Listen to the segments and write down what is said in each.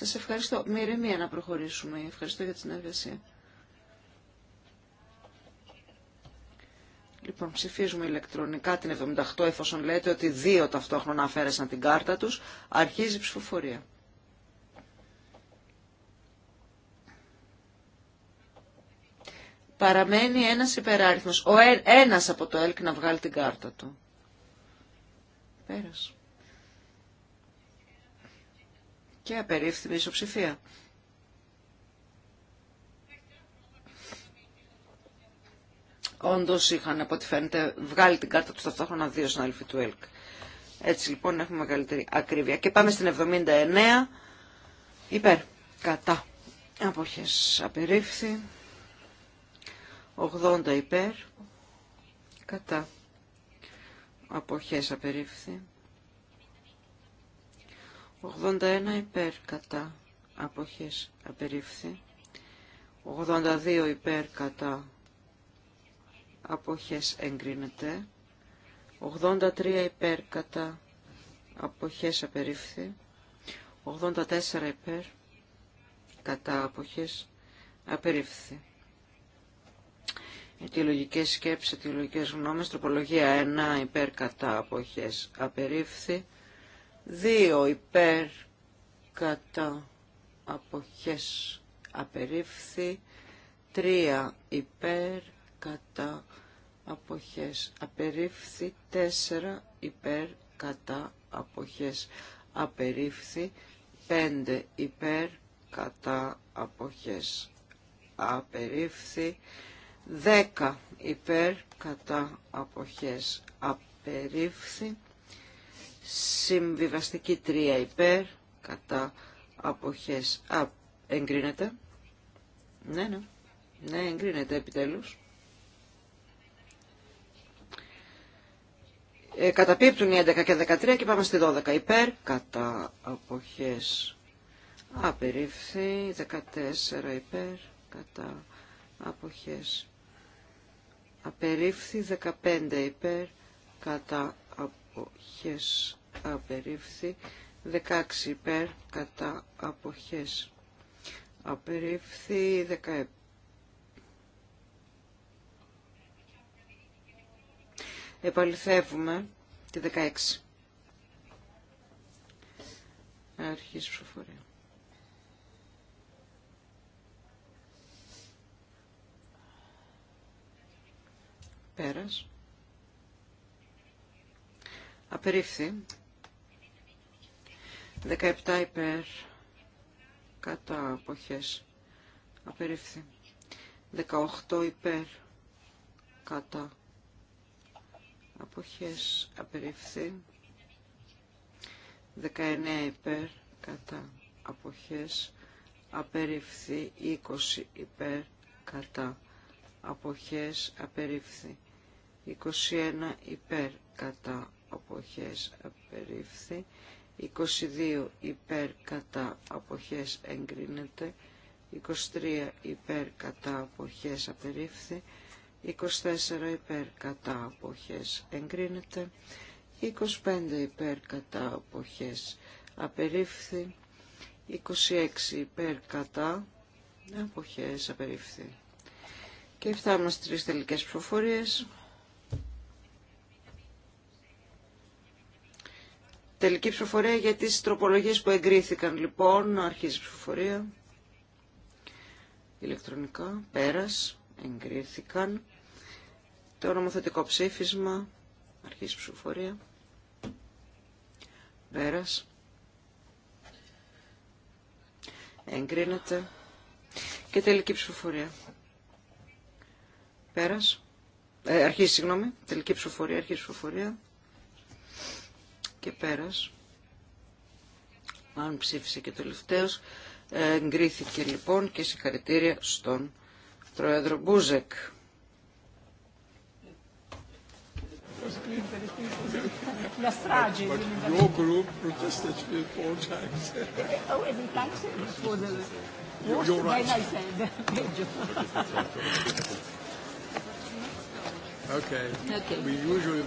Σας ευχαριστώ. Με ηρεμία να προχωρήσουμε. Ευχαριστώ για την συνεργασία. Λοιπόν, ψηφίζουμε ηλεκτρονικά την 78 εφόσον λέτε ότι δύο ταυτόχρονα αφαίρεσαν την κάρτα τους. Αρχίζει η ψηφοφορία. Παραμένει ένας υπεράριθμος. Ο ένας από το ΕΛΚ να βγάλει την κάρτα του. Πέρασε. και απερίφθη με ισοψηφία. Όντω είχαν, από ό,τι φαίνεται, βγάλει την κάρτα του ταυτόχρονα δύο συνάδελφοι του ΕΛΚ. Έτσι λοιπόν έχουμε μεγαλύτερη ακρίβεια. Και πάμε στην 79. Υπέρ. Κατά. Αποχές απερίφθη. 80 υπέρ. Κατά. Αποχές απερίφθη. 81 υπέρ κατά αποχές απερίφθη. 82 υπέρ κατά αποχές εγκρίνεται. 83 υπέρ κατά αποχές απερίφθη. 84 υπέρ κατά αποχές απερίφθη. Αιτιολογικές σκέψεις, αιτιολογικές γνώμες, τροπολογία 1 υπέρ κατά αποχές απερίφθη. 2 υπέρ κατά αποχές απερίφθη 3 υπέρ κατά αποχές απερίφθη 4 υπέρ κατά αποχές απερίφθη 5 υπέρ κατά αποχές απερίφθη 10 υπέρ κατά αποχές απερίφθη Συμβιβαστική 3 υπέρ, κατά αποχές. Α, εγκρίνεται. Ναι, ναι. Ναι, εγκρίνεται επιτέλους. Ε, καταπίπτουν οι 11 και 13 και πάμε στη 12. Υπέρ, κατά αποχές. Απερίφθη, 14 υπέρ, κατά αποχές. Απερίφθη, 15 υπέρ, κατά αποχές απερίφθη 16 υπέρ κατά αποχές απερίφθη 17 Επαληθεύουμε τη 16. Αρχής ψηφοφορία. Πέρας. Απερίφθη. 17 υπέρ κατά αποχές απερίφθη 18 υπέρ κατά αποχές απερίφθη 19 υπέρ κατά αποχές απερίφθη 20 υπέρ κατά αποχές απερίφθη 21 υπέρ κατά αποχές απερίφθη 22 υπέρ κατά αποχές εγκρίνεται, 23 υπέρ κατά αποχές απερίφθη, 24 υπέρ κατά αποχές εγκρίνεται, 25 υπέρ κατά αποχές απερίφθη, 26 υπέρ κατά αποχές απερίφθη. Και φτάνουμε στις τρεις τελικές προφορίες. Τελική ψηφοφορία για τις τροπολογίες που εγκρίθηκαν λοιπόν. Αρχίζει η ψηφοφορία. Ηλεκτρονικά. Πέρας. Εγκρίθηκαν. Το νομοθετικό ψήφισμα. Αρχίζει η ψηφοφορία. Πέρας. Εγκρίνεται. Και τελική ψηφοφορία. Πέρας. Ε, αρχίζει, συγγνώμη. Τελική ψηφοφορία. Αρχίζει η ψηφοφορία και πέρας. Αν ψήφισε και τελευταίος, εγκρίθηκε λοιπόν και συγχαρητήρια στον Πρόεδρο Μπούζεκ. okay. okay. We usually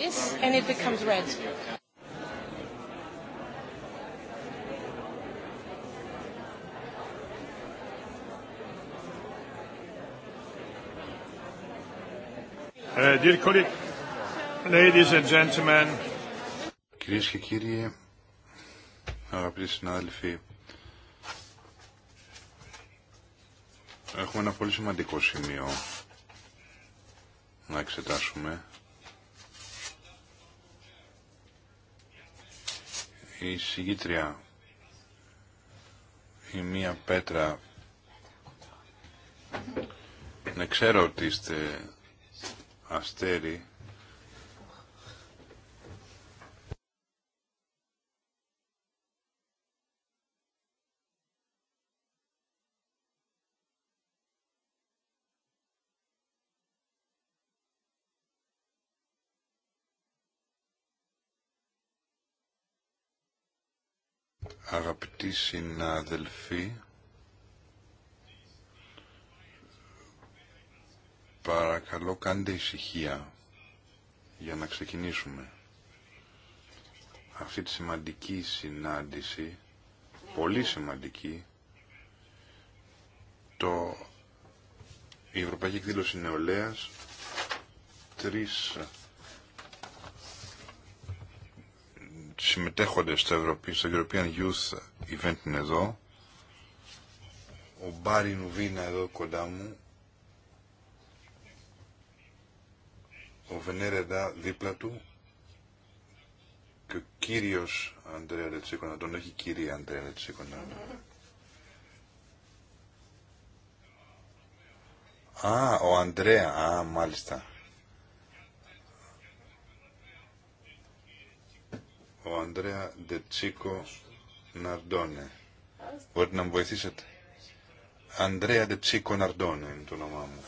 this and it becomes red. Uh, dear Κυρίες και κύριοι, αγαπητοί συνάδελφοι, έχουμε ένα πολύ σημαντικό σημείο να εξετάσουμε η συγκίτρια η μία πέτρα να ξέρω ότι είστε αστέρι αγαπητοί συναδελφοί, παρακαλώ κάντε ησυχία για να ξεκινήσουμε αυτή τη σημαντική συνάντηση, πολύ σημαντική, το η Ευρωπαϊκή Εκδήλωση Νεολαίας Συμμετέχονται στο, European Youth Event είναι εδώ. Ο Μπάρι Νουβίνα εδώ κοντά μου. Ο Βενέρεντα δίπλα του. Και ο κύριος Αντρέα Λετσίκονα. τον έχει κύριε Αντρέα -hmm. Α, ο Αντρέα, α, μάλιστα. ο Ανδρέα Ντετσίκο Ναρντόνε. Μπορείτε να μου βοηθήσετε. Ανδρέα Ντετσίκο Ναρντόνε είναι το όνομά μου.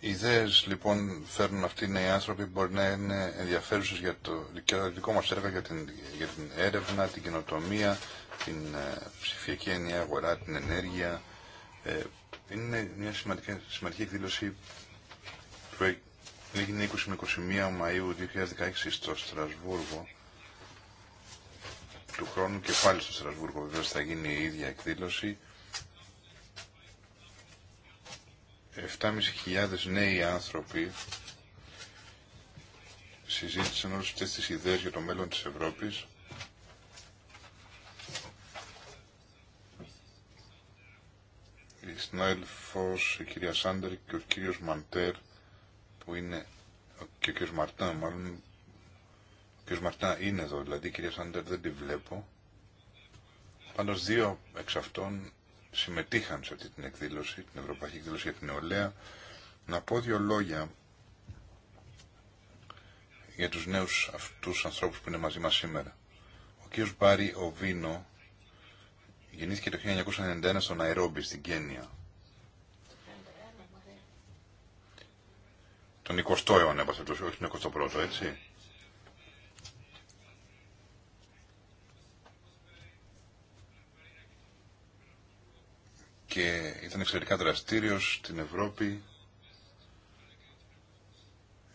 Οι ιδέε λοιπόν φέρνουν αυτοί οι νέοι άνθρωποι που μπορεί να είναι ενδιαφέρουσε για το, δικό μα έργο για την, για την έρευνα, την καινοτομία, την ε, ψηφιακή ενιαία αγορά, την ενέργεια, ε, είναι μια σημαντική, σημαντική εκδήλωση που έγινε 20 με 21 Μαΐου 2016 στο Στρασβούργο του χρόνου και πάλι στο Στρασβούργο βέβαια θα γίνει η ίδια εκδήλωση 7.500 νέοι άνθρωποι συζήτησαν όλες αυτές τις ιδέες για το μέλλον της Ευρώπης η συνάδελφος, η κυρία Σάντερ και ο κύριος Μαντέρ που είναι και ο κύριος Μαρτά μάλλον ο κύριος Μαρτά είναι εδώ δηλαδή η κυρία Σάντερ δεν τη βλέπω πάντως δύο εξ αυτών συμμετείχαν σε αυτή την εκδήλωση την Ευρωπαϊκή Εκδήλωση για την Νεολαία να πω δύο λόγια για τους νέους αυτούς ανθρώπους που είναι μαζί μας σήμερα. Ο κύριος Μπάρι Οβίνο Γεννήθηκε το 1991 στο Ναϊρόμπι, στην Κένια. Τον 20ο αιώνα, έπασε, όχι τον 21ο, έτσι. και ήταν εξαιρετικά δραστήριος στην Ευρώπη.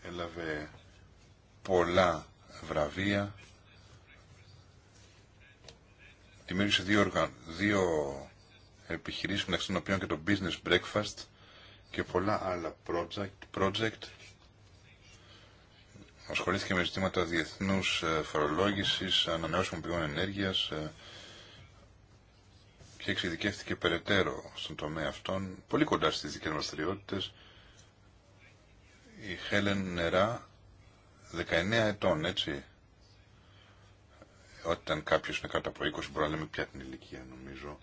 Έλαβε πολλά βραβεία δημιούργησε δύο, οργαν... δύο επιχειρήσεις μεταξύ των οποίων και το Business Breakfast και πολλά άλλα project, project ασχολήθηκε με ζητήματα διεθνούς ε, φορολόγησης, ανανεώσιμων πηγών ενέργειας ε, και εξειδικεύτηκε περαιτέρω στον τομέα αυτών, πολύ κοντά στις δικές μας δραστηριότητες. Η Χέλεν Νερά, 19 ετών, έτσι, όταν κάποιος είναι κάτω από 20, μπορεί να λέμε πια την ηλικία νομίζω,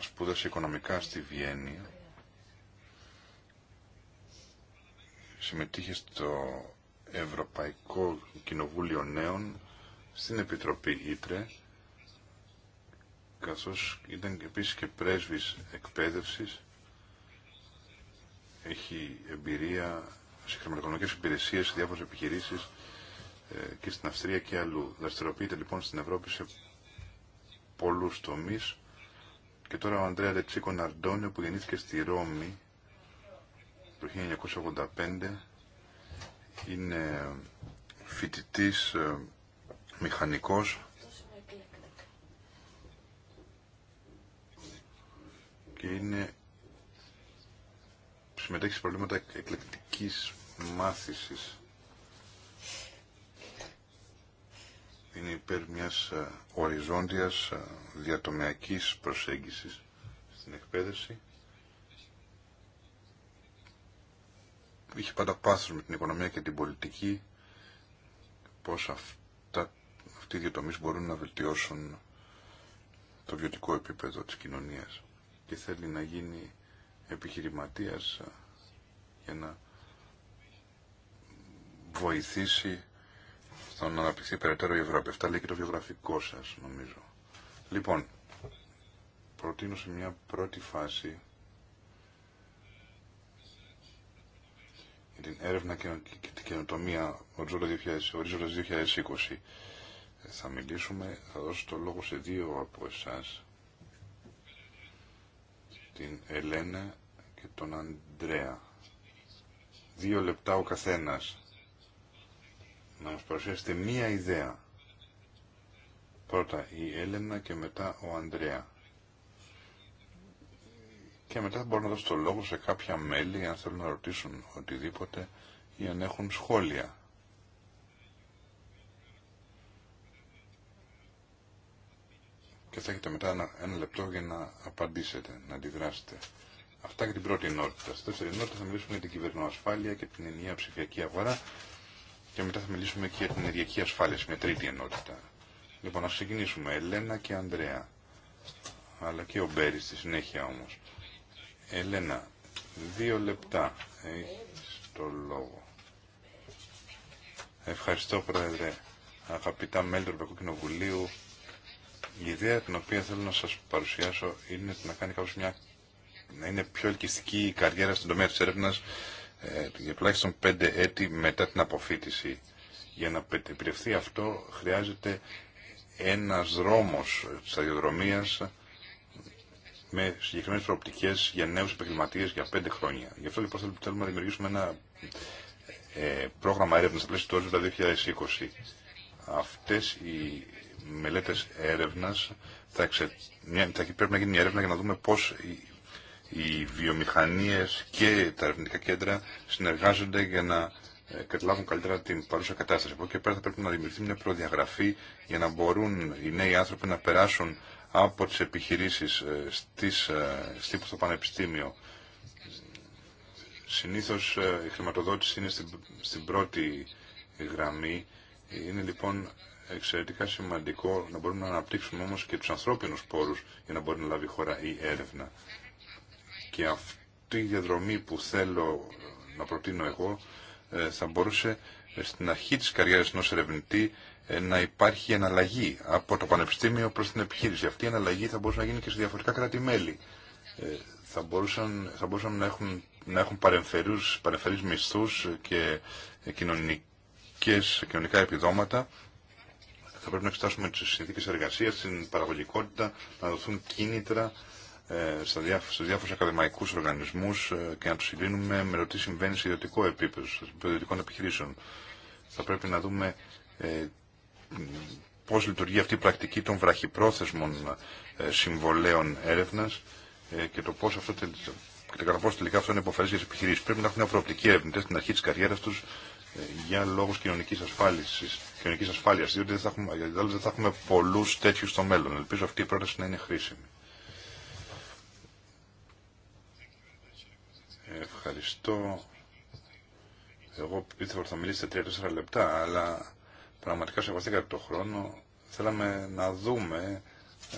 σπούδασε οικονομικά στη Βιέννη, συμμετείχε στο Ευρωπαϊκό Κοινοβούλιο Νέων, στην Επιτροπή Ήτρε, καθώς ήταν επίσης και πρέσβης εκπαίδευσης, έχει εμπειρία σε χρηματοοικονομικές υπηρεσίες, σε διάφορες επιχειρήσεις, και στην Αυστρία και αλλού. Δραστηριοποιείται λοιπόν στην Ευρώπη σε πολλούς τομεί Και τώρα ο Ανδρέα Λετσίκο Ναρντόνιο που γεννήθηκε στη Ρώμη το 1985 είναι φοιτητή ε, μηχανικός και είναι συμμετέχει σε προβλήματα εκλεκτικής μάθησης είναι υπέρ μιας ε, οριζόντιας ε, διατομιακής προσέγγισης στην εκπαίδευση. Είχε πάντα πάθος με την οικονομία και την πολιτική πώς αυτά, αυτοί οι δύο τομείς μπορούν να βελτιώσουν το βιωτικό επίπεδο της κοινωνίας και θέλει να γίνει επιχειρηματίας ε, για να βοηθήσει θα να αναπτυχθεί περαιτέρω η Ευρώπη. Αυτά λέει και το βιογραφικό σα νομίζω. Λοιπόν, προτείνω σε μια πρώτη φάση για την έρευνα και την καινοτομία ορίζοντα 2020. Θα μιλήσουμε, θα δώσω το λόγο σε δύο από εσά. την Ελένα και τον Αντρέα. Δύο λεπτά ο καθένας να μας παρουσιάσετε μία ιδέα. Πρώτα η Έλενα και μετά ο Ανδρέα. Και μετά μπορώ να δώσω το λόγο σε κάποια μέλη αν θέλουν να ρωτήσουν οτιδήποτε ή αν έχουν σχόλια. Και θα έχετε μετά ένα, λεπτό για να απαντήσετε, να αντιδράσετε. Αυτά για την πρώτη ενότητα. Στη δεύτερη ενότητα θα μιλήσουμε για την κυβερνοασφάλεια και την ενιαία ψηφιακή αγορά και μετά θα μιλήσουμε και για την ενεργειακή ασφάλεια μια τρίτη ενότητα. Λοιπόν, να ξεκινήσουμε. Ελένα και Ανδρέα. Αλλά και ο Μπέρι στη συνέχεια όμως. Ελένα, δύο λεπτά. Έχεις το λόγο. Ευχαριστώ, Πρόεδρε. Αγαπητά μέλη του Ευρωπαϊκού Κοινοβουλίου, η ιδέα την οποία θέλω να σας παρουσιάσω είναι να κάνει μια να είναι πιο ελκυστική η καριέρα στον τομέα της έρευνας για ε, τουλάχιστον πέντε έτη μετά την αποφύτιση. Για να επιτευχθεί αυτό χρειάζεται ένας δρόμος της αδειοδρομίας με συγκεκριμένε προοπτικές για νέους επαγγελματίε για πέντε χρόνια. Γι' αυτό λοιπόν θέλουμε να δημιουργήσουμε ένα ε, πρόγραμμα έρευνας στα πλαίσια του 2020. Αυτές οι μελέτες έρευνας θα, θα πρέπει να γίνει μια έρευνα για να δούμε πώς οι βιομηχανίες και τα ερευνητικά κέντρα συνεργάζονται για να ε, καταλάβουν καλύτερα την παρούσα κατάσταση. Από εκεί πέρα θα πρέπει να δημιουργηθεί μια προδιαγραφή για να μπορούν οι νέοι άνθρωποι να περάσουν από τις επιχειρήσεις ε, στις, ε, στις, στο πανεπιστήμιο. Συνήθως η χρηματοδότηση είναι στην, στην πρώτη γραμμή. Είναι λοιπόν εξαιρετικά σημαντικό να μπορούμε να αναπτύξουμε όμως και τους ανθρώπινους πόρους για να μπορεί να λάβει χώρα η έρευνα και αυτή η διαδρομή που θέλω να προτείνω εγώ ε, θα μπορούσε στην αρχή της καριέρας ενός ερευνητή ε, να υπάρχει εναλλαγή από το πανεπιστήμιο προς την επιχείρηση. Αυτή η εναλλαγή θα μπορούσε να γίνει και σε διαφορετικά κράτη-μέλη. Ε, θα, μπορούσαν, θα μπορούσαν να έχουν, να έχουν παρεμφερούς, παρεμφερείς μισθούς και κοινωνικές, κοινωνικά επιδόματα. Θα πρέπει να εξετάσουμε τις συνθήκες εργασίας, την παραγωγικότητα, να δοθούν κίνητρα ε, στους διάφορους ακαδημαϊκούς οργανισμούς ε, και να τους συγκρίνουμε με το τι συμβαίνει σε ιδιωτικό επίπεδο, σε ιδιωτικών επιχειρήσεων. Θα πρέπει να δούμε ε, πώς λειτουργεί αυτή η πρακτική των βραχυπρόθεσμων συμβολέων έρευνας και το πώς αυτό και κατά πόσο τελικά αυτό είναι υποφέρει για τι επιχειρήσει. Πρέπει να έχουν αφροπτικοί προοπτική ερευνητέ στην αρχή τη καριέρα του για λόγου κοινωνική ασφάλεια, διότι δεν θα έχουμε, έχουμε πολλού τέτοιου στο μέλλον. Ελπίζω αυτή η πρόταση να είναι χρήσιμη. Ευχαριστώ. Εγώ πίστευα ότι θα μιλήσετε 3-4 λεπτά, αλλά πραγματικά σεβαστήκατε το χρόνο. Θέλαμε να δούμε ε,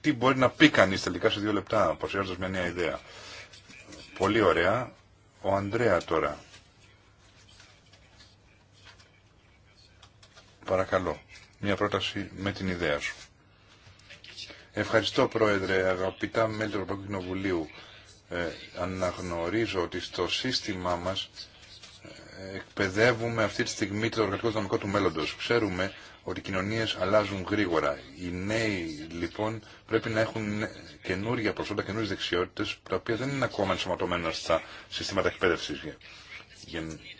τι μπορεί να πει κανεί τελικά σε δύο λεπτά, παρουσιάζοντα μια νέα ιδέα. Πολύ ωραία. Ο Ανδρέα τώρα. Παρακαλώ, μια πρόταση με την ιδέα σου. Ευχαριστώ Πρόεδρε, αγαπητά μέλη του Ευρωπαϊκού Κοινοβουλίου. Ε, αναγνωρίζω ότι στο σύστημά μας ε, εκπαιδεύουμε αυτή τη στιγμή το εργατικό δυναμικό του μέλλοντος. Ξέρουμε ότι οι κοινωνίες αλλάζουν γρήγορα. Οι νέοι λοιπόν πρέπει να έχουν ε, καινούργια προσόντα, καινούργιες δεξιότητες, τα οποία δεν είναι ακόμα ενσωματωμένα στα συστήματα εκπαίδευσης.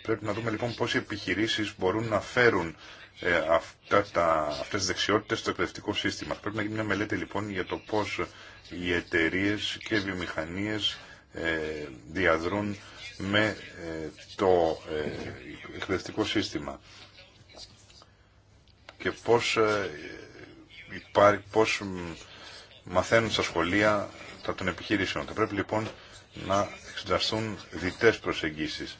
Πρέπει να δούμε λοιπόν πώς οι επιχειρήσεις μπορούν να φέρουν ε, αυτά τα, αυτές τις δεξιότητες στο εκπαιδευτικό σύστημα. Πρέπει να γίνει μια μελέτη λοιπόν για το πώς οι εταιρείε και οι βιομηχανίες ε, διαδρούν με ε, το εκπαιδευτικό σύστημα και πώς, πώς μαθαίνουν στα σχολεία τα των επιχειρήσεων. Θα πρέπει λοιπόν να εξεταστούν διτές προσεγγίσεις.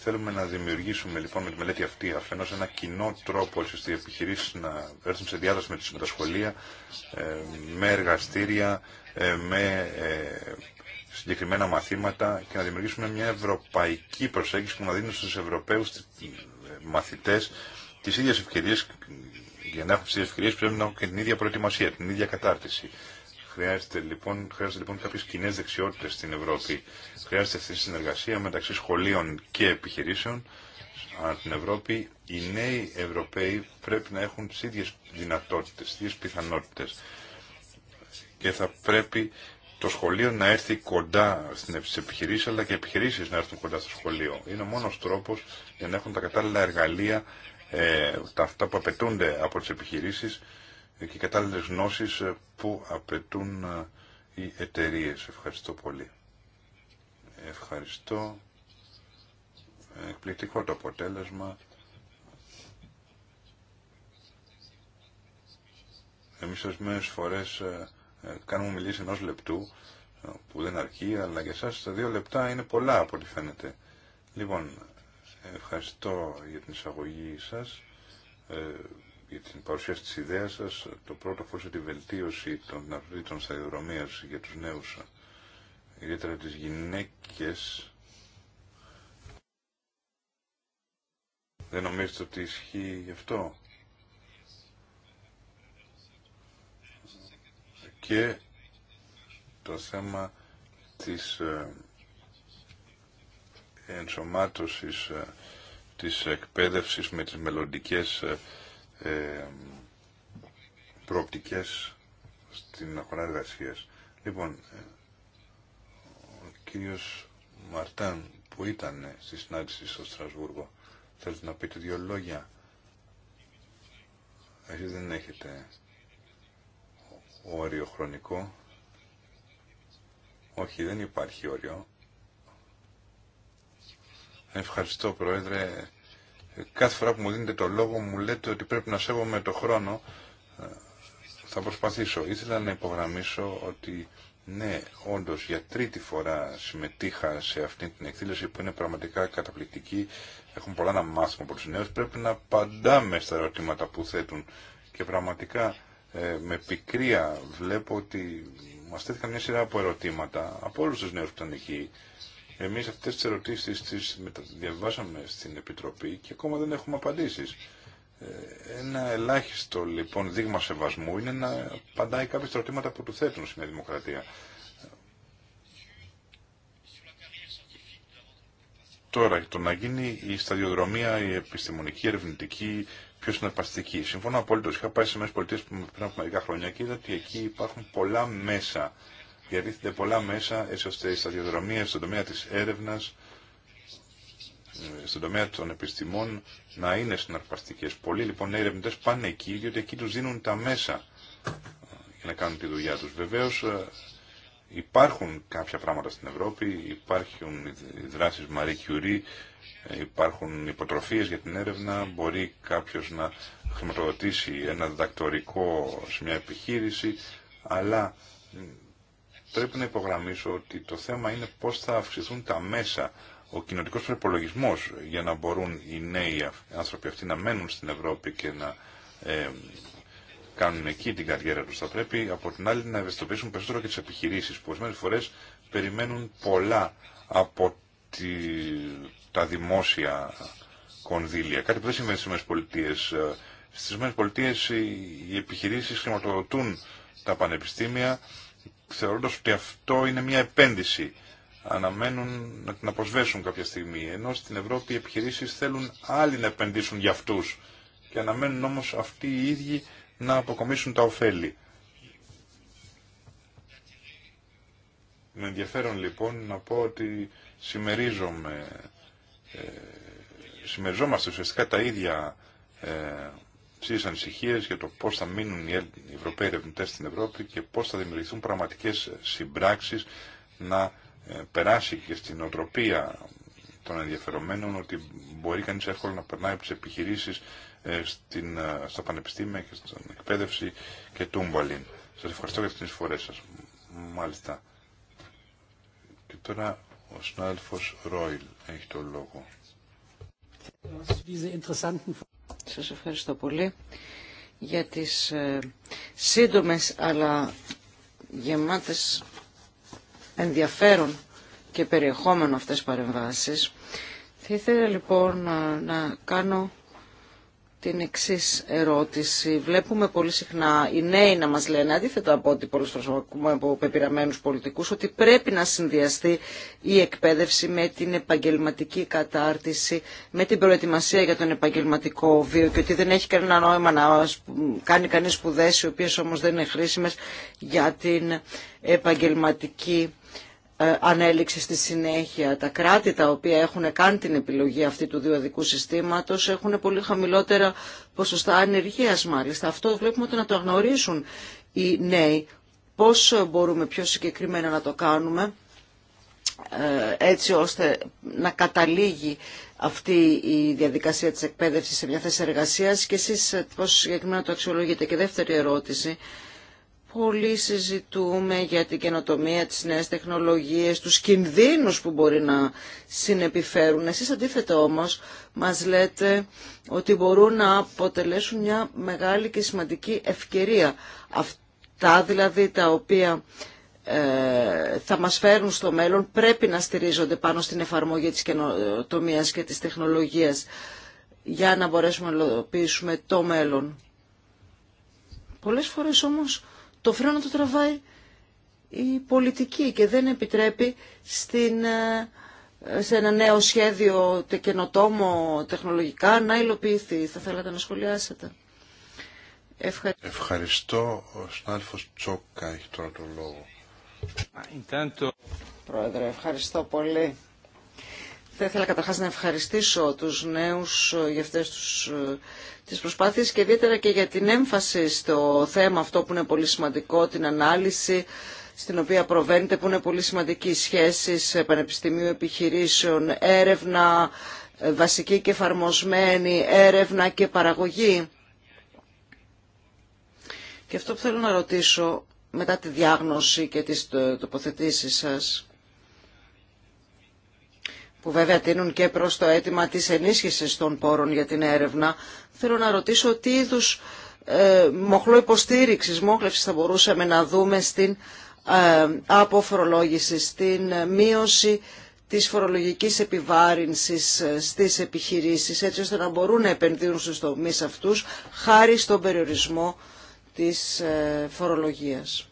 Θέλουμε να δημιουργήσουμε λοιπόν με τη μελέτη αυτή αφενό ένα κοινό τρόπο ώστε οι επιχειρήσει να έρθουν σε διάδοση με τη σχολεία, ε, με εργαστήρια, ε, με ε, συγκεκριμένα μαθήματα και να δημιουργήσουμε μια ευρωπαϊκή προσέγγιση που να δίνει στου Ευρωπαίου μαθητέ τι ίδιε ευκαιρίε. Για να έχουν τι ίδιε ευκαιρίε πρέπει να έχουν και την ίδια προετοιμασία, την ίδια κατάρτιση. Χρειάζεται λοιπόν, χρειάζεται λοιπόν κάποιες κοινέ δεξιότητες στην Ευρώπη. Χρειάζεται αυτή η συνεργασία μεταξύ σχολείων και επιχειρήσεων. Ανά την Ευρώπη οι νέοι Ευρωπαίοι πρέπει να έχουν τις ίδιες δυνατότητες, τις ίδιες πιθανότητες. Και θα πρέπει το σχολείο να έρθει κοντά στις επιχειρήσεις, αλλά και οι επιχειρήσεις να έρθουν κοντά στο σχολείο. Είναι ο μόνος τρόπος για να έχουν τα κατάλληλα εργαλεία, ε, τα αυτά που απαιτούνται από τις επιχειρήσεις, και κατάλληλες γνώσεις ε, που απαιτούν ε, οι εταιρείε. Ευχαριστώ πολύ. Ευχαριστώ. Εκπληκτικό το αποτέλεσμα. Εμείς μέρες φορές ε, κάνουμε μιλήσει ενός λεπτού που δεν αρκεί, αλλά για εσάς τα δύο λεπτά είναι πολλά από ό,τι φαίνεται. Λοιπόν, ευχαριστώ για την εισαγωγή σας για την παρουσίαση της ιδέας σας. Το πρώτο αφορούσε τη βελτίωση των στα σταδιοδρομίας για τους νέους, ιδιαίτερα τις γυναίκες. Δεν νομίζετε ότι ισχύει γι' αυτό. Και το θέμα της ε, ενσωμάτωσης ε, της εκπαίδευσης με τις μελλοντικές ε, ε, προοπτικές στην αγορά εργασία. Λοιπόν, ε, ο κύριος Μαρτάν που ήταν στη συνάντηση στο Στρασβούργο, θέλετε να πείτε δύο λόγια. Εσείς δεν έχετε όριο χρονικό. Όχι, δεν υπάρχει όριο. Ευχαριστώ Πρόεδρε κάθε φορά που μου δίνετε το λόγο μου λέτε ότι πρέπει να σέβομαι το χρόνο. Ε, θα προσπαθήσω. Ήθελα να υπογραμμίσω ότι ναι, όντως για τρίτη φορά συμμετείχα σε αυτή την εκδήλωση που είναι πραγματικά καταπληκτική. Έχουμε πολλά να μάθουμε από τους νέους. Πρέπει να απαντάμε στα ερωτήματα που θέτουν και πραγματικά ε, με πικρία βλέπω ότι μας θέθηκαν μια σειρά από ερωτήματα από όλους τους νέους που ήταν εκεί εμείς αυτές τις ερωτήσεις τις διαβάσαμε στην Επιτροπή και ακόμα δεν έχουμε απαντήσεις. Ε, ένα ελάχιστο λοιπόν δείγμα σεβασμού είναι να απαντάει κάποιες ερωτήματα που του θέτουν στην Δημοκρατία. Τώρα, το να γίνει η σταδιοδρομία, η επιστημονική, η ερευνητική, πιο συναρπαστική. Συμφωνώ απόλυτο. Είχα πάει σε μέρε πολιτείε πριν από μερικά χρόνια και είδα ότι εκεί υπάρχουν πολλά μέσα διατίθεται πολλά μέσα έτσι ώστε οι σταδιοδρομίε στον τομέα της έρευνας, ε, στον τομέα των επιστημών να είναι συναρπαστικές. Πολλοί λοιπόν έρευνητές πάνε εκεί διότι εκεί τους δίνουν τα μέσα ε, για να κάνουν τη δουλειά τους. Βεβαίως ε, υπάρχουν κάποια πράγματα στην Ευρώπη, υπάρχουν οι δράσεις Marie Curie, υπάρχουν υποτροφίες για την έρευνα, μπορεί κάποιος να χρηματοδοτήσει ένα διδακτορικό σε μια επιχείρηση, αλλά πρέπει να υπογραμμίσω ότι το θέμα είναι πώς θα αυξηθούν τα μέσα, ο κοινωνικός προπολογισμό για να μπορούν οι νέοι άνθρωποι αυτοί να μένουν στην Ευρώπη και να κάνουν εκεί την καριέρα τους. Θα πρέπει από την άλλη να ευαισθητοποιήσουν περισσότερο και τις επιχειρήσεις που ορισμένε φορές περιμένουν πολλά από τη, τα δημόσια κονδύλια. Κάτι που δεν συμβαίνει στις ΗΠΑ. Στις ΗΠΑ οι επιχειρήσεις χρηματοδοτούν τα πανεπιστήμια θεωρώντας ότι αυτό είναι μια επένδυση. Αναμένουν να την αποσβέσουν κάποια στιγμή. Ενώ στην Ευρώπη οι επιχειρήσεις θέλουν άλλοι να επενδύσουν για αυτούς. Και αναμένουν όμως αυτοί οι ίδιοι να αποκομίσουν τα ωφέλη. Με ενδιαφέρον λοιπόν να πω ότι συμμερίζομαι, ε, συμμεριζόμαστε ουσιαστικά τα ίδια ε, ψήφισε ανησυχίε για το πώ θα μείνουν οι Ευρωπαίοι ερευνητέ στην Ευρώπη και πώ θα δημιουργηθούν πραγματικέ συμπράξει να ε, περάσει και στην οτροπία των ενδιαφερομένων ότι μπορεί κανείς εύκολα να περνάει από τι επιχειρήσει ε, ε, στα πανεπιστήμια και στην εκπαίδευση και τούμπαλιν. Σα ευχαριστώ για τι τις σα. Μάλιστα. Και τώρα ο Ρόιλ έχει το λόγο. Σας ευχαριστώ πολύ για τις ε, σύντομες αλλά γεμάτες ενδιαφέρον και περιεχόμενο αυτές τις παρεμβάσεις. Θα ήθελα λοιπόν να κάνω την εξή ερώτηση. Βλέπουμε πολύ συχνά οι νέοι να μας λένε, αντίθετα από ό,τι πολλούς φορέ από πεπειραμένους πολιτικούς, ότι πρέπει να συνδυαστεί η εκπαίδευση με την επαγγελματική κατάρτιση, με την προετοιμασία για τον επαγγελματικό βίο και ότι δεν έχει κανένα νόημα να κάνει κανείς σπουδές οι οποίες όμως δεν είναι χρήσιμες για την επαγγελματική ε, ανέληξη στη συνέχεια. Τα κράτη τα οποία έχουν κάνει την επιλογή αυτή του διοδικού συστήματος έχουν πολύ χαμηλότερα ποσοστά ανεργίας μάλιστα. Αυτό βλέπουμε ότι να το αγνωρίσουν οι νέοι. Πώς μπορούμε πιο συγκεκριμένα να το κάνουμε ε, έτσι ώστε να καταλήγει αυτή η διαδικασία της εκπαίδευσης σε μια θέση εργασίας και εσείς πώς συγκεκριμένα το αξιολογείτε. Και δεύτερη ερώτηση Πολύ συζητούμε για την καινοτομία, τις νέες τεχνολογίες, τους κινδύνους που μπορεί να συνεπιφέρουν. Εσείς αντίθετα όμως μας λέτε ότι μπορούν να αποτελέσουν μια μεγάλη και σημαντική ευκαιρία. Αυτά δηλαδή τα οποία ε, θα μας φέρουν στο μέλλον πρέπει να στηρίζονται πάνω στην εφαρμογή της καινοτομίας και της τεχνολογίας για να μπορέσουμε να υλοποιήσουμε το μέλλον. Πολλές φορές όμως το φρένο το τραβάει η πολιτική και δεν επιτρέπει στην, ε, σε ένα νέο σχέδιο καινοτόμο τεχνολογικά να υλοποιηθεί. Θα θέλατε να σχολιάσετε. Ευχαριστώ. Ο συνάδελφος Τσόκα έχει τώρα τον λόγο. Πρόεδρε, ευχαριστώ πολύ. Θα ήθελα καταρχάς να ευχαριστήσω τους νέους ε, για αυτές τους, ε, τις προσπάθειες και ιδιαίτερα και για την έμφαση στο θέμα αυτό που είναι πολύ σημαντικό, την ανάλυση στην οποία προβαίνεται, που είναι πολύ σημαντική σχέσεις πανεπιστημίου επιχειρήσεων, έρευνα ε, βασική και εφαρμοσμένη, έρευνα και παραγωγή. Και αυτό που θέλω να ρωτήσω μετά τη διάγνωση και τις τοποθετήσεις σας, που βέβαια τείνουν και προς το αίτημα της ενίσχυσης των πόρων για την έρευνα, θέλω να ρωτήσω τι είδου ε, μοχλό υποστήριξης, μόχλευσης θα μπορούσαμε να δούμε στην ε, αποφορολόγηση, στην μείωση της φορολογικής επιβάρυνσης ε, στις επιχειρήσεις, έτσι ώστε να μπορούν να επενδύουν στους τομείς αυτούς, χάρη στον περιορισμό της ε, φορολογίας.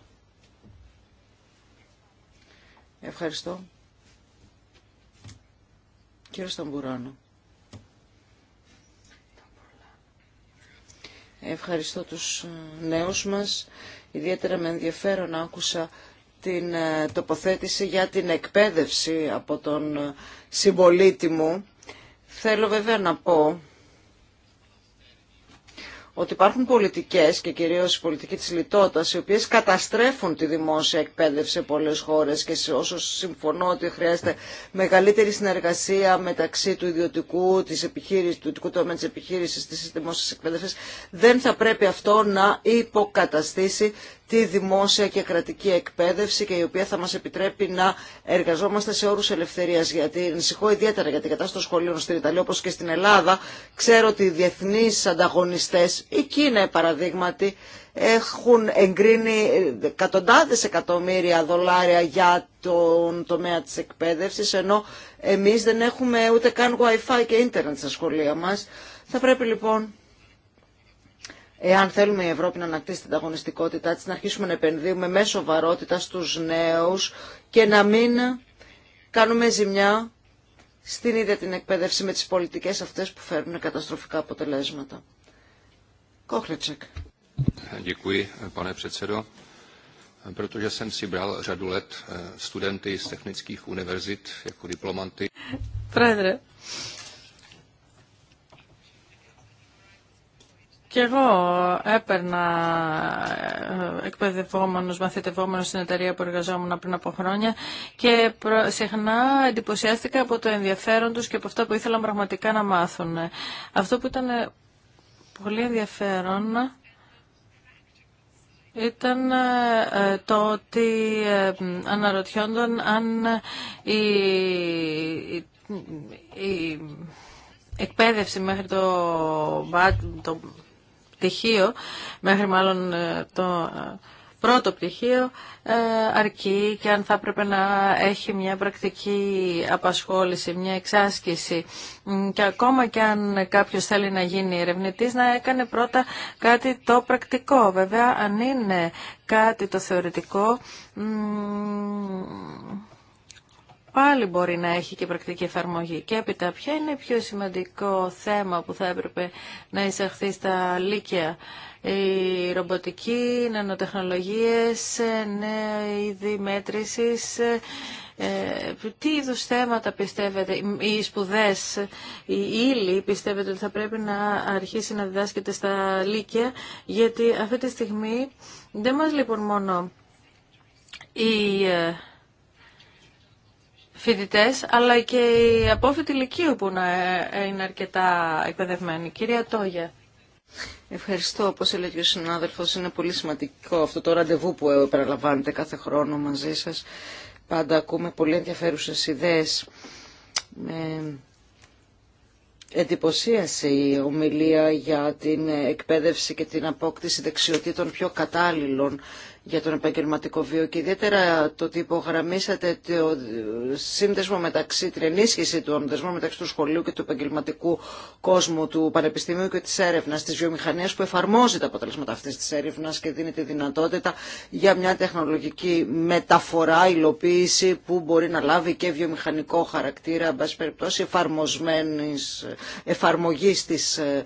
Ευχαριστώ. Κύριο Ευχαριστώ τους ε, νέους μας. Ιδιαίτερα με ενδιαφέρον άκουσα την ε, τοποθέτηση για την εκπαίδευση από τον ε, συμπολίτη μου. Θέλω βέβαια να πω ότι υπάρχουν πολιτικές και κυρίως η πολιτική της λιτότητας οι οποίες καταστρέφουν τη δημόσια εκπαίδευση σε πολλές χώρες και σε όσο συμφωνώ ότι χρειάζεται μεγαλύτερη συνεργασία μεταξύ του ιδιωτικού, της επιχείρησης, του ιδιωτικού τομέα της επιχείρησης, της δημόσιας εκπαίδευσης δεν θα πρέπει αυτό να υποκαταστήσει τη δημόσια και κρατική εκπαίδευση και η οποία θα μας επιτρέπει να εργαζόμαστε σε όρους ελευθερίας. Γιατί ενσυχώ ιδιαίτερα για την κατάσταση των σχολείων στην Ιταλία όπως και στην Ελλάδα. Ξέρω ότι οι διεθνείς ανταγωνιστές, η Κίνα παραδείγματι, έχουν εγκρίνει εκατοντάδες εκατομμύρια δολάρια για τον τομέα της εκπαίδευσης, ενώ εμείς δεν έχουμε ούτε καν wifi και ίντερνετ στα σχολεία μας. Θα πρέπει λοιπόν Εάν θέλουμε η Ευρώπη να ανακτήσει την ανταγωνιστικότητά της, να αρχίσουμε να επενδύουμε με σοβαρότητα στους νέους και να μην κάνουμε ζημιά στην ίδια την εκπαίδευση με τις πολιτικές αυτές που φέρνουν καταστροφικά αποτελέσματα. Κόχλετσεκ. Protože jsem si bral řadu eh, studenty z jako diplomanty. Πρόεδρε, Και εγώ έπαιρνα ε, ε, εκπαιδευόμενο, μαθητευόμενο στην εταιρεία που εργαζόμουν πριν από χρόνια και συχνά εντυπωσιάστηκα από το ενδιαφέρον του και από αυτά που ήθελαν πραγματικά να μάθουν. Αυτό που ήταν ε, πολύ ενδιαφέρον ήταν το ότι αναρωτιόνταν αν η, εκπαίδευση μέχρι το, το πτυχίο, μέχρι μάλλον ε, το ε, πρώτο πτυχίο, ε, αρκεί και αν θα έπρεπε να έχει μια πρακτική απασχόληση, μια εξάσκηση και ακόμα και αν κάποιος θέλει να γίνει ερευνητής να έκανε πρώτα κάτι το πρακτικό. Βέβαια, αν είναι κάτι το θεωρητικό, πάλι μπορεί να έχει και πρακτική εφαρμογή. Και έπειτα, ποια είναι πιο σημαντικό θέμα που θα έπρεπε να εισαχθεί στα λύκεια. Η ρομποτική, νανοτεχνολογίες, νέα είδη μέτρησης, ε, τι είδου θέματα πιστεύετε, οι σπουδές, η ύλη πιστεύετε ότι θα πρέπει να αρχίσει να διδάσκεται στα λύκεια, γιατί αυτή τη στιγμή δεν μας λείπουν μόνο η αλλά και οι απόφοιτοι ηλικίου που να ε, είναι αρκετά εκπαιδευμένοι. Κυρία Τόγια. Ευχαριστώ. όπω έλεγε ο συνάδελφο, είναι πολύ σημαντικό αυτό το ραντεβού που ε, παραλαμβάνετε κάθε χρόνο μαζί σας. Πάντα ακούμε πολύ ενδιαφέρουσε ιδέες. Με εντυπωσίασε η ομιλία για την εκπαίδευση και την απόκτηση δεξιοτήτων πιο κατάλληλων για τον επαγγελματικό βίο και ιδιαίτερα το ότι υπογραμμίσατε το σύνδεσμο μεταξύ, την ενίσχυση του ανδεσμού μεταξύ του σχολείου και του επαγγελματικού κόσμου, του πανεπιστημίου και της έρευνας, της βιομηχανίας που εφαρμόζει τα αποτελέσματα αυτής της έρευνας και δίνει τη δυνατότητα για μια τεχνολογική μεταφορά, υλοποίηση που μπορεί να λάβει και βιομηχανικό χαρακτήρα, εν πάση περιπτώσει εφαρμογή τη ε,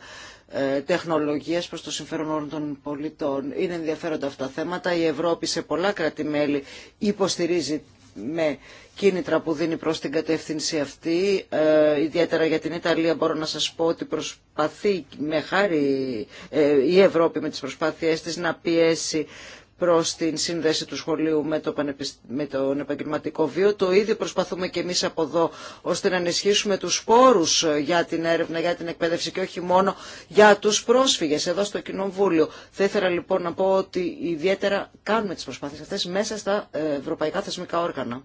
ε, τεχνολογίες προς το συμφέρον όλων των πολιτών. Είναι ενδιαφέροντα αυτά τα θέματα. Η Ευρώπη σε πολλά κράτη-μέλη υποστηρίζει με κίνητρα που δίνει προς την κατεύθυνση αυτή. Ε, ιδιαίτερα για την Ιταλία μπορώ να σας πω ότι προσπαθεί με χάρη ε, η Ευρώπη με τις προσπάθειές της να πιέσει προς την σύνδεση του σχολείου με, το με τον επαγγελματικό βίο. Το ίδιο προσπαθούμε και εμείς από εδώ ώστε να ενισχύσουμε τους πόρους ε, για την έρευνα, για την εκπαίδευση και όχι μόνο για τους πρόσφυγες εδώ στο Κοινοβούλιο. Θα ήθελα λοιπόν να πω ότι ιδιαίτερα κάνουμε τις προσπάθειες αυτές μέσα στα ε, ευρωπαϊκά θεσμικά όργανα.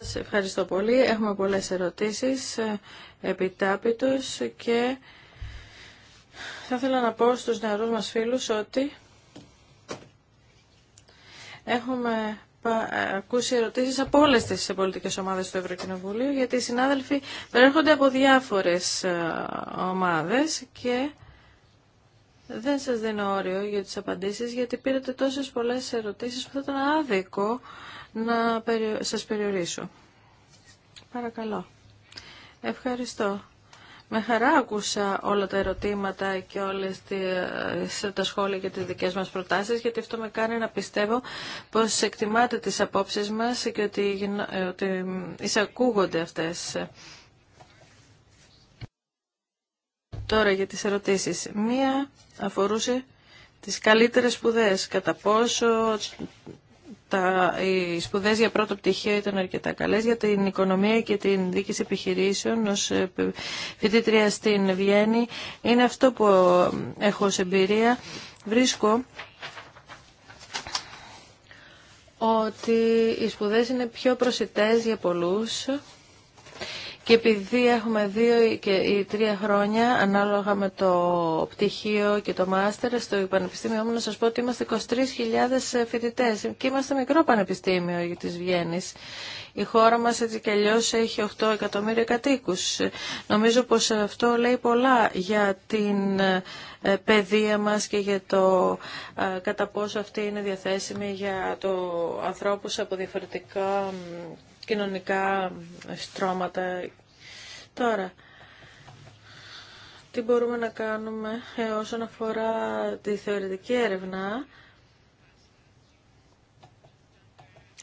Σας ευχαριστώ πολύ. Έχουμε πολλές ερωτήσεις ε, επιτάπητος και θα ήθελα να πω στους νεαρούς μας φίλους ότι Έχουμε ε, ακούσει ερωτήσεις από όλες τις πολιτικές ομάδες του Ευρωκοινοβουλίου, γιατί οι συνάδελφοι προέρχονται από διάφορες ε, ομάδες και δεν σας δίνω όριο για τις απαντήσεις, γιατί πήρατε τόσες πολλές ερωτήσεις που θα ήταν άδικο να σας περιορίσω. Παρακαλώ. Ευχαριστώ. Με χαρά άκουσα όλα τα ερωτήματα και όλες τα σχόλια για τις δικές μας προτάσεις, γιατί αυτό με κάνει να πιστεύω πως εκτιμάτε τις απόψεις μας και ότι, ε, ότι εισακούγονται αυτές. Τώρα για τις ερωτήσεις. Μία αφορούσε τις καλύτερες σπουδέ. κατά πόσο τα, οι σπουδέ για πρώτο πτυχίο ήταν αρκετά καλέ για την οικονομία και την δίκηση επιχειρήσεων ω ε, φοιτήτρια στην Βιέννη. Είναι αυτό που ε, έχω ω εμπειρία. Βρίσκω ότι οι σπουδές είναι πιο προσιτές για πολλούς και επειδή έχουμε δύο και τρία χρόνια ανάλογα με το πτυχίο και το μάστερ στο Πανεπιστήμιο μου να σας πω ότι είμαστε 23.000 φοιτητές και είμαστε μικρό πανεπιστήμιο της Βιέννης. Η χώρα μας έτσι κι αλλιώς έχει 8 εκατομμύρια κατοίκους. Νομίζω πως αυτό λέει πολλά για την ε, παιδεία μας και για το ε, κατά πόσο αυτή είναι διαθέσιμη για το ανθρώπους από διαφορετικά κοινωνικά στρώματα. Τώρα, τι μπορούμε να κάνουμε ε, όσον αφορά τη θεωρητική έρευνα.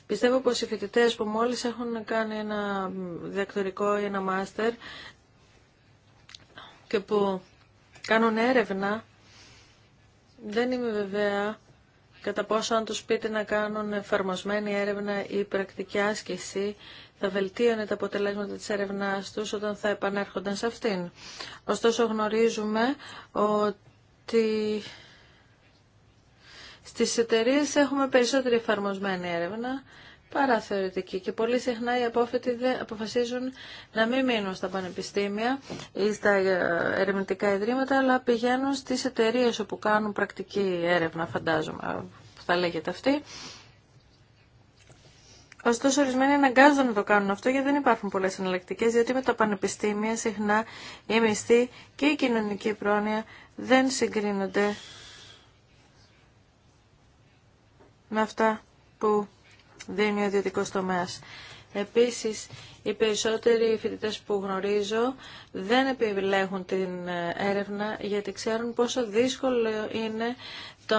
Πιστεύω πως οι φοιτητές που μόλις έχουν κάνει ένα διδακτορικό ή ένα μάστερ και που κάνουν έρευνα, δεν είμαι βεβαία κατά πόσο αν τους πείτε να κάνουν εφαρμοσμένη έρευνα ή πρακτική άσκηση θα βελτίωνε τα αποτελέσματα της έρευνάς τους όταν θα επανέρχονταν σε αυτήν. Ωστόσο γνωρίζουμε ότι στις εταιρείες έχουμε περισσότερη εφαρμοσμένη έρευνα παρά θεωρητική. Και πολύ συχνά οι απόφετοι αποφασίζουν να μην μείνουν στα πανεπιστήμια ή στα ε, ερευνητικά ιδρύματα, αλλά πηγαίνουν στις εταιρείε όπου κάνουν πρακτική έρευνα, φαντάζομαι, που ε, θα λέγεται αυτή. Ωστόσο, ορισμένοι αναγκάζονται να το κάνουν αυτό γιατί δεν υπάρχουν πολλέ εναλλακτικέ, διότι με τα πανεπιστήμια συχνά η μισθή και η κοινωνική πρόνοια δεν συγκρίνονται με αυτά που είναι ο ιδιωτικό τομέα. Επίσης, οι περισσότεροι φοιτητέ που γνωρίζω δεν επιλέγουν την ε, έρευνα γιατί ξέρουν πόσο δύσκολο είναι το,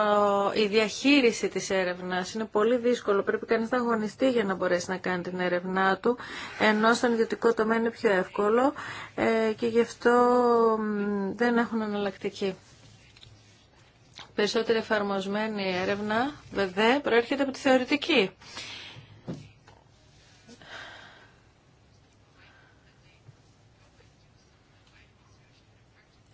η διαχείριση της έρευνας. Είναι πολύ δύσκολο. Πρέπει κανείς να αγωνιστεί για να μπορέσει να κάνει την έρευνά του, ενώ στον ιδιωτικό τομέα είναι πιο εύκολο ε, και γι' αυτό δεν έχουν εναλλακτική περισσότερη εφαρμοσμένη έρευνα, βέβαια, προέρχεται από τη θεωρητική.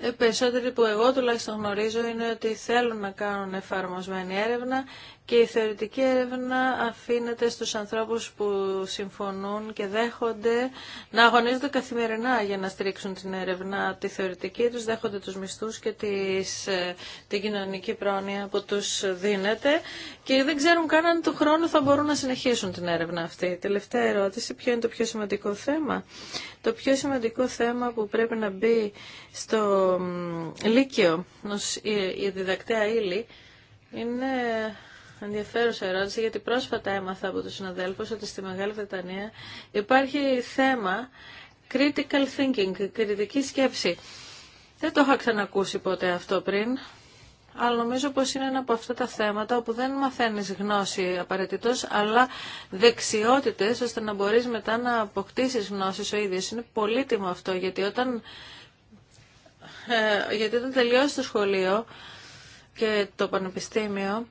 Ε, περισσότεροι που εγώ τουλάχιστον γνωρίζω είναι ότι θέλουν να κάνουν εφαρμοσμένη έρευνα και η θεωρητική έρευνα αφήνεται στους ανθρώπους που συμφωνούν και δέχονται να αγωνίζονται καθημερινά για να στηρίξουν την έρευνα τη θεωρητική τους, δέχονται τους μισθούς και τις, ε, την κοινωνική πρόνοια που τους δίνεται και δεν ξέρουν καν αν του χρόνου θα μπορούν να συνεχίσουν την έρευνα αυτή. τελευταία ερώτηση, ποιο είναι το πιο σημαντικό θέμα. Το πιο σημαντικό θέμα που πρέπει να μπει στο Λύκειο, η διδακτέα ύλη, είναι ενδιαφέρουσα ερώτηση γιατί πρόσφατα έμαθα από τους συναδέλφους ότι στη Μεγάλη Βρετανία υπάρχει θέμα critical thinking, κριτική σκέψη. Δεν το είχα ξανακούσει ποτέ αυτό πριν, αλλά νομίζω πως είναι ένα από αυτά τα θέματα όπου δεν μαθαίνεις γνώση απαραίτητος, αλλά δεξιότητες ώστε να μπορείς μετά να αποκτήσεις γνώση ο ίδιος. Είναι πολύτιμο αυτό, γιατί όταν, ε, γιατί όταν τελειώσει το σχολείο και το πανεπιστήμιο,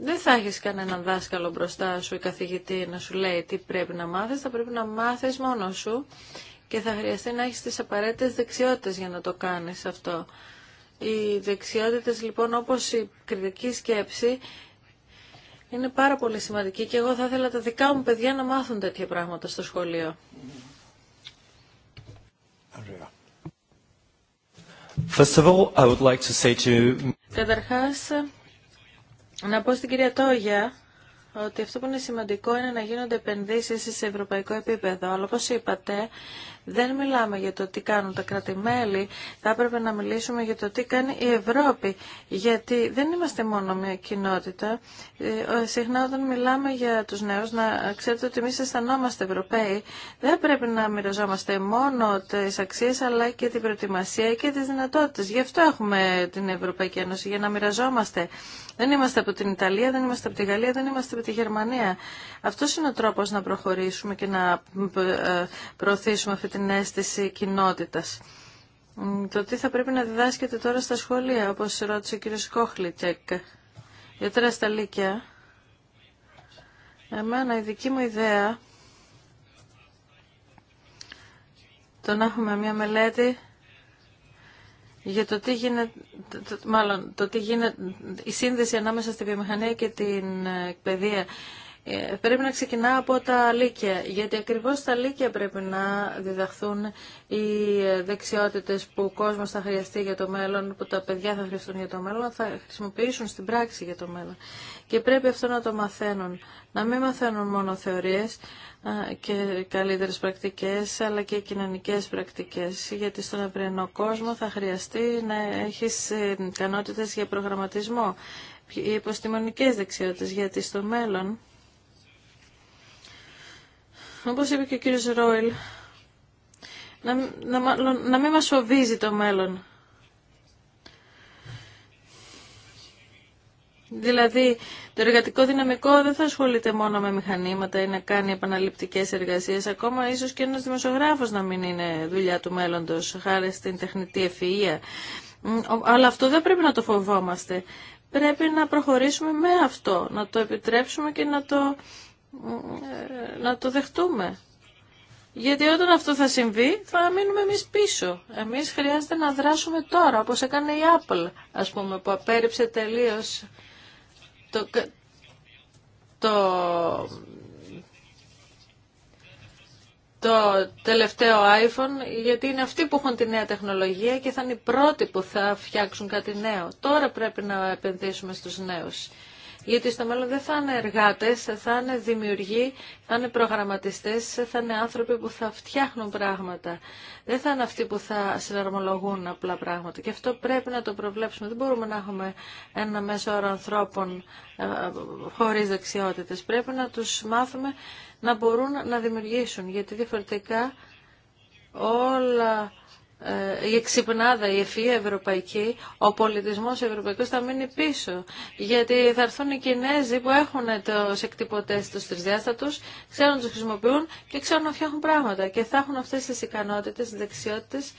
δεν θα έχεις κανέναν δάσκαλο μπροστά σου ή καθηγητή να σου λέει τι πρέπει να μάθεις, θα πρέπει να μάθεις μόνος σου και θα χρειαστεί να έχεις τις απαραίτητες δεξιότητες για να το κάνεις αυτό. Οι δεξιότητες λοιπόν όπως η κριτική σκέψη είναι πάρα πολύ σημαντική και εγώ θα ήθελα τα δικά μου παιδιά να μάθουν τέτοια πράγματα στο σχολείο. First να πω στην κυρία Τόγια ότι αυτό που είναι σημαντικό είναι να γίνονται επενδύσεις σε ευρωπαϊκό επίπεδο. Αλλά όπως είπατε, δεν μιλάμε για το τι κάνουν τα κράτη-μέλη, θα έπρεπε να μιλήσουμε για το τι κάνει η Ευρώπη, γιατί δεν είμαστε μόνο μια κοινότητα. Ε, συχνά όταν μιλάμε για τους νέους, να ξέρετε ότι εμεί αισθανόμαστε Ευρωπαίοι, δεν πρέπει να μοιραζόμαστε μόνο τις αξίες, αλλά και την προετοιμασία και τις δυνατότητες. Γι' αυτό έχουμε την Ευρωπαϊκή Ένωση, για να μοιραζόμαστε. Δεν είμαστε από την Ιταλία, δεν είμαστε από τη Γαλλία, δεν είμαστε από τη Γερμανία. Αυτό είναι ο τρόπος να προχωρήσουμε και να ε, προωθήσουμε αυτή την αίσθηση κοινότητας. Το τι θα πρέπει να διδάσκεται τώρα στα σχολεία, όπως ρώτησε ο κ. Κόχλιτσεκ, ιδιαίτερα στα Λύκια. Εμένα η δική μου ιδέα, το να έχουμε μια μελέτη για το τι γίνεται, μάλλον το τι γίνεται, η σύνδεση ανάμεσα στη βιομηχανία και την ε, παιδεία ε, πρέπει να ξεκινά από τα λύκεια, γιατί ακριβώς τα λύκεια πρέπει να διδαχθούν οι ε, δεξιότητες που ο κόσμος θα χρειαστεί για το μέλλον, που τα παιδιά θα χρειαστούν για το μέλλον, θα χρησιμοποιήσουν στην πράξη για το μέλλον. Και πρέπει αυτό να το μαθαίνουν, να μην μαθαίνουν μόνο θεωρίες και καλύτερες πρακτικές, αλλά και κοινωνικές πρακτικές, γιατί στον αυριανό κόσμο θα χρειαστεί να έχεις ε, ικανότητες για προγραμματισμό, οι υποστημονικές δεξιότητες, γιατί στο μέλλον όπως είπε και ο κύριος Ρόιλ, να, να, να μην μας φοβίζει το μέλλον. Δηλαδή, το εργατικό δυναμικό δεν θα ασχολείται μόνο με μηχανήματα ή να κάνει επαναληπτικές εργασίες. Ακόμα ίσως και ένας δημοσιογράφος να μην είναι δουλειά του μέλλοντος, χάρη στην τεχνητή ευφυΐα. Αλλά αυτό δεν πρέπει να το φοβόμαστε. Πρέπει να προχωρήσουμε με αυτό, να το επιτρέψουμε και να το ε, να το δεχτούμε. Γιατί όταν αυτό θα συμβεί θα μείνουμε εμείς πίσω. Εμείς χρειάζεται να δράσουμε τώρα, όπως έκανε η Apple, ας πούμε, που απέρριψε τελείως το, το, το τελευταίο iPhone, γιατί είναι αυτοί που έχουν τη νέα τεχνολογία και θα είναι οι πρώτοι που θα φτιάξουν κάτι νέο. Τώρα πρέπει να επενδύσουμε στους νέους γιατί στο μέλλον δεν θα είναι εργάτες, θα είναι δημιουργοί, θα είναι προγραμματιστές, θα είναι άνθρωποι που θα φτιάχνουν πράγματα. Δεν θα είναι αυτοί που θα συναρμολογούν απλά πράγματα. Και αυτό πρέπει να το προβλέψουμε. Δεν μπορούμε να έχουμε ένα μέσο όρο ανθρώπων ε, χωρίς δεξιότητες. Πρέπει να τους μάθουμε να μπορούν να δημιουργήσουν, γιατί διαφορετικά όλα ε, η εξυπνάδα, η ευφυία ευρωπαϊκή, ο πολιτισμός ευρωπαϊκός θα μείνει πίσω. Γιατί θα έρθουν οι Κινέζοι που έχουν τους εκτυπωτές τους τρισδιάστατους, ξέρουν να τους χρησιμοποιούν και ξέρουν να φτιάχνουν πράγματα. Και θα έχουν αυτές τις ικανότητες, τις δεξιότητες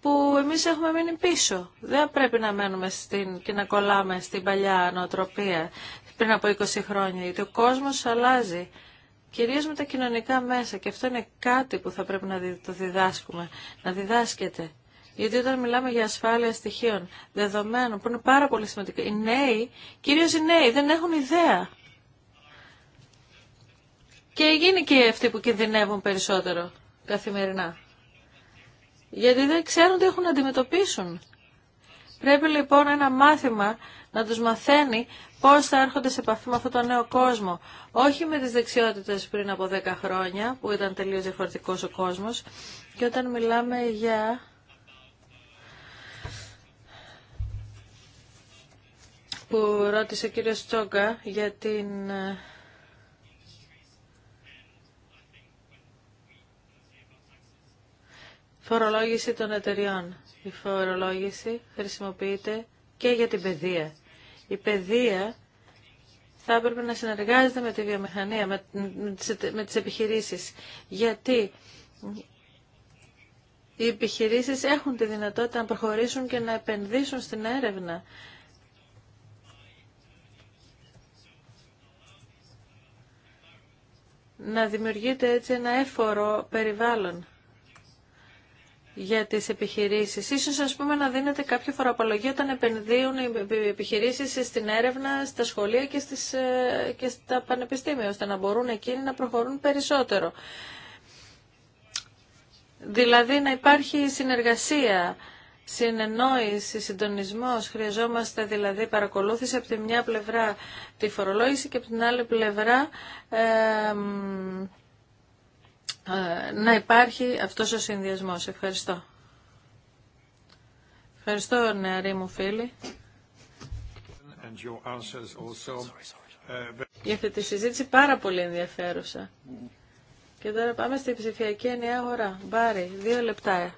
που εμείς έχουμε μείνει πίσω. Δεν πρέπει να μένουμε στην, και να κολλάμε στην παλιά νοοτροπία πριν από 20 χρόνια, γιατί ο κόσμος αλλάζει κυρίως με τα κοινωνικά μέσα και αυτό είναι κάτι που θα πρέπει να το διδάσκουμε, να διδάσκεται. Γιατί όταν μιλάμε για ασφάλεια στοιχείων, δεδομένων, που είναι πάρα πολύ σημαντικά οι νέοι, κυρίως οι νέοι, δεν έχουν ιδέα. Και γίνει και αυτοί που κινδυνεύουν περισσότερο καθημερινά. Γιατί δεν ξέρουν τι έχουν να αντιμετωπίσουν. Πρέπει λοιπόν ένα μάθημα να τους μαθαίνει πώς θα έρχονται σε επαφή με αυτό το νέο κόσμο. Όχι με τις δεξιότητες πριν από 10 χρόνια, που ήταν τελείως διαφορετικός ο κόσμος. Και όταν μιλάμε για που ρώτησε ο κύριος Τσόγκα για την ε, φορολόγηση των εταιριών. Η φορολόγηση χρησιμοποιείται και για την παιδεία η παιδεία θα έπρεπε να συνεργάζεται με τη βιομηχανία, με, με τις επιχειρήσεις. Γιατί οι επιχειρήσεις έχουν τη δυνατότητα να προχωρήσουν και να επενδύσουν στην έρευνα. Να δημιουργείται έτσι ένα έφορο περιβάλλον για τι επιχειρήσει. Σω α πούμε να δίνεται κάποια φοροαπολογία όταν επενδύουν οι επιχειρήσει στην έρευνα, στα σχολεία και, στις, ε, και στα πανεπιστήμια, ώστε να μπορούν εκείνοι να προχωρούν περισσότερο. Δηλαδή να υπάρχει συνεργασία, συνεννόηση, συντονισμός. Χρειαζόμαστε δηλαδή παρακολούθηση από τη μια πλευρά τη φορολόγηση και από την άλλη πλευρά ε, να υπάρχει αυτός ο συνδυασμός. Ευχαριστώ. Ευχαριστώ, νεαροί μου φίλοι. Ε, Για αυτή τη συζήτηση πάρα πολύ ενδιαφέρουσα. Και τώρα πάμε στη ψηφιακή ενιαία αγορά. Μπάρι, δύο λεπτά.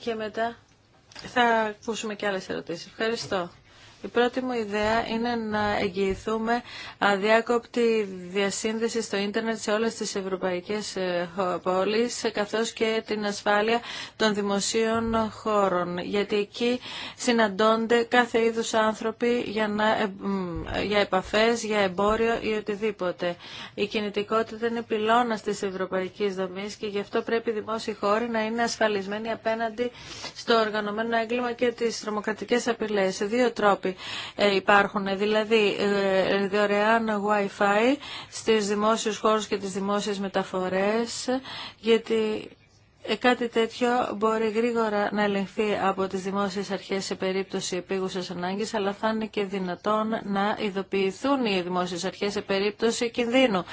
Και μετά θα ακούσουμε και άλλες ερωτήσεις. Ευχαριστώ. Η πρώτη μου ιδέα είναι να εγγυηθούμε αδιάκοπτη διασύνδεση στο ίντερνετ σε όλες τις ευρωπαϊκές ε, πόλεις, καθώς και την ασφάλεια των δημοσίων χώρων, γιατί εκεί συναντώνται κάθε είδους άνθρωποι για, να, ε, για επαφές, για εμπόριο ή οτιδήποτε. Η κινητικότητα είναι πυλώνα τη Ευρωπαϊκή Δομή, και γι' αυτό πρέπει οι δημόσιοι χώροι να είναι ασφαλισμένοι απέναντι στο οργανωμένο έγκλημα και τις τρομοκρατικές απειλές. Σε δύο τρόποι υπαρχουν ε, υπάρχουν. Δηλαδή, ε, δωρεάν Wi-Fi στις δημόσιους χώρους και τις δημόσιες μεταφορές, γιατί ε, κάτι τέτοιο μπορεί γρήγορα να ελεγχθεί από τις δημόσιες αρχές σε περίπτωση επίγουσας ανάγκης, αλλά θα είναι και δυνατόν να ειδοποιηθούν οι δημόσιες αρχές σε περίπτωση κινδύνου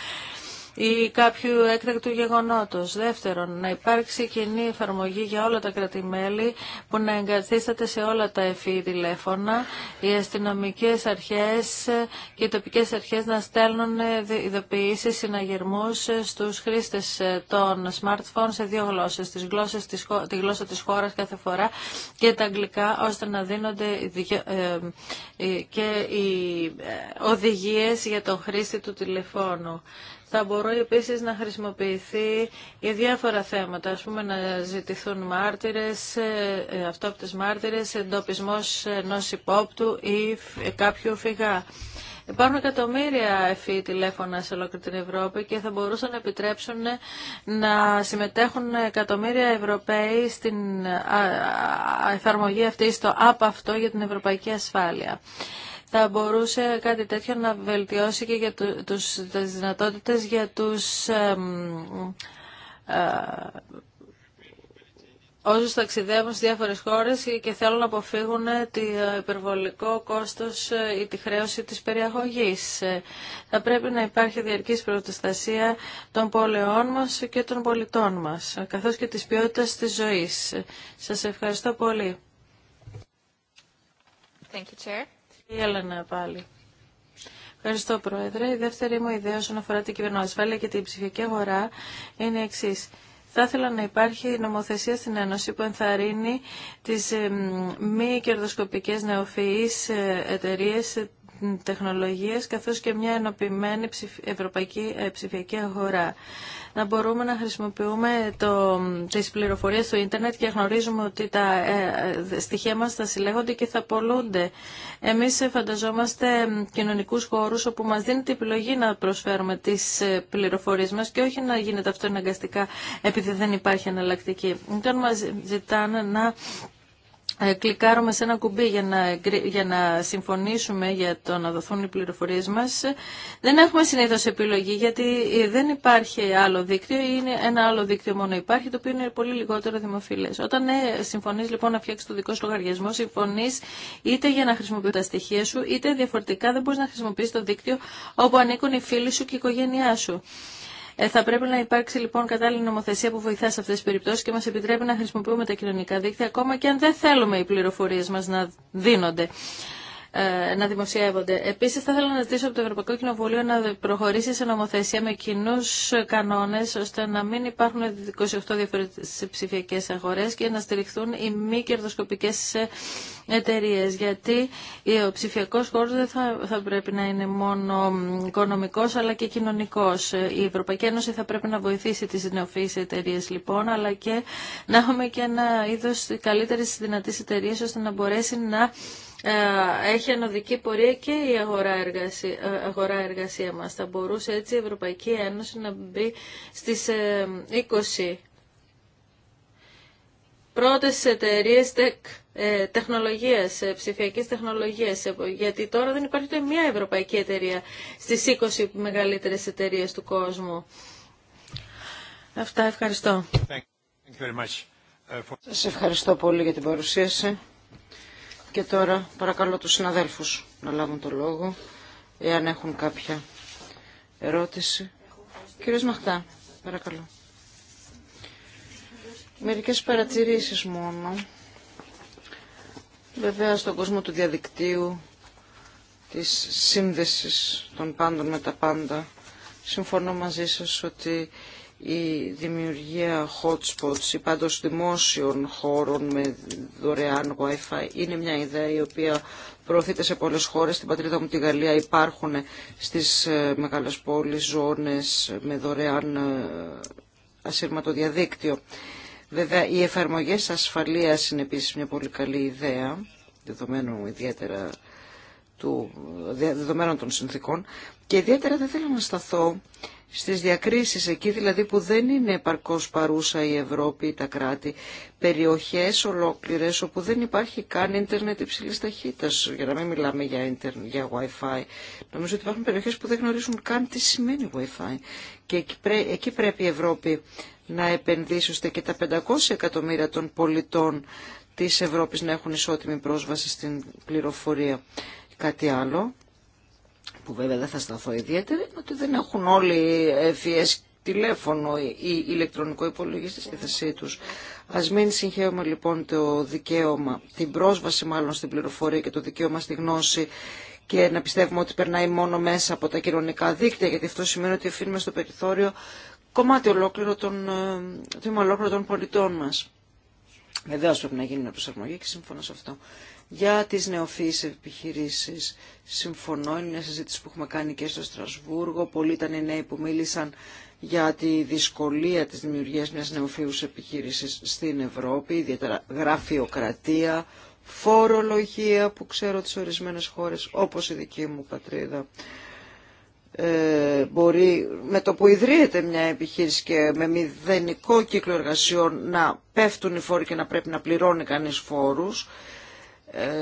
ή κάποιου έκτακτου γεγονότος. Δεύτερον, να υπάρξει κοινή εφαρμογή για όλα τα κρατημέλη που να εγκαθίσταται σε όλα τα εφή τηλέφωνα, οι αστυνομικές αρχές και οι τοπικές αρχές να στέλνουν ειδοποιήσεις συναγερμούς στους χρήστες των smartphone σε δύο γλώσσες, τις γλώσσες, τη γλώσσα της χώρας κάθε φορά και τα αγγλικά, ώστε να δίνονται ε, ε, και οι ε, οδηγίες για τον χρήστη του τηλεφώνου θα μπορεί επίσης να χρησιμοποιηθεί για διάφορα θέματα, ας πούμε να ζητηθούν μάρτυρες, ε, ε, αυτόπτες μάρτυρες, εντοπισμός ενός υπόπτου ή ε, κάποιου φυγά. Υπάρχουν εκατομμύρια εφή τηλέφωνα σε ολόκληρη την Ευρώπη και θα μπορούσαν να επιτρέψουν να συμμετέχουν εκατομμύρια Ευρωπαίοι στην εφαρμογή αυτή, στο app αυτό για την ευρωπαϊκή ασφάλεια θα μπορούσε κάτι τέτοιο να βελτιώσει και για τους, τις δυνατότητες για τους ε, όσους ταξιδεύουν στις διάφορες χώρες και θέλουν να αποφύγουν ε, το ε, υπερβολικό κόστος ή τη χρέωση της περιαγωγής. Θα πρέπει να υπάρχει διαρκής προστασία των πόλεών μας και των πολιτών μας, καθώς και της ποιότητας της ζωής. Σας ευχαριστώ πολύ. Thank you, Chair. Έλενα πάλι. Ευχαριστώ, Πρόεδρε. Η δεύτερη μου ιδέα όσον αφορά την κυβερνοασφάλεια και την ψηφιακή αγορά είναι η εξή. Θα ήθελα να υπάρχει νομοθεσία στην Ένωση που ενθαρρύνει τις μη κερδοσκοπικές νεοφυείς ε, εταιρείε τεχνολογίες καθώς και μια ενοποιημένη ευρωπαϊκή ε, ψηφιακή αγορά. Να μπορούμε να χρησιμοποιούμε το, τις πληροφορίες του ίντερνετ και γνωρίζουμε ότι τα ε, ε, στοιχεία μας θα συλλέγονται και θα πολλούνται. Εμείς φανταζόμαστε κοινωνικούς χώρους όπου μας δίνει την επιλογή να προσφέρουμε τις πληροφορίες μας και όχι να γίνεται αυτό εναγκαστικά επειδή δεν υπάρχει εναλλακτική. Όταν μας να ε, κλικάρουμε σε ένα κουμπί για να, για να συμφωνήσουμε για το να δοθούν οι πληροφορίες μας. Δεν έχουμε συνήθως επιλογή γιατί ε, δεν υπάρχει άλλο δίκτυο ή είναι ένα άλλο δίκτυο μόνο υπάρχει το οποίο είναι πολύ λιγότερο δημοφιλές. Όταν ε, συμφωνείς λοιπόν να φτιάξεις το δικό σου λογαριασμό, συμφωνείς είτε για να χρησιμοποιεί τα στοιχεία σου είτε διαφορετικά δεν μπορείς να χρησιμοποιείς το δίκτυο όπου ανήκουν οι φίλοι σου και η οικογένειά σου. Ε, θα πρέπει να υπάρξει λοιπόν κατάλληλη νομοθεσία που βοηθά σε αυτέ τι περιπτώσει και μα επιτρέπει να χρησιμοποιούμε τα κοινωνικά δίκτυα ακόμα και αν δεν θέλουμε οι πληροφορίε μα να δίνονται. Ε, να δημοσιεύονται. Επίσης θα ήθελα να ζητήσω από το Ευρωπαϊκό Κοινοβούλιο να προχωρήσει σε νομοθεσία με κοινού κανόνες ώστε να μην υπάρχουν 28 διαφορετικές ψηφιακές αγορές και να στηριχθούν οι μη κερδοσκοπικέ εταιρείε. γιατί ο ψηφιακό χώρο δεν θα, θα πρέπει να είναι μόνο οικονομικό, αλλά και κοινωνικό. Η Ευρωπαϊκή Ένωση θα πρέπει να βοηθήσει τι νεοφύης εταιρείε λοιπόν αλλά και να έχουμε και ένα είδος καλύτερης δυνατή εταιρεία ώστε να μπορέσει να ε, έχει ανωδική πορεία και η αγορά ε, εργασία, αγορά μας. Θα μπορούσε έτσι η Ευρωπαϊκή Ένωση να μπει στις 20 ε, πρώτες εταιρείε τεχνολογίας, ψηφιακής τεχνολογίας, γιατί τώρα δεν υπάρχει ούτε μια ευρωπαϊκή εταιρεία στις 20 μεγαλύτερες εταιρείε του κόσμου. Αυτά, ευχαριστώ. Σας ευχαριστώ πολύ για την παρουσίαση. Και τώρα παρακαλώ τους συναδέλφους να λάβουν το λόγο, εάν έχουν κάποια ερώτηση. Κύριος Μαχτά, παρακαλώ. Μερικές παρατηρήσεις μόνο. Βέβαια στον κόσμο του διαδικτύου, της σύνδεσης των πάντων με τα πάντα, συμφωνώ μαζί σας ότι η δημιουργία hotspots ή πάντως δημόσιων χώρων με δωρεάν wifi είναι μια ιδέα η οποία προωθείται σε πολλές χώρες. Στην πατρίδα μου τη Γαλλία υπάρχουν στις ε, μεγάλες πόλεις ζώνες με δωρεάν ε, ασύρματο διαδίκτυο. Βέβαια οι εφαρμογές ασφαλείας είναι επίσης μια πολύ καλή ιδέα, δεδομένου ιδιαίτερα του, δεδομένων των συνθήκων και ιδιαίτερα δεν θέλω να σταθώ στις διακρίσεις εκεί δηλαδή που δεν είναι επαρκώς παρούσα η Ευρώπη ή τα κράτη, περιοχές ολόκληρες όπου δεν υπάρχει καν ίντερνετ υψηλή ταχύτητα, για να μην μιλάμε για, ίντερνετ, για Wi-Fi. Νομίζω ότι υπάρχουν περιοχές που δεν γνωρίζουν καν τι σημαίνει Wi-Fi και εκεί πρέπει η Ευρώπη να επενδύσει ώστε και τα 500 εκατομμύρια των πολιτών της Ευρώπης να έχουν ισότιμη πρόσβαση στην πληροφορία. Κάτι άλλο που βέβαια δεν θα σταθώ ιδιαίτερα, είναι ότι δεν έχουν όλοι ευφυέ τηλέφωνο ή ηλεκτρονικό υπολογιστή στη θέση του. Α μην συγχαίουμε λοιπόν το δικαίωμα, την πρόσβαση μάλλον στην πληροφορία και το δικαίωμα στη γνώση και να πιστεύουμε ότι περνάει μόνο μέσα από τα κοινωνικά δίκτυα, γιατί αυτό σημαίνει ότι αφήνουμε στο περιθώριο κομμάτι ολόκληρο των, ε, ολόκληρο των πολιτών μα. Βεβαίω πρέπει να γίνει μια προσαρμογή και σύμφωνα σε αυτό για τις νεοφύης επιχειρήσεις. Συμφωνώ, είναι μια συζήτηση που έχουμε κάνει και στο Στρασβούργο. Πολλοί ήταν οι νέοι που μίλησαν για τη δυσκολία της δημιουργίας μιας νεοφύους επιχείρησης στην Ευρώπη, ιδιαίτερα γραφειοκρατία, φορολογία που ξέρω τις ορισμένες χώρες, όπως η δική μου πατρίδα. Ε, μπορεί με το που ιδρύεται μια επιχείρηση και με μηδενικό κύκλο εργασιών να πέφτουν οι φόροι και να πρέπει να πληρώνει κανείς φόρους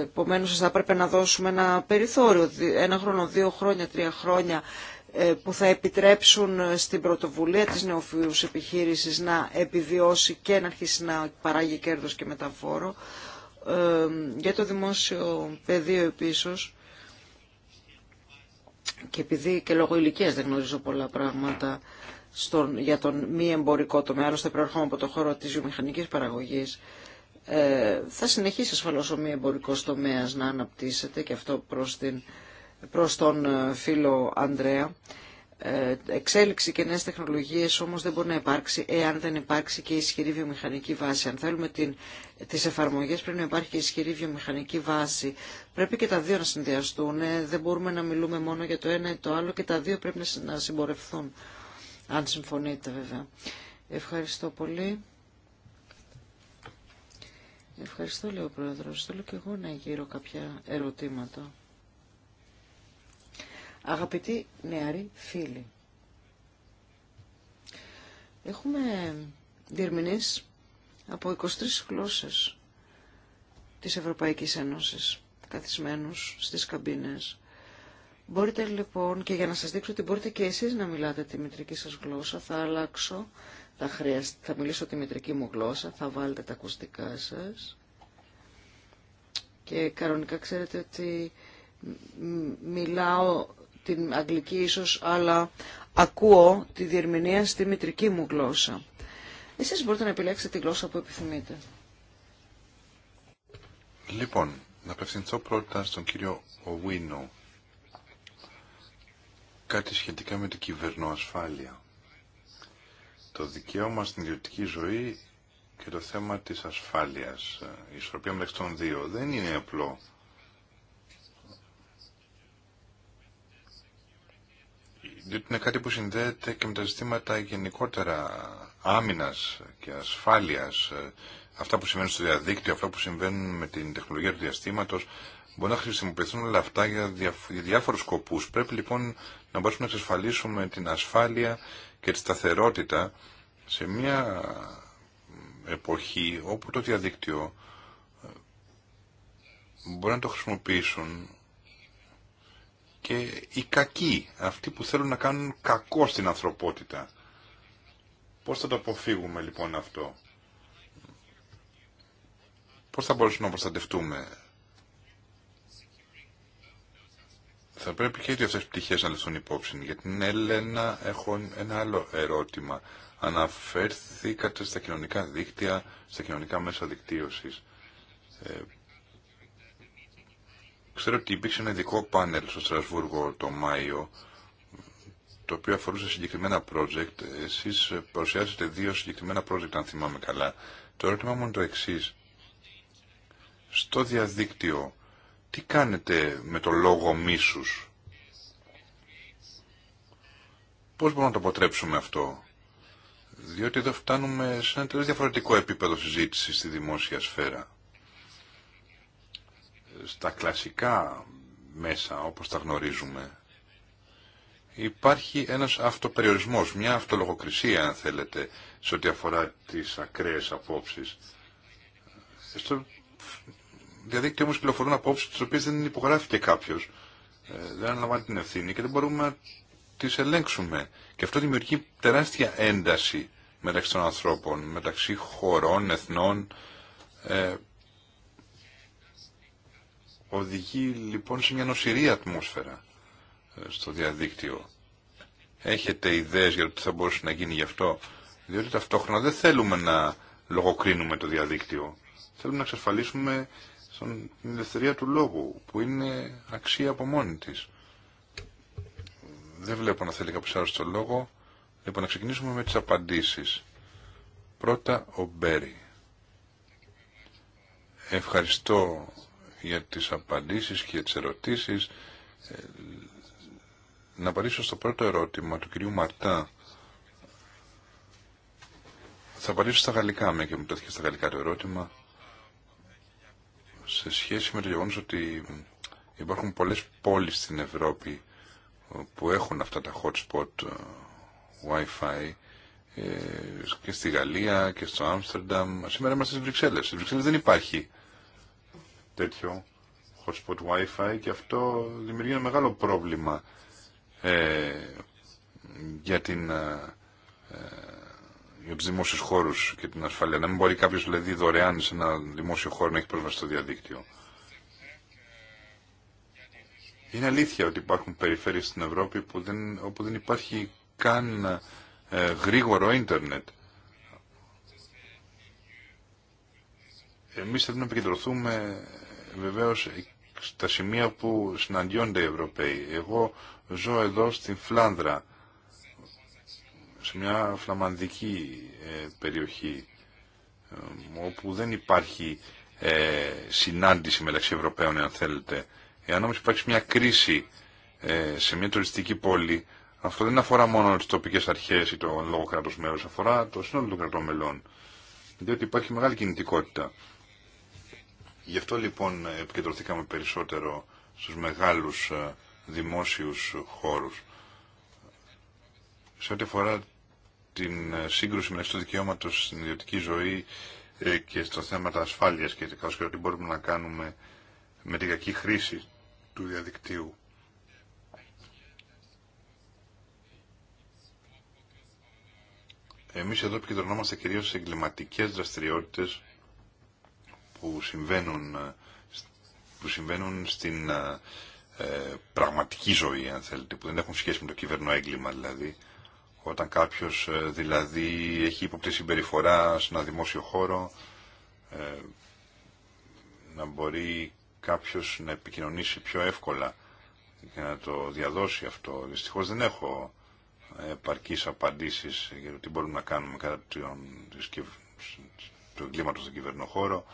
Επομένως θα πρέπει να δώσουμε ένα περιθώριο, ένα χρόνο, δύο χρόνια, τρία χρόνια ε, που θα επιτρέψουν ε, στην πρωτοβουλία της νεοφυούς επιχείρησης να επιβιώσει και να αρχίσει να παράγει κέρδος και μεταφόρο. Ε, για το δημόσιο πεδίο επίσης, και επειδή και λόγω ηλικίας δεν γνωρίζω πολλά πράγματα στον, για τον μη εμπορικό τομέα, άλλωστε προερχόμαι από το χώρο της βιομηχανικής παραγωγής, ε, θα συνεχίσει ασφαλώ ο μη εμπορικό τομέα να αναπτύσσεται και αυτό προς, την, προς τον ε, φίλο Ανδρέα. Ε, εξέλιξη και νέες τεχνολογίες όμως δεν μπορεί να υπάρξει εάν δεν υπάρξει και ισχυρή βιομηχανική βάση. Αν θέλουμε την, τις εφαρμογές πρέπει να υπάρχει και ισχυρή βιομηχανική βάση. Πρέπει και τα δύο να συνδυαστούν. Δεν μπορούμε να μιλούμε μόνο για το ένα ή το άλλο και τα δύο πρέπει να συμπορευθούν. Αν συμφωνείτε βέβαια. Ευχαριστώ πολύ. Ευχαριστώ, λέει ο Θέλω και εγώ να γύρω κάποια ερωτήματα. Αγαπητοί νεαροί φίλοι, έχουμε διερμηνείς από 23 γλώσσες της Ευρωπαϊκής Ένωσης, καθισμένους στις καμπίνες. Μπορείτε λοιπόν και για να σας δείξω ότι μπορείτε και εσείς να μιλάτε τη μητρική σας γλώσσα, θα αλλάξω, θα, θα μιλήσω τη μητρική μου γλώσσα, θα βάλετε τα ακουστικά σας. Και κανονικά ξέρετε ότι μιλάω την αγγλική ίσως, αλλά ακούω τη διερμηνία στη μητρική μου γλώσσα. Εσείς μπορείτε να επιλέξετε τη γλώσσα που επιθυμείτε. Λοιπόν, να απευθυνθώ πρώτα στον κύριο κάτι σχετικά με την κυβερνοασφάλεια. Το δικαίωμα στην ιδιωτική ζωή και το θέμα της ασφάλειας. Η ισορροπία μεταξύ των δύο δεν είναι απλό. Διότι είναι κάτι που συνδέεται και με τα ζητήματα γενικότερα άμυνας και ασφάλειας, αυτά που συμβαίνουν στο διαδίκτυο, αυτά που συμβαίνουν με την τεχνολογία του διαστήματος, Μπορεί να χρησιμοποιηθούν όλα αυτά για διάφορους σκοπούς. Πρέπει λοιπόν να μπορούμε να εξασφαλίσουμε την ασφάλεια και τη σταθερότητα σε μια εποχή όπου το διαδίκτυο ε, μπορεί να το χρησιμοποιήσουν και οι κακοί, αυτοί που θέλουν να κάνουν κακό στην ανθρωπότητα. Πώς θα το αποφύγουμε λοιπόν αυτό. Πώς θα μπορούσαμε να προστατευτούμε. Θα πρέπει και οι αυτές τις πτυχές να λεφθούν υπόψη. Για την Έλενα έχω ένα άλλο ερώτημα. Αναφέρθηκατε στα κοινωνικά δίκτυα, στα κοινωνικά μέσα δικτύωσης. Ε, ξέρω ότι υπήρξε ένα ειδικό πάνελ στο Στρασβούργο το Μάιο, το οποίο αφορούσε συγκεκριμένα project. Εσείς παρουσιάσετε δύο συγκεκριμένα project, αν θυμάμαι καλά. Το ερώτημα μου είναι το εξή. Στο διαδίκτυο, τι κάνετε με το λόγο μίσους. Πώς μπορούμε να το αποτρέψουμε αυτό. Διότι εδώ φτάνουμε σε ένα τελείως διαφορετικό επίπεδο συζήτηση στη δημόσια σφαίρα. Στα κλασικά μέσα, όπως τα γνωρίζουμε, υπάρχει ένας αυτοπεριορισμός, μια αυτολογοκρισία, αν θέλετε, σε ό,τι αφορά τις ακραίες απόψεις. Στο διαδίκτυο δηλαδή όμω πληροφορούν απόψει τι οποίε δεν υπογράφηκε κάποιο. Ε, δεν αναλαμβάνει την ευθύνη και δεν μπορούμε να τι ελέγξουμε. Και αυτό δημιουργεί τεράστια ένταση μεταξύ των ανθρώπων, μεταξύ χωρών, εθνών. Ε, οδηγεί λοιπόν σε μια νοσηρή ατμόσφαιρα ε, στο διαδίκτυο. Έχετε ιδέες για το τι θα μπορούσε να γίνει γι' αυτό, διότι ταυτόχρονα δεν θέλουμε να λογοκρίνουμε το διαδίκτυο. Θέλουμε να εξασφαλίσουμε στην ελευθερία του λόγου, που είναι αξία από μόνη της. Δεν βλέπω να θέλει κάποιος άλλος το λόγο. Λοιπόν, να ξεκινήσουμε με τις απαντήσεις. Πρώτα, ο Μπέρι. Ευχαριστώ για τις απαντήσεις και τις ερωτήσεις. Ε, να απαντήσω στο πρώτο ερώτημα του κυρίου Μαρτά. Θα απαντήσω στα γαλλικά, με και μου τέθηκε στα γαλλικά το ερώτημα σε σχέση με το γεγονό ότι υπάρχουν πολλές πόλεις στην Ευρώπη ε, που έχουν αυτά τα hotspot ε, Wi-Fi ε, και στη Γαλλία και στο Άμστερνταμ. Σήμερα είμαστε στις Βρυξέλλες. Στις Βρυξέλλες δεν υπάρχει τέτοιο hotspot Wi-Fi και αυτό δημιουργεί ένα μεγάλο πρόβλημα ε, για την για του δημόσιου χώρου και την ασφαλεία. Να μην μπορεί κάποιο δηλαδή δωρεάν σε ένα δημόσιο χώρο να έχει πρόσβαση στο διαδίκτυο. Είναι αλήθεια ότι υπάρχουν περιφέρειες στην Ευρώπη που δεν, όπου δεν υπάρχει καν ε, γρήγορο ίντερνετ. Εμείς θέλουμε να επικεντρωθούμε ε, βεβαίως στα σημεία που συναντιόνται οι Ευρωπαίοι. Εγώ ζω εδώ στην Φλάνδρα σε μια φλαμανδική ε, περιοχή ε, όπου δεν υπάρχει ε, συνάντηση μεταξύ Ευρωπαίων, αν θέλετε. Εάν όμως υπάρχει μια κρίση σε μια τουριστική πόλη, αυτό δεν αφορά μόνο τις τοπικές αρχές ή το λόγο κράτος μέρος, αφορά το σύνολο των κρατών μελών. Διότι υπάρχει μεγάλη κινητικότητα. Γι' αυτό λοιπόν επικεντρωθήκαμε περισσότερο στους μεγάλους δημόσιους χώρους. Σε ό,τι αφορά την ε, σύγκρουση μεταξύ του δικαιώματο στην ιδιωτική ζωή ε, και στα θέματα ασφάλειας και καθώς και ό,τι μπορούμε να κάνουμε με την κακή χρήση του διαδικτύου. Εμείς εδώ επικεντρωνόμαστε κυρίως σε εγκληματικές δραστηριότητες που συμβαίνουν, ε, που συμβαίνουν στην πραγματική ζωή, αν θέλετε, που δεν έχουν σχέση με το κυβερνό έγκλημα δηλαδή. Όταν κάποιος ε, δηλαδή έχει υποπτή συμπεριφορά σε ένα δημόσιο χώρο, ε, να μπορεί κάποιος να επικοινωνήσει πιο εύκολα και να το διαδώσει αυτό. Δυστυχώς δεν έχω ε, επαρκείς απαντήσεις για το τι μπορούμε να κάνουμε κατά του εγκλήματος στον κυβερνοχώρο,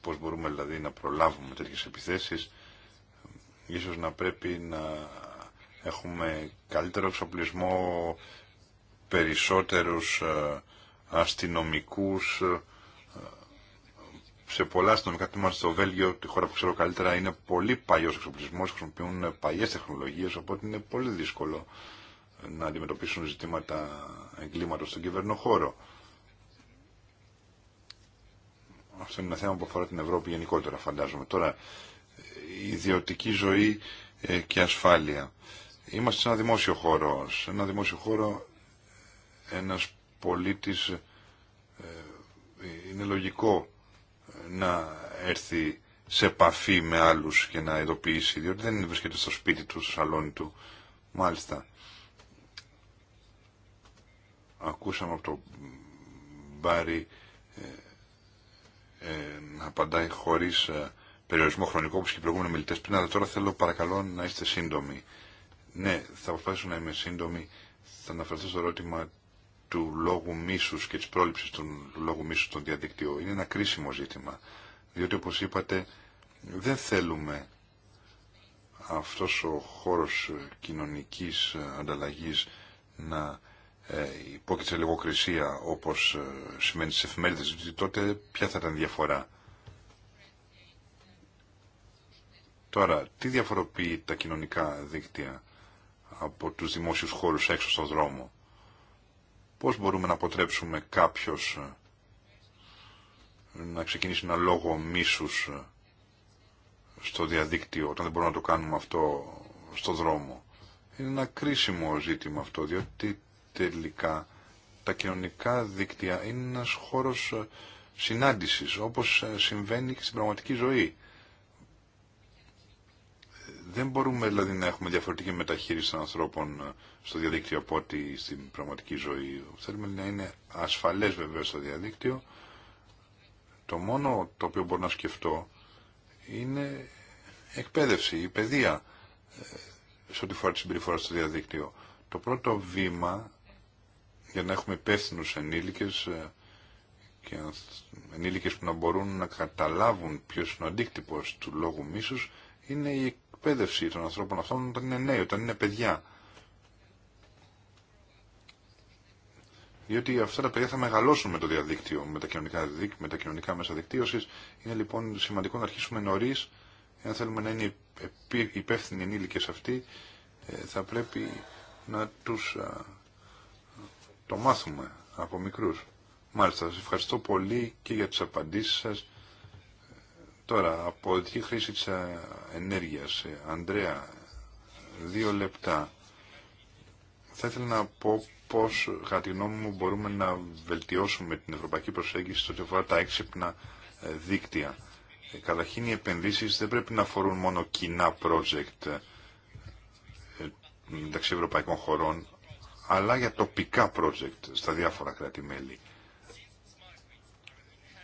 πώς μπορούμε δηλαδή να προλάβουμε τέτοιες επιθέσεις. Ίσως να πρέπει να Έχουμε καλύτερο εξοπλισμό, περισσότερους ε, αστυνομικούς. Ε, σε πολλά αστυνομικά τμήματα στο Βέλγιο, τη χώρα που ξέρω καλύτερα, είναι πολύ παλιός εξοπλισμός, χρησιμοποιούν παλιές τεχνολογίες, οπότε είναι πολύ δύσκολο να αντιμετωπίσουν ζητήματα εγκλήματος στον κυβερνοχώρο. Αυτό είναι ένα θέμα που αφορά την Ευρώπη γενικότερα, φαντάζομαι. Τώρα, ιδιωτική ζωή ε, και ασφάλεια. Είμαστε σε ένα δημόσιο χώρο. Σε ένα δημόσιο χώρο ένας πολίτης ε, είναι λογικό να έρθει σε επαφή με άλλους και να ειδοποιήσει, διότι δεν βρίσκεται στο σπίτι του, στο σαλόνι του. Μάλιστα. Ακούσαμε από το Μπάρι ε, ε, να απαντάει χωρίς ε, περιορισμό χρονικό όπως και οι προηγούμενοι μιλητές πριν, αλλά τώρα θέλω παρακαλώ να είστε σύντομοι. Ναι, θα προσπαθήσω να είμαι σύντομη. Θα αναφερθώ στο ερώτημα του λόγου μίσους και της πρόληψης του λόγου μίσους στον διαδικτύο. Είναι ένα κρίσιμο ζήτημα, διότι όπως είπατε δεν θέλουμε αυτός ο χώρος κοινωνικής ανταλλαγής να ε, υπόκειται σε λογοκρισία όπως ε, σημαίνει στις εφημερίδες, διότι τότε ποια θα ήταν διαφορά. Τώρα, τι διαφοροποιεί τα κοινωνικά δίκτυα από τους δημόσιους χώρους έξω στον δρόμο. Πώς μπορούμε να αποτρέψουμε κάποιος ε, να ξεκινήσει ένα λόγο μίσους ε, στο διαδίκτυο, όταν δεν μπορούμε να το κάνουμε αυτό στο δρόμο. Είναι ένα κρίσιμο ζήτημα αυτό, διότι τελικά τα κοινωνικά δίκτυα είναι ένας χώρος ε, συνάντησης, όπως συμβαίνει και στην πραγματική ζωή. Δεν μπορούμε δηλαδή να έχουμε διαφορετική μεταχείριση ανθρώπων ε, στο διαδίκτυο από ό,τι στην πραγματική ζωή. Θέλουμε να είναι ασφαλές βέβαια στο διαδίκτυο. Το μόνο το οποίο μπορώ να σκεφτώ είναι εκπαίδευση, η παιδεία ε, σε ό,τι φορά τη συμπεριφορά στο διαδίκτυο. Το πρώτο βήμα για να έχουμε υπεύθυνου ενήλικες ε, και ενήλικες που να μπορούν να καταλάβουν ποιος είναι ο αντίκτυπος του λόγου μίσους είναι η εκπαίδευση των ανθρώπων αυτών όταν είναι νέοι, όταν είναι παιδιά. Διότι αυτά τα παιδιά θα μεγαλώσουν με το διαδίκτυο, με τα κοινωνικά, με τα κοινωνικά μέσα δικτύωση. Είναι λοιπόν σημαντικό να αρχίσουμε νωρί, εάν θέλουμε να είναι υπεύθυνοι ενήλικε αυτοί, ε, θα πρέπει να του το μάθουμε από μικρού. Μάλιστα, σα ευχαριστώ πολύ και για τι απαντήσει σα Τώρα, από τη χρήση της ε, ενέργειας. Ε, Ανδρέα, δύο λεπτά. Θα ήθελα να πω πώς, κατά τη γνώμη μου, μπορούμε να βελτιώσουμε την ευρωπαϊκή προσέγγιση στο ότι αφορά τα έξυπνα ε, δίκτυα. Καταρχήν, οι επενδύσεις δεν πρέπει να αφορούν μόνο κοινά project μεταξύ ευρωπαϊκών χωρών, αλλά για τοπικά project στα διάφορα κράτη-μέλη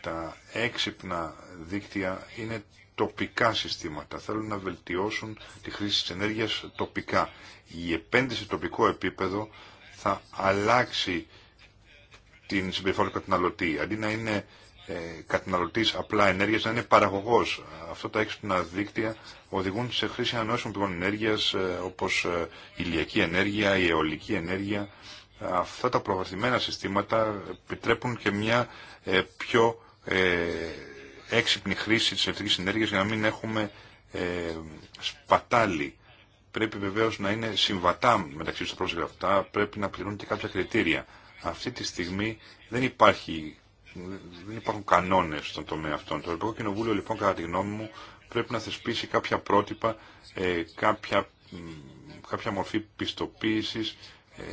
τα έξυπνα δίκτυα είναι τοπικά συστήματα. Θέλουν να βελτιώσουν τη χρήση της ενέργειας τοπικά. Η επένδυση τοπικό επίπεδο θα αλλάξει την συμπεριφορά του καταναλωτή. Αντί να είναι ε, καταναλωτής απλά ενέργειας, να είναι παραγωγός. Αυτά τα έξυπνα δίκτυα οδηγούν σε χρήση ανανεώσιμων πηγών ενέργειας, ε, όπως ε, ηλιακή ενέργεια, η αιωλική ενέργεια. Αυτά τα προγραμματισμένα συστήματα επιτρέπουν και μια ε, πιο ε, έξυπνη χρήση της ηλεκτρικής ενέργειας για να μην έχουμε ε, σπατάλη. Πρέπει βεβαίως να είναι συμβατά μεταξύ τους πρόσφυγα αυτά, πρέπει να πληρούν και κάποια κριτήρια. Αυτή τη στιγμή δεν, υπάρχει, δεν υπάρχουν κανόνες στον τομέα αυτών. Το Ευρωπαϊκό Κοινοβούλιο λοιπόν κατά τη γνώμη μου πρέπει να θεσπίσει κάποια πρότυπα, ε, κάποια, κάποια μορφή πιστοποίησης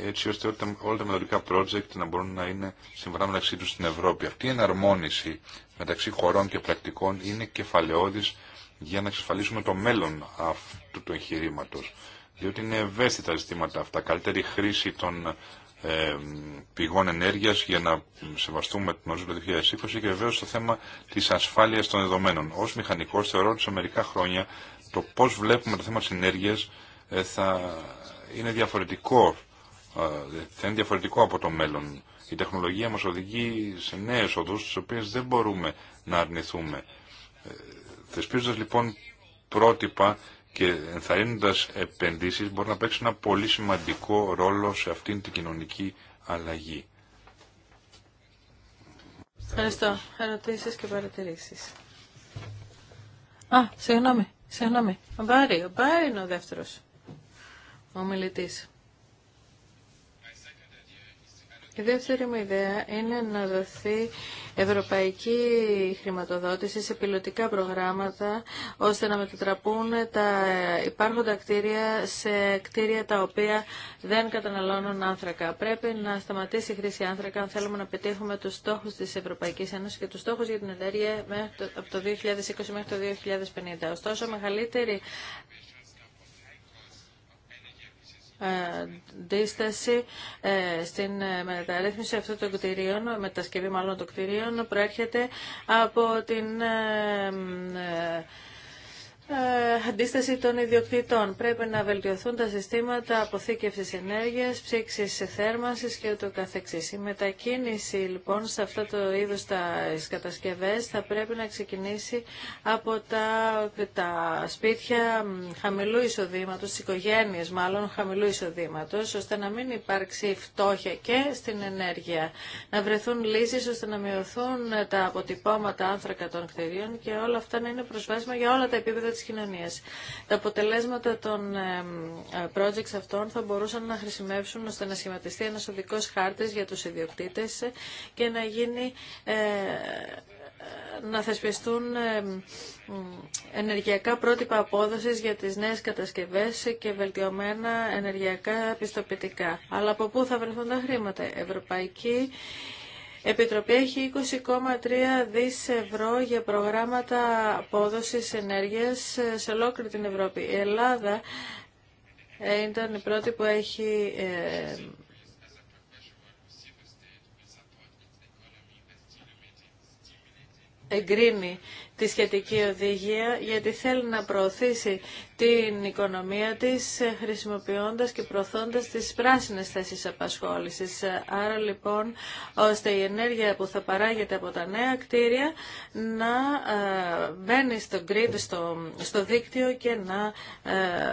έτσι ώστε όλα τα μελλοντικά project να μπορούν να είναι συμφωνά μεταξύ του στην Ευρώπη. Αυτή η εναρμόνιση μεταξύ χωρών και πρακτικών είναι κεφαλαιώδης για να εξασφαλίσουμε το μέλλον αυτού του εγχειρήματο. Διότι είναι ευαίσθητα ζητήματα αυτά. Καλύτερη χρήση των ε, πηγών ενέργεια, για να σεβαστούμε την οζόνη του 2020 και βεβαίω το θέμα τη ασφάλεια των δεδομένων. Ω μηχανικό, θεωρώ ότι σε μερικά χρόνια το πώ βλέπουμε το θέμα της ενέργειας ε, θα είναι διαφορετικό θα είναι διαφορετικό από το μέλλον. Η τεχνολογία μας οδηγεί σε νέες οδούς, τις οποίες δεν μπορούμε να αρνηθούμε. Ε, θεσπίζοντας λοιπόν πρότυπα και ενθαρρύνοντας επενδύσεις μπορεί να παίξει ένα πολύ σημαντικό ρόλο σε αυτήν την κοινωνική αλλαγή. Ευχαριστώ. Ερωτήσεις και παρατηρήσεις. Α, συγγνώμη, συγγνώμη. Ο Μπάρι, ο Μπάρι είναι ο δεύτερος ομιλητής. Η δεύτερη μου ιδέα είναι να δοθεί ευρωπαϊκή χρηματοδότηση σε πιλωτικά προγράμματα ώστε να μετατραπούν τα υπάρχοντα κτίρια σε κτίρια τα οποία δεν καταναλώνουν άνθρακα. Πρέπει να σταματήσει η χρήση άνθρακα αν θέλουμε να πετύχουμε τους στόχους της Ευρωπαϊκής Ένωσης και τους στόχους για την ενέργεια από το 2020 μέχρι το 2050. Ωστόσο, μεγαλύτερη αντίσταση ε, στην ε, μεταρρύθμιση αυτών των κτηρίων, μετασκευή μάλλον των κτηρίων, προέρχεται από την ε, ε, αντίσταση των ιδιοκτητών. Πρέπει να βελτιωθούν τα συστήματα αποθήκευσης ενέργειας, ψήξης θέρμανσης και ούτω καθεξής. Η μετακίνηση λοιπόν σε αυτό το είδος τα κατασκευές θα πρέπει να ξεκινήσει από τα, τα σπίτια χαμηλού εισοδήματος, τις οικογένειες μάλλον χαμηλού εισοδήματος, ώστε να μην υπάρξει φτώχεια και στην ενέργεια. Να βρεθούν λύσεις ώστε να μειωθούν τα αποτυπώματα άνθρακα των κτηρίων και όλα αυτά να είναι προσβάσιμα για όλα τα επίπεδα της κοινωνίας. Τα αποτελέσματα των ε, projects αυτών θα μπορούσαν να χρησιμεύσουν ώστε να σχηματιστεί ένας οδικός χάρτης για τους ιδιοκτήτες και να γίνει ε, να θεσπιστούν ε, ενεργειακά πρότυπα απόδοσης για τις νέες κατασκευές και βελτιωμένα ενεργειακά πιστοποιητικά. Αλλά από πού θα βρεθούν τα χρήματα. Ευρωπαϊκή Επιτροπή έχει 20,3 δις ευρώ για προγράμματα απόδοσης ενέργειας σε ολόκληρη την Ευρώπη. Η Ελλάδα ε, ήταν η πρώτη που έχει ε, εγκρίνει τη σχετική οδηγία γιατί θέλει να προωθήσει την οικονομία της ε, χρησιμοποιώντας και προωθώντας τις πράσινες θέσεις απασχόλησης. Ε, άρα λοιπόν ώστε η ενέργεια που θα παράγεται από τα νέα κτίρια να ε, μπαίνει στο grid, στο, στο δίκτυο και να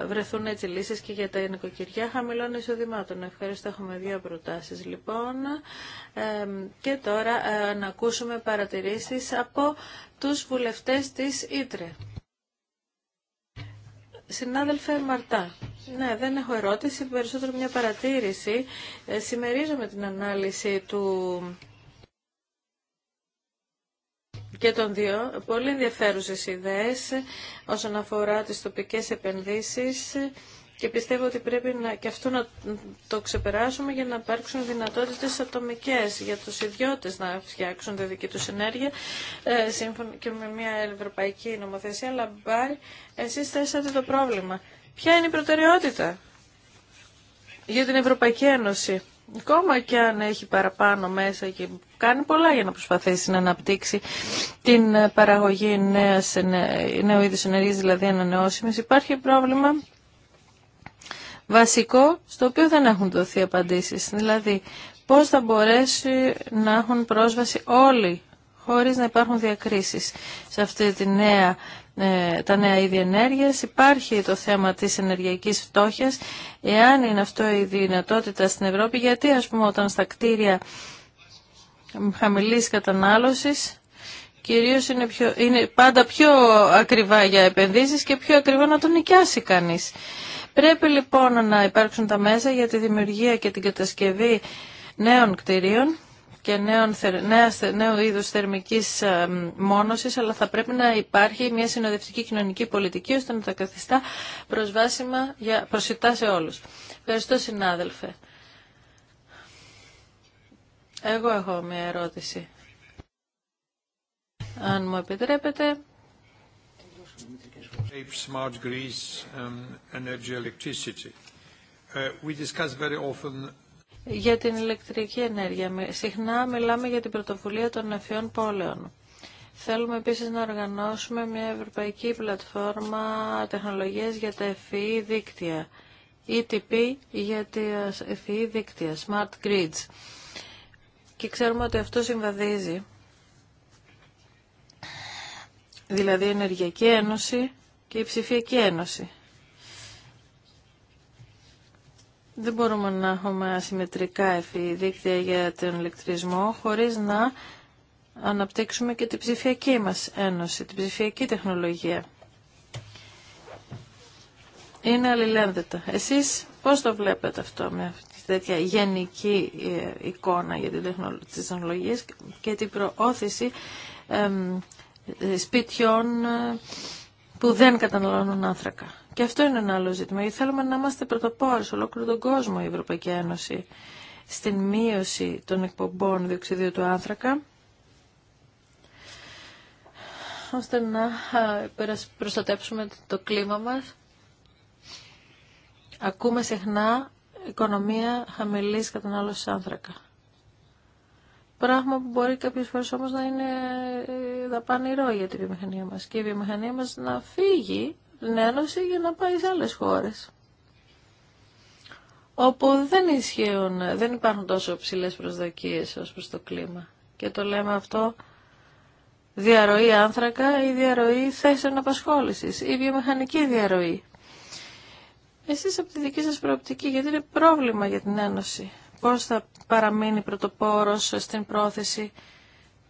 βρεθούν έτσι λύσεις και για τα νοικοκυριά χαμηλών εισοδημάτων. Ευχαριστώ. Έχουμε δύο προτάσεις λοιπόν. και τώρα να ακούσουμε παρατηρήσεις από τους βουλευτές της Ήτρε. Συνάδελφε Μαρτά, ναι, δεν έχω ερώτηση, περισσότερο μια παρατήρηση. Ε, την ανάλυση του και των δύο. Πολύ ενδιαφέρουσες ιδέες όσον αφορά τις τοπικές επενδύσεις και πιστεύω ότι πρέπει να, και αυτό να το ξεπεράσουμε για να υπάρξουν δυνατότητες ατομικές για τους ιδιώτες να φτιάξουν τη δική τους ενέργεια ε, σύμφωνα και με μια ευρωπαϊκή νομοθεσία αλλά μπάρ, εσείς θέσατε το πρόβλημα. Ποια είναι η προτεραιότητα για την Ευρωπαϊκή Ένωση. Ακόμα και αν έχει παραπάνω μέσα και κάνει πολλά για να προσπαθήσει να αναπτύξει την παραγωγή νέου είδους ενέργειας, δηλαδή ανανεώσιμης, υπάρχει πρόβλημα βασικό στο οποίο δεν έχουν δοθεί απαντήσεις. Δηλαδή, πώς θα μπορέσει να έχουν πρόσβαση όλοι χωρίς να υπάρχουν διακρίσεις σε αυτή τη νέα ε, τα νέα είδη ενέργεια. Υπάρχει το θέμα της ενεργειακής φτώχειας. Εάν είναι αυτό η δυνατότητα στην Ευρώπη, γιατί ας πούμε όταν στα κτίρια χαμηλής κατανάλωση κυρίως είναι, είναι πάντα πιο ακριβά για επενδύσεις και πιο ακριβά να τον νοικιάσει κανείς. Πρέπει λοιπόν να υπάρξουν τα μέσα για τη δημιουργία και την κατασκευή νέων κτηρίων και νέων, νέου είδους θερμικής ε, μόνωσης, αλλά θα πρέπει να υπάρχει μια συνοδευτική κοινωνική πολιτική, ώστε να τα καθιστά προσβάσιμα για προσιτά σε όλους. Ευχαριστώ συνάδελφε. Εγώ έχω μια ερώτηση. Αν μου επιτρέπετε, Smart um, energy electricity. Uh, we discuss very often για την ηλεκτρική ενέργεια. Συχνά μιλάμε για την πρωτοβουλία των Εφιών πόλεων. Θέλουμε επίσης να οργανώσουμε μια ευρωπαϊκή πλατφόρμα τεχνολογίας για τα ΕΦΗ e e δίκτυα. ETP για τα ΕΦΗ e δίκτυα, smart grids. Και ξέρουμε ότι αυτό συμβαδίζει. Δηλαδή η Ενεργειακή Ένωση και η ψηφιακή ένωση. Δεν μπορούμε να έχουμε ασυμμετρικά δίκτυα για τον ηλεκτρισμό χωρίς να αναπτύξουμε και την ψηφιακή μας ένωση, την ψηφιακή τεχνολογία. Είναι αλληλένδετα. Εσείς πώς το βλέπετε αυτό με αυτή τη τέτοια γενική ε, εικόνα για τις τεχνολογίες και την προώθηση σπιτιών, ε, που δεν καταναλώνουν άνθρακα. Και αυτό είναι ένα άλλο ζήτημα. Γιατί θέλουμε να είμαστε πρωτοπόροι σε ολόκληρο τον κόσμο η Ευρωπαϊκή Ένωση στην μείωση των εκπομπών διοξιδίου του άνθρακα ώστε να προστατέψουμε το κλίμα μας. Ακούμε συχνά οικονομία χαμηλής κατανάλωσης άνθρακα. Πράγμα που μπορεί κάποιε φορέ όμω να είναι ε, δαπανηρό για τη βιομηχανία μας. Και η βιομηχανία μας να φύγει την Ένωση για να πάει σε άλλε χώρες. Όπου δεν δεν υπάρχουν τόσο ψηλέ προσδοκίε ω προ το κλίμα. Και το λέμε αυτό διαρροή άνθρακα ή διαρροή θέσεων απασχόλησης ή βιομηχανική διαρροή. Εσείς από τη δική σας προοπτική, γιατί είναι πρόβλημα για την Ένωση πώς θα παραμείνει πρωτοπόρος στην πρόθεση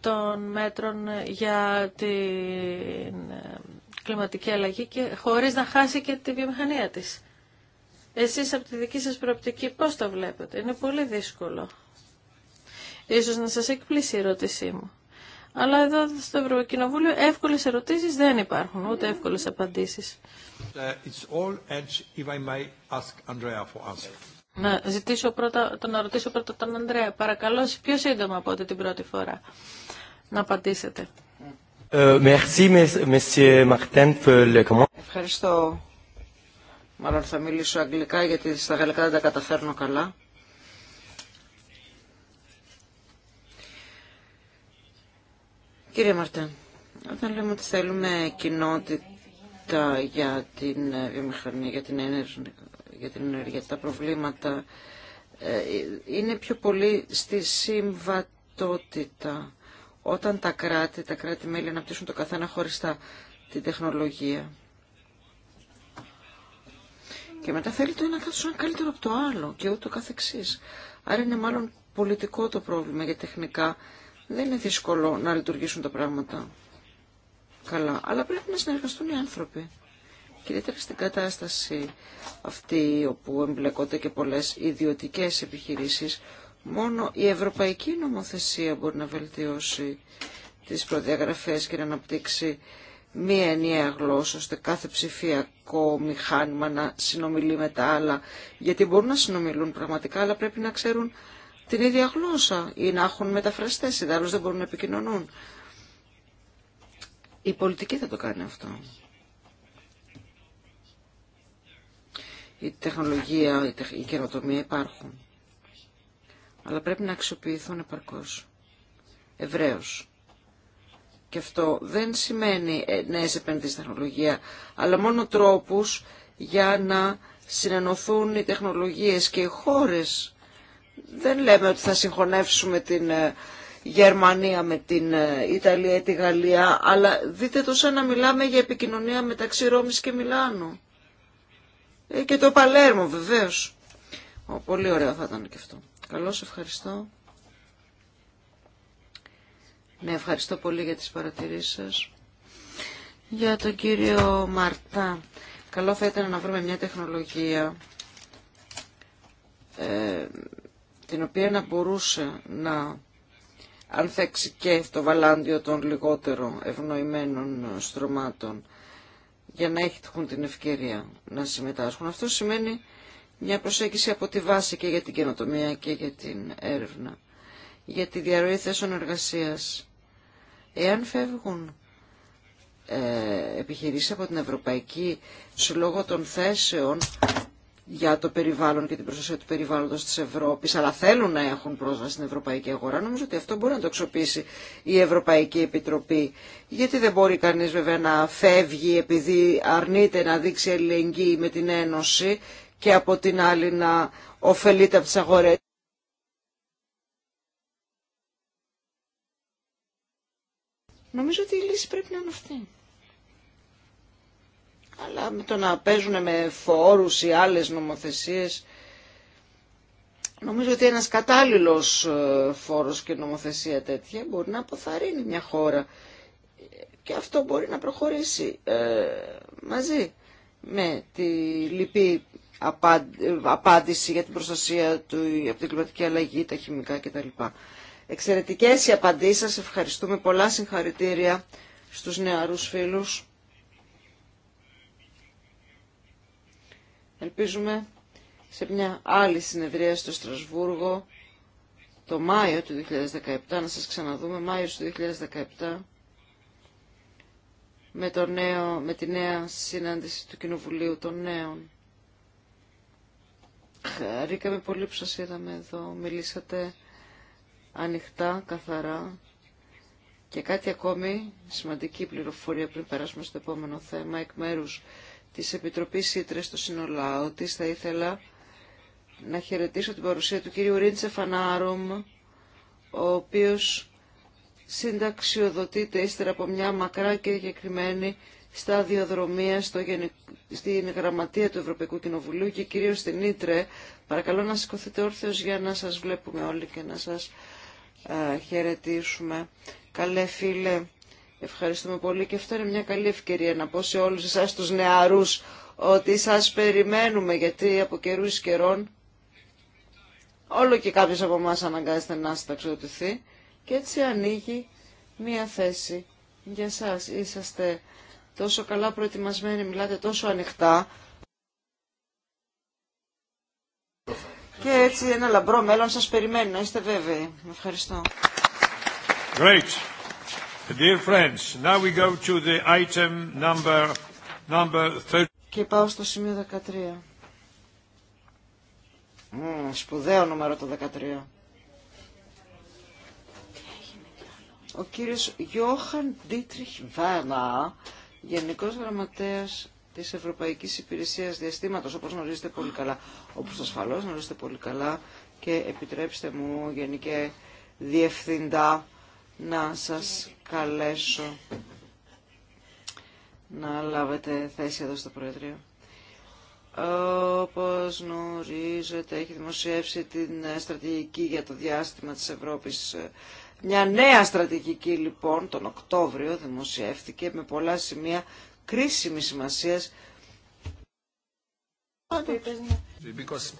των μέτρων για την ε, κλιματική αλλαγή και χωρίς να χάσει και τη βιομηχανία της. Εσείς από τη δική σας προοπτική πώς το βλέπετε. Είναι πολύ δύσκολο. Ίσως να σας εκπλήσει η ερώτησή μου. Αλλά εδώ στο Ευρωκοινοβούλιο εύκολες ερωτήσεις δεν υπάρχουν, ούτε εύκολες απαντήσεις. Uh, it's all, if I may ask Andrea for answer. Να, ζητήσω πρώτα, να ρωτήσω πρώτα τον Ανδρέα. Παρακαλώ, πιο σύντομα από ό,τι την πρώτη φορά να απαντήσετε. Ε, Ευχαριστώ. Μάλλον θα μιλήσω αγγλικά γιατί στα γαλλικά δεν τα καταφέρνω καλά. Κύριε Μαρτέν, όταν λέμε ότι θέλουμε κοινότητα για την ε, βιομηχανία, για την για την ενέργεια, τα προβλήματα ε, είναι πιο πολύ στη συμβατότητα. Όταν τα κράτη, τα κράτη-μέλη αναπτύσσουν το καθένα χωριστά την τεχνολογία. Και μετά θέλει το ένα κράτος να καλύτερο από το άλλο και ούτω καθεξής. Άρα είναι μάλλον πολιτικό το πρόβλημα γιατί τεχνικά δεν είναι δύσκολο να λειτουργήσουν τα πράγματα καλά. Αλλά πρέπει να συνεργαστούν οι άνθρωποι. Ιδιαίτερα στην κατάσταση αυτή όπου εμπλεκόνται και πολλές ιδιωτικές επιχειρήσεις, μόνο η ευρωπαϊκή νομοθεσία μπορεί να βελτιώσει τις προδιαγραφές και να αναπτύξει μία ενιαία γλώσσα, ώστε κάθε ψηφιακό μηχάνημα να συνομιλεί με τα άλλα, γιατί μπορούν να συνομιλούν πραγματικά, αλλά πρέπει να ξέρουν την ίδια γλώσσα ή να έχουν μεταφραστές, ιδάλλως δεν μπορούν να επικοινωνούν. Η πολιτική θα το κάνει αυτό. η τεχνολογία, η καινοτομία υπάρχουν. Αλλά πρέπει να αξιοποιηθούν επαρκώς, ευρέως. Και αυτό δεν σημαίνει ε, νέες επενδύσεις τεχνολογία, αλλά μόνο τρόπους για να συνενωθούν οι τεχνολογίες και οι χώρες. Δεν λέμε ότι θα συγχωνεύσουμε την ε, Γερμανία με την ε, Ιταλία ή τη Γαλλία, αλλά δείτε το σαν να μιλάμε για επικοινωνία μεταξύ Ρώμης και Μιλάνου. Ε, και το Παλέρμο βεβαίως. πολύ ωραίο θα ήταν και αυτό. Καλώς, ευχαριστώ. Ναι, ευχαριστώ πολύ για τις παρατηρήσεις σας. Για τον κύριο Μαρτά. Καλό θα ήταν να βρούμε μια τεχνολογία ε, την οποία να μπορούσε να ανθέξει και το βαλάντιο των λιγότερο ευνοημένων στρωμάτων για να έχουν την ευκαιρία να συμμετάσχουν. Αυτό σημαίνει μια προσέγγιση από τη βάση και για την καινοτομία και για την έρευνα, για τη διαρροή θέσεων εργασίας. Εάν φεύγουν ε, επιχειρήσεις από την Ευρωπαϊκή Συλλόγω των Θέσεων, για το περιβάλλον και την προστασία του περιβάλλοντος της Ευρώπη, αλλά θέλουν να έχουν πρόσβαση στην ευρωπαϊκή αγορά. Νομίζω ότι αυτό μπορεί να το αξιοποιήσει η Ευρωπαϊκή Επιτροπή. Γιατί δεν μπορεί κανείς βέβαια να φεύγει επειδή αρνείται να δείξει ελληνική με την Ένωση και από την άλλη να ωφελείται από τις αγορές. Νομίζω ότι η λύση πρέπει να είναι αυτή αλλά με το να παίζουν με φόρους ή άλλες νομοθεσίες Νομίζω ότι ένας κατάλληλος ε, φόρος και νομοθεσία τέτοια μπορεί να αποθαρρύνει μια χώρα και αυτό μπορεί να προχωρήσει ε, μαζί με τη λυπή απάντηση για την προστασία του, από την κλιματική αλλαγή, τα χημικά κτλ. Εξαιρετικές οι απαντήσεις σας, ευχαριστούμε πολλά συγχαρητήρια στους νεαρούς φίλους. Ελπίζουμε σε μια άλλη συνεδρία στο Στρασβούργο το Μάιο του 2017, να σας ξαναδούμε, Μάιο του 2017, με, το νέο, με τη νέα συνάντηση του Κοινοβουλίου των Νέων. Χαρήκαμε πολύ που σας είδαμε εδώ, μιλήσατε ανοιχτά, καθαρά και κάτι ακόμη, σημαντική πληροφορία πριν περάσουμε στο επόμενο θέμα, εκ μέρους της Επιτροπής Ήτρες στο Συνολάου της θα ήθελα να χαιρετήσω την παρουσία του κύριου Ρίντσε Φανάρουμ, ο οποίος συνταξιοδοτείται ύστερα από μια μακρά και εγκεκριμένη σταδιοδρομία στο, στην Γραμματεία του Ευρωπαϊκού Κοινοβουλίου και κυρίως στην Ήτρε. Παρακαλώ να σηκωθείτε όρθιος για να σας βλέπουμε όλοι και να σας ε, χαιρετήσουμε. Καλέ φίλε, Ευχαριστούμε πολύ και αυτό είναι μια καλή ευκαιρία να πω σε όλους εσάς τους νεαρούς ότι σας περιμένουμε γιατί από καιρού καιρών όλο και κάποιος από εμά αναγκάζεται να συνταξιοδοτηθεί και έτσι ανοίγει μια θέση για σας. Είσαστε τόσο καλά προετοιμασμένοι, μιλάτε τόσο ανοιχτά και έτσι ένα λαμπρό μέλλον σας περιμένει, να είστε βέβαιοι. Ευχαριστώ. Great. Και πάω στο σημείο 13. σπουδαίο νούμερο το 13. Ο κύριος Γιώχαν Ντίτριχ Βάνα, Γενικός Γραμματέας της Ευρωπαϊκής Υπηρεσίας Διαστήματος, όπως γνωρίζετε πολύ καλά, όπως ασφαλώς γνωρίζετε πολύ καλά και επιτρέψτε μου γενικέ διευθυντά να σας καλέσω να λάβετε θέση εδώ στο Προεδρείο. Όπως γνωρίζετε, έχει δημοσιεύσει την στρατηγική για το διάστημα της Ευρώπης. Μια νέα στρατηγική, λοιπόν, τον Οκτώβριο δημοσιεύτηκε με πολλά σημεία κρίσιμης σημασίας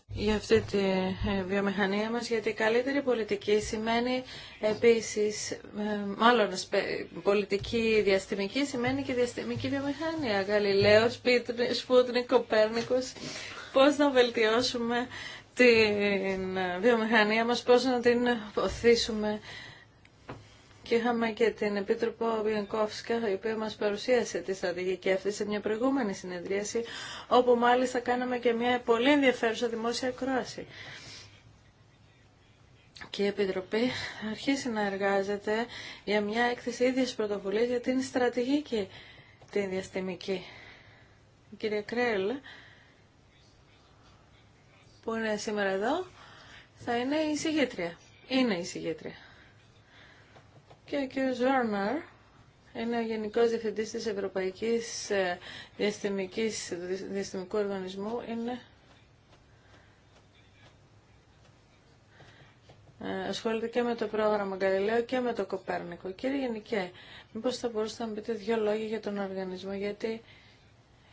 για αυτή τη ε, βιομηχανία μας, γιατί η καλύτερη πολιτική σημαίνει επίσης, ε, μάλλον πολιτική διαστημική σημαίνει και διαστημική βιομηχανία. Γαλιλαίος, Σπούτνικ, Κοπέρνικος, πώς να βελτιώσουμε την ε, βιομηχανία μας, πώς να την οθήσουμε και είχαμε και την Επίτροπο Βιενκόφσκα, η οποία μας παρουσίασε τη στρατηγική αυτή σε μια προηγούμενη συνεδρίαση, όπου μάλιστα κάναμε και μια πολύ ενδιαφέρουσα δημόσια ακρόαση. Και η Επιτροπή αρχίσει να εργάζεται για μια έκθεση ίδια πρωτοβουλία για την στρατηγική την διαστημική. Η κυρία Κρέλ, που είναι σήμερα εδώ, θα είναι η συγγήτρια. Είναι η συγγήτρια και ο κ. Ζόρμαρ είναι ο Γενικός Διευθυντής της Ευρωπαϊκής ε, Διαστημικής, Διαστημικού Οργανισμού, είναι ε, ασχολείται και με το πρόγραμμα Γαλιλαίο και με το Κοπέρνικο. Κύριε Γενικέ, μήπως θα μπορούσατε να πείτε δύο λόγια για τον οργανισμό, γιατί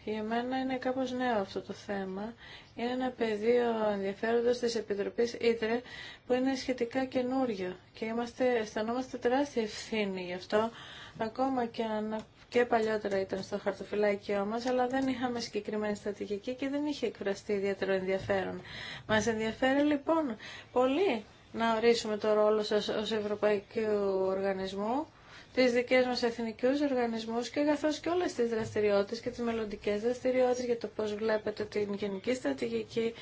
για μένα είναι κάπως νέο αυτό το θέμα. Είναι ένα πεδίο ενδιαφέροντος της Επιτροπής Ήτρε που είναι σχετικά καινούριο και είμαστε, αισθανόμαστε τεράστια ευθύνη γι' αυτό ακόμα και αν και παλιότερα ήταν στο χαρτοφυλάκιό μας, αλλά δεν είχαμε συγκεκριμένη στρατηγική και δεν είχε εκφραστεί ιδιαίτερο ενδιαφέρον. Μας ενδιαφέρει λοιπόν πολύ να ορίσουμε το ρόλο σας ως Ευρωπαϊκού Οργανισμού τι δικέ μα εθνικού οργανισμούς και καθώ και όλε τι δραστηριότητε και τι μελλοντικέ δραστηριότητε για το πώ βλέπετε την γενική στρατηγική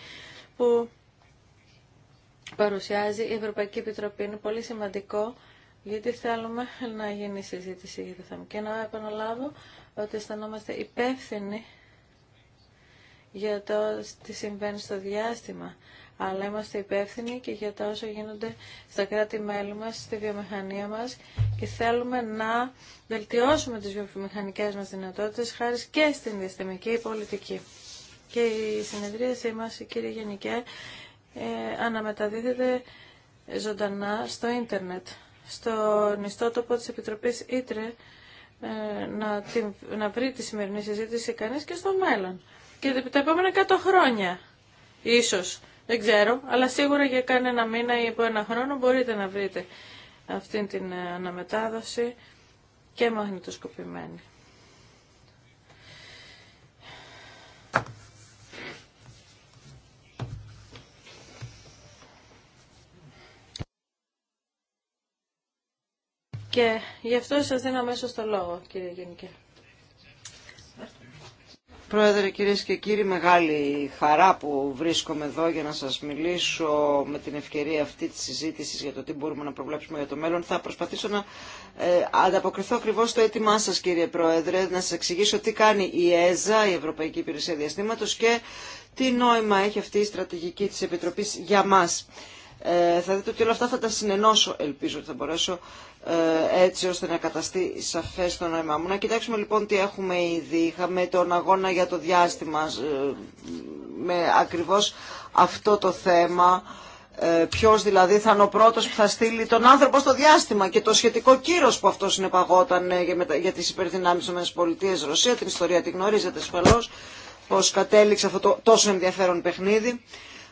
που παρουσιάζει η Ευρωπαϊκή Επιτροπή. Είναι πολύ σημαντικό γιατί θέλουμε να γίνει συζήτηση για το θέμα. Και να επαναλάβω ότι αισθανόμαστε υπεύθυνοι για το τι συμβαίνει στο διάστημα, αλλά είμαστε υπεύθυνοι και για τα όσα γίνονται στα κράτη-μέλη μας, στη βιομηχανία μας και θέλουμε να βελτιώσουμε τις βιομηχανικές μας δυνατότητες χάρη και στην διαστημική πολιτική. Και η συνεδρίασή μας, κύριε Γενικέ, ε, αναμεταδίδεται ζωντανά στο ίντερνετ, στο νηστότοπο της Επιτροπής Ήτρε, ε, να, την, να βρει τη σημερινή συζήτηση κανείς και στο μέλλον. Και τα επόμενα 100 χρόνια, ίσως. Δεν ξέρω, αλλά σίγουρα για κανένα μήνα ή από ένα χρόνο μπορείτε να βρείτε αυτή την ε, αναμετάδοση και μαγνητοσκοπημένη. Και γι' αυτό σας δίνω αμέσως το λόγο, κύριε Γενικέ. Πρόεδρε, κυρίες και κύριοι, μεγάλη χαρά που βρίσκομαι εδώ για να σας μιλήσω με την ευκαιρία αυτή της συζήτησης για το τι μπορούμε να προβλέψουμε για το μέλλον. Θα προσπαθήσω να ε, ανταποκριθώ ακριβώ στο αίτημά σας, κύριε Πρόεδρε, να σας εξηγήσω τι κάνει η ΕΖΑ, η Ευρωπαϊκή Υπηρεσία Διαστήματος και τι νόημα έχει αυτή η στρατηγική της Επιτροπής για μας. Ε, θα δείτε ότι όλα αυτά θα τα συνενώσω, ελπίζω ότι θα μπορέσω ε, έτσι ώστε να καταστεί σαφές το νόημά μου. Να κοιτάξουμε λοιπόν τι έχουμε ήδη. Είχαμε τον αγώνα για το διάστημα ε, με ακριβώς αυτό το θέμα. Ε, Ποιο δηλαδή θα είναι ο πρώτο που θα στείλει τον άνθρωπο στο διάστημα και το σχετικό κύρο που αυτό συνεπαγόταν ε, για, για τι υπερδυνάμει τη ΗΠΑ, Ρωσία, την ιστορία την γνωρίζετε ασφαλώ, πώ κατέληξε αυτό το τόσο ενδιαφέρον παιχνίδι.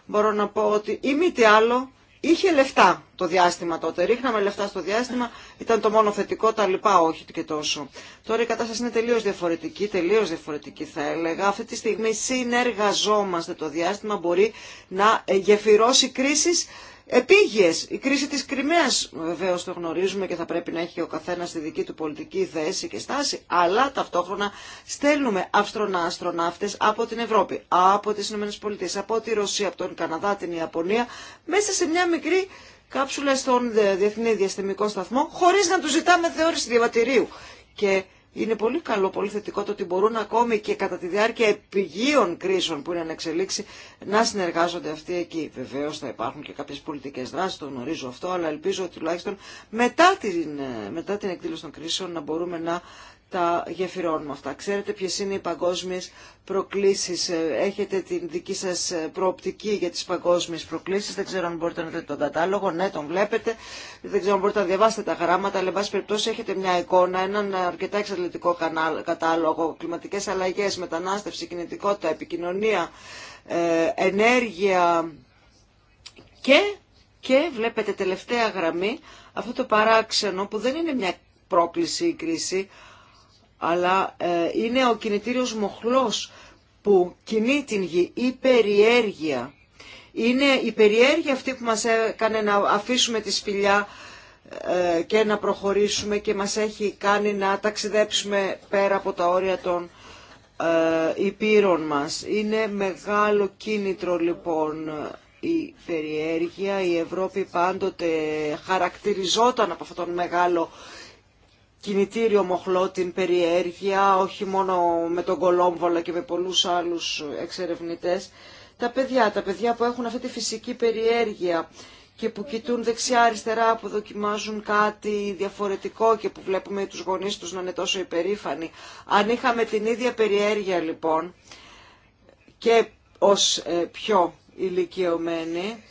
Μπορώ να πω ότι ή μη τι άλλο Είχε λεφτά το διάστημα τότε, ρίχναμε λεφτά στο διάστημα, ήταν το μόνο θετικό, τα λοιπά όχι και τόσο. Τώρα η κατάσταση είναι τελείως διαφορετική, τελείως διαφορετική θα έλεγα. Αυτή τη στιγμή συνεργαζόμαστε το διάστημα, μπορεί να γεφυρώσει κρίσει επίγειες. Η κρίση της Κρυμαίας βεβαίως το γνωρίζουμε και θα πρέπει να έχει ο καθένας τη δική του πολιτική θέση και στάση, αλλά ταυτόχρονα στέλνουμε αυστροναστροναύτες από την Ευρώπη, από τις ΗΠΑ, από τη Ρωσία, από τον Καναδά, την Ιαπωνία, μέσα σε μια μικρή κάψουλα στον ε, Διεθνή Διαστημικό Σταθμό, χωρίς να του ζητάμε θεώρηση διαβατηρίου. Και είναι πολύ καλό, πολύ θετικό το ότι μπορούν ακόμη και κατά τη διάρκεια επιγείων κρίσεων που είναι να εξελίξει να συνεργάζονται αυτοί εκεί. Βεβαίω θα υπάρχουν και κάποιε πολιτικέ δράσει, το γνωρίζω αυτό, αλλά ελπίζω ότι τουλάχιστον μετά την, ε, μετά την εκδήλωση των κρίσεων να μπορούμε να τα γεφυρώνουμε αυτά. Ξέρετε ποιες είναι οι παγκόσμιες προκλήσεις. Ε, έχετε την δική σας ε, προοπτική για τις παγκόσμιες προκλήσεις. Δεν ξέρω αν μπορείτε να δείτε τον κατάλογο. Ναι, τον βλέπετε. Δεν ξέρω αν μπορείτε να διαβάσετε τα γράμματα. Αλλά, εν πάση περιπτώσει, έχετε μια εικόνα, έναν αρκετά εξαντλητικό κατάλογο. Κλιματικές αλλαγές, μετανάστευση, κινητικότητα, επικοινωνία, ε, ενέργεια και... Και βλέπετε τελευταία γραμμή αυτό το παράξενο που δεν είναι μια πρόκληση ή κρίση, αλλά ε, είναι ο κινητήριος μοχλός που κινεί την γη, η περιέργεια. Είναι η περιέργεια αυτή που μας έκανε να αφήσουμε τη σπηλιά ε, και να προχωρήσουμε και μας έχει κάνει να ταξιδέψουμε πέρα από τα όρια των ε, υπήρων μας. Είναι μεγάλο κίνητρο λοιπόν η περιέργεια. Η Ευρώπη πάντοτε χαρακτηριζόταν από αυτόν τον μεγάλο κινητήριο μοχλό την περιέργεια, όχι μόνο με τον Κολόμβο και με πολλούς άλλους εξερευνητές. Τα παιδιά, τα παιδιά που έχουν αυτή τη φυσική περιέργεια και που κοιτούν δεξιά-αριστερά, που δοκιμάζουν κάτι διαφορετικό και που βλέπουμε τους γονείς τους να είναι τόσο υπερήφανοι. Αν είχαμε την ίδια περιέργεια λοιπόν και ως ε, πιο ηλικιωμένοι,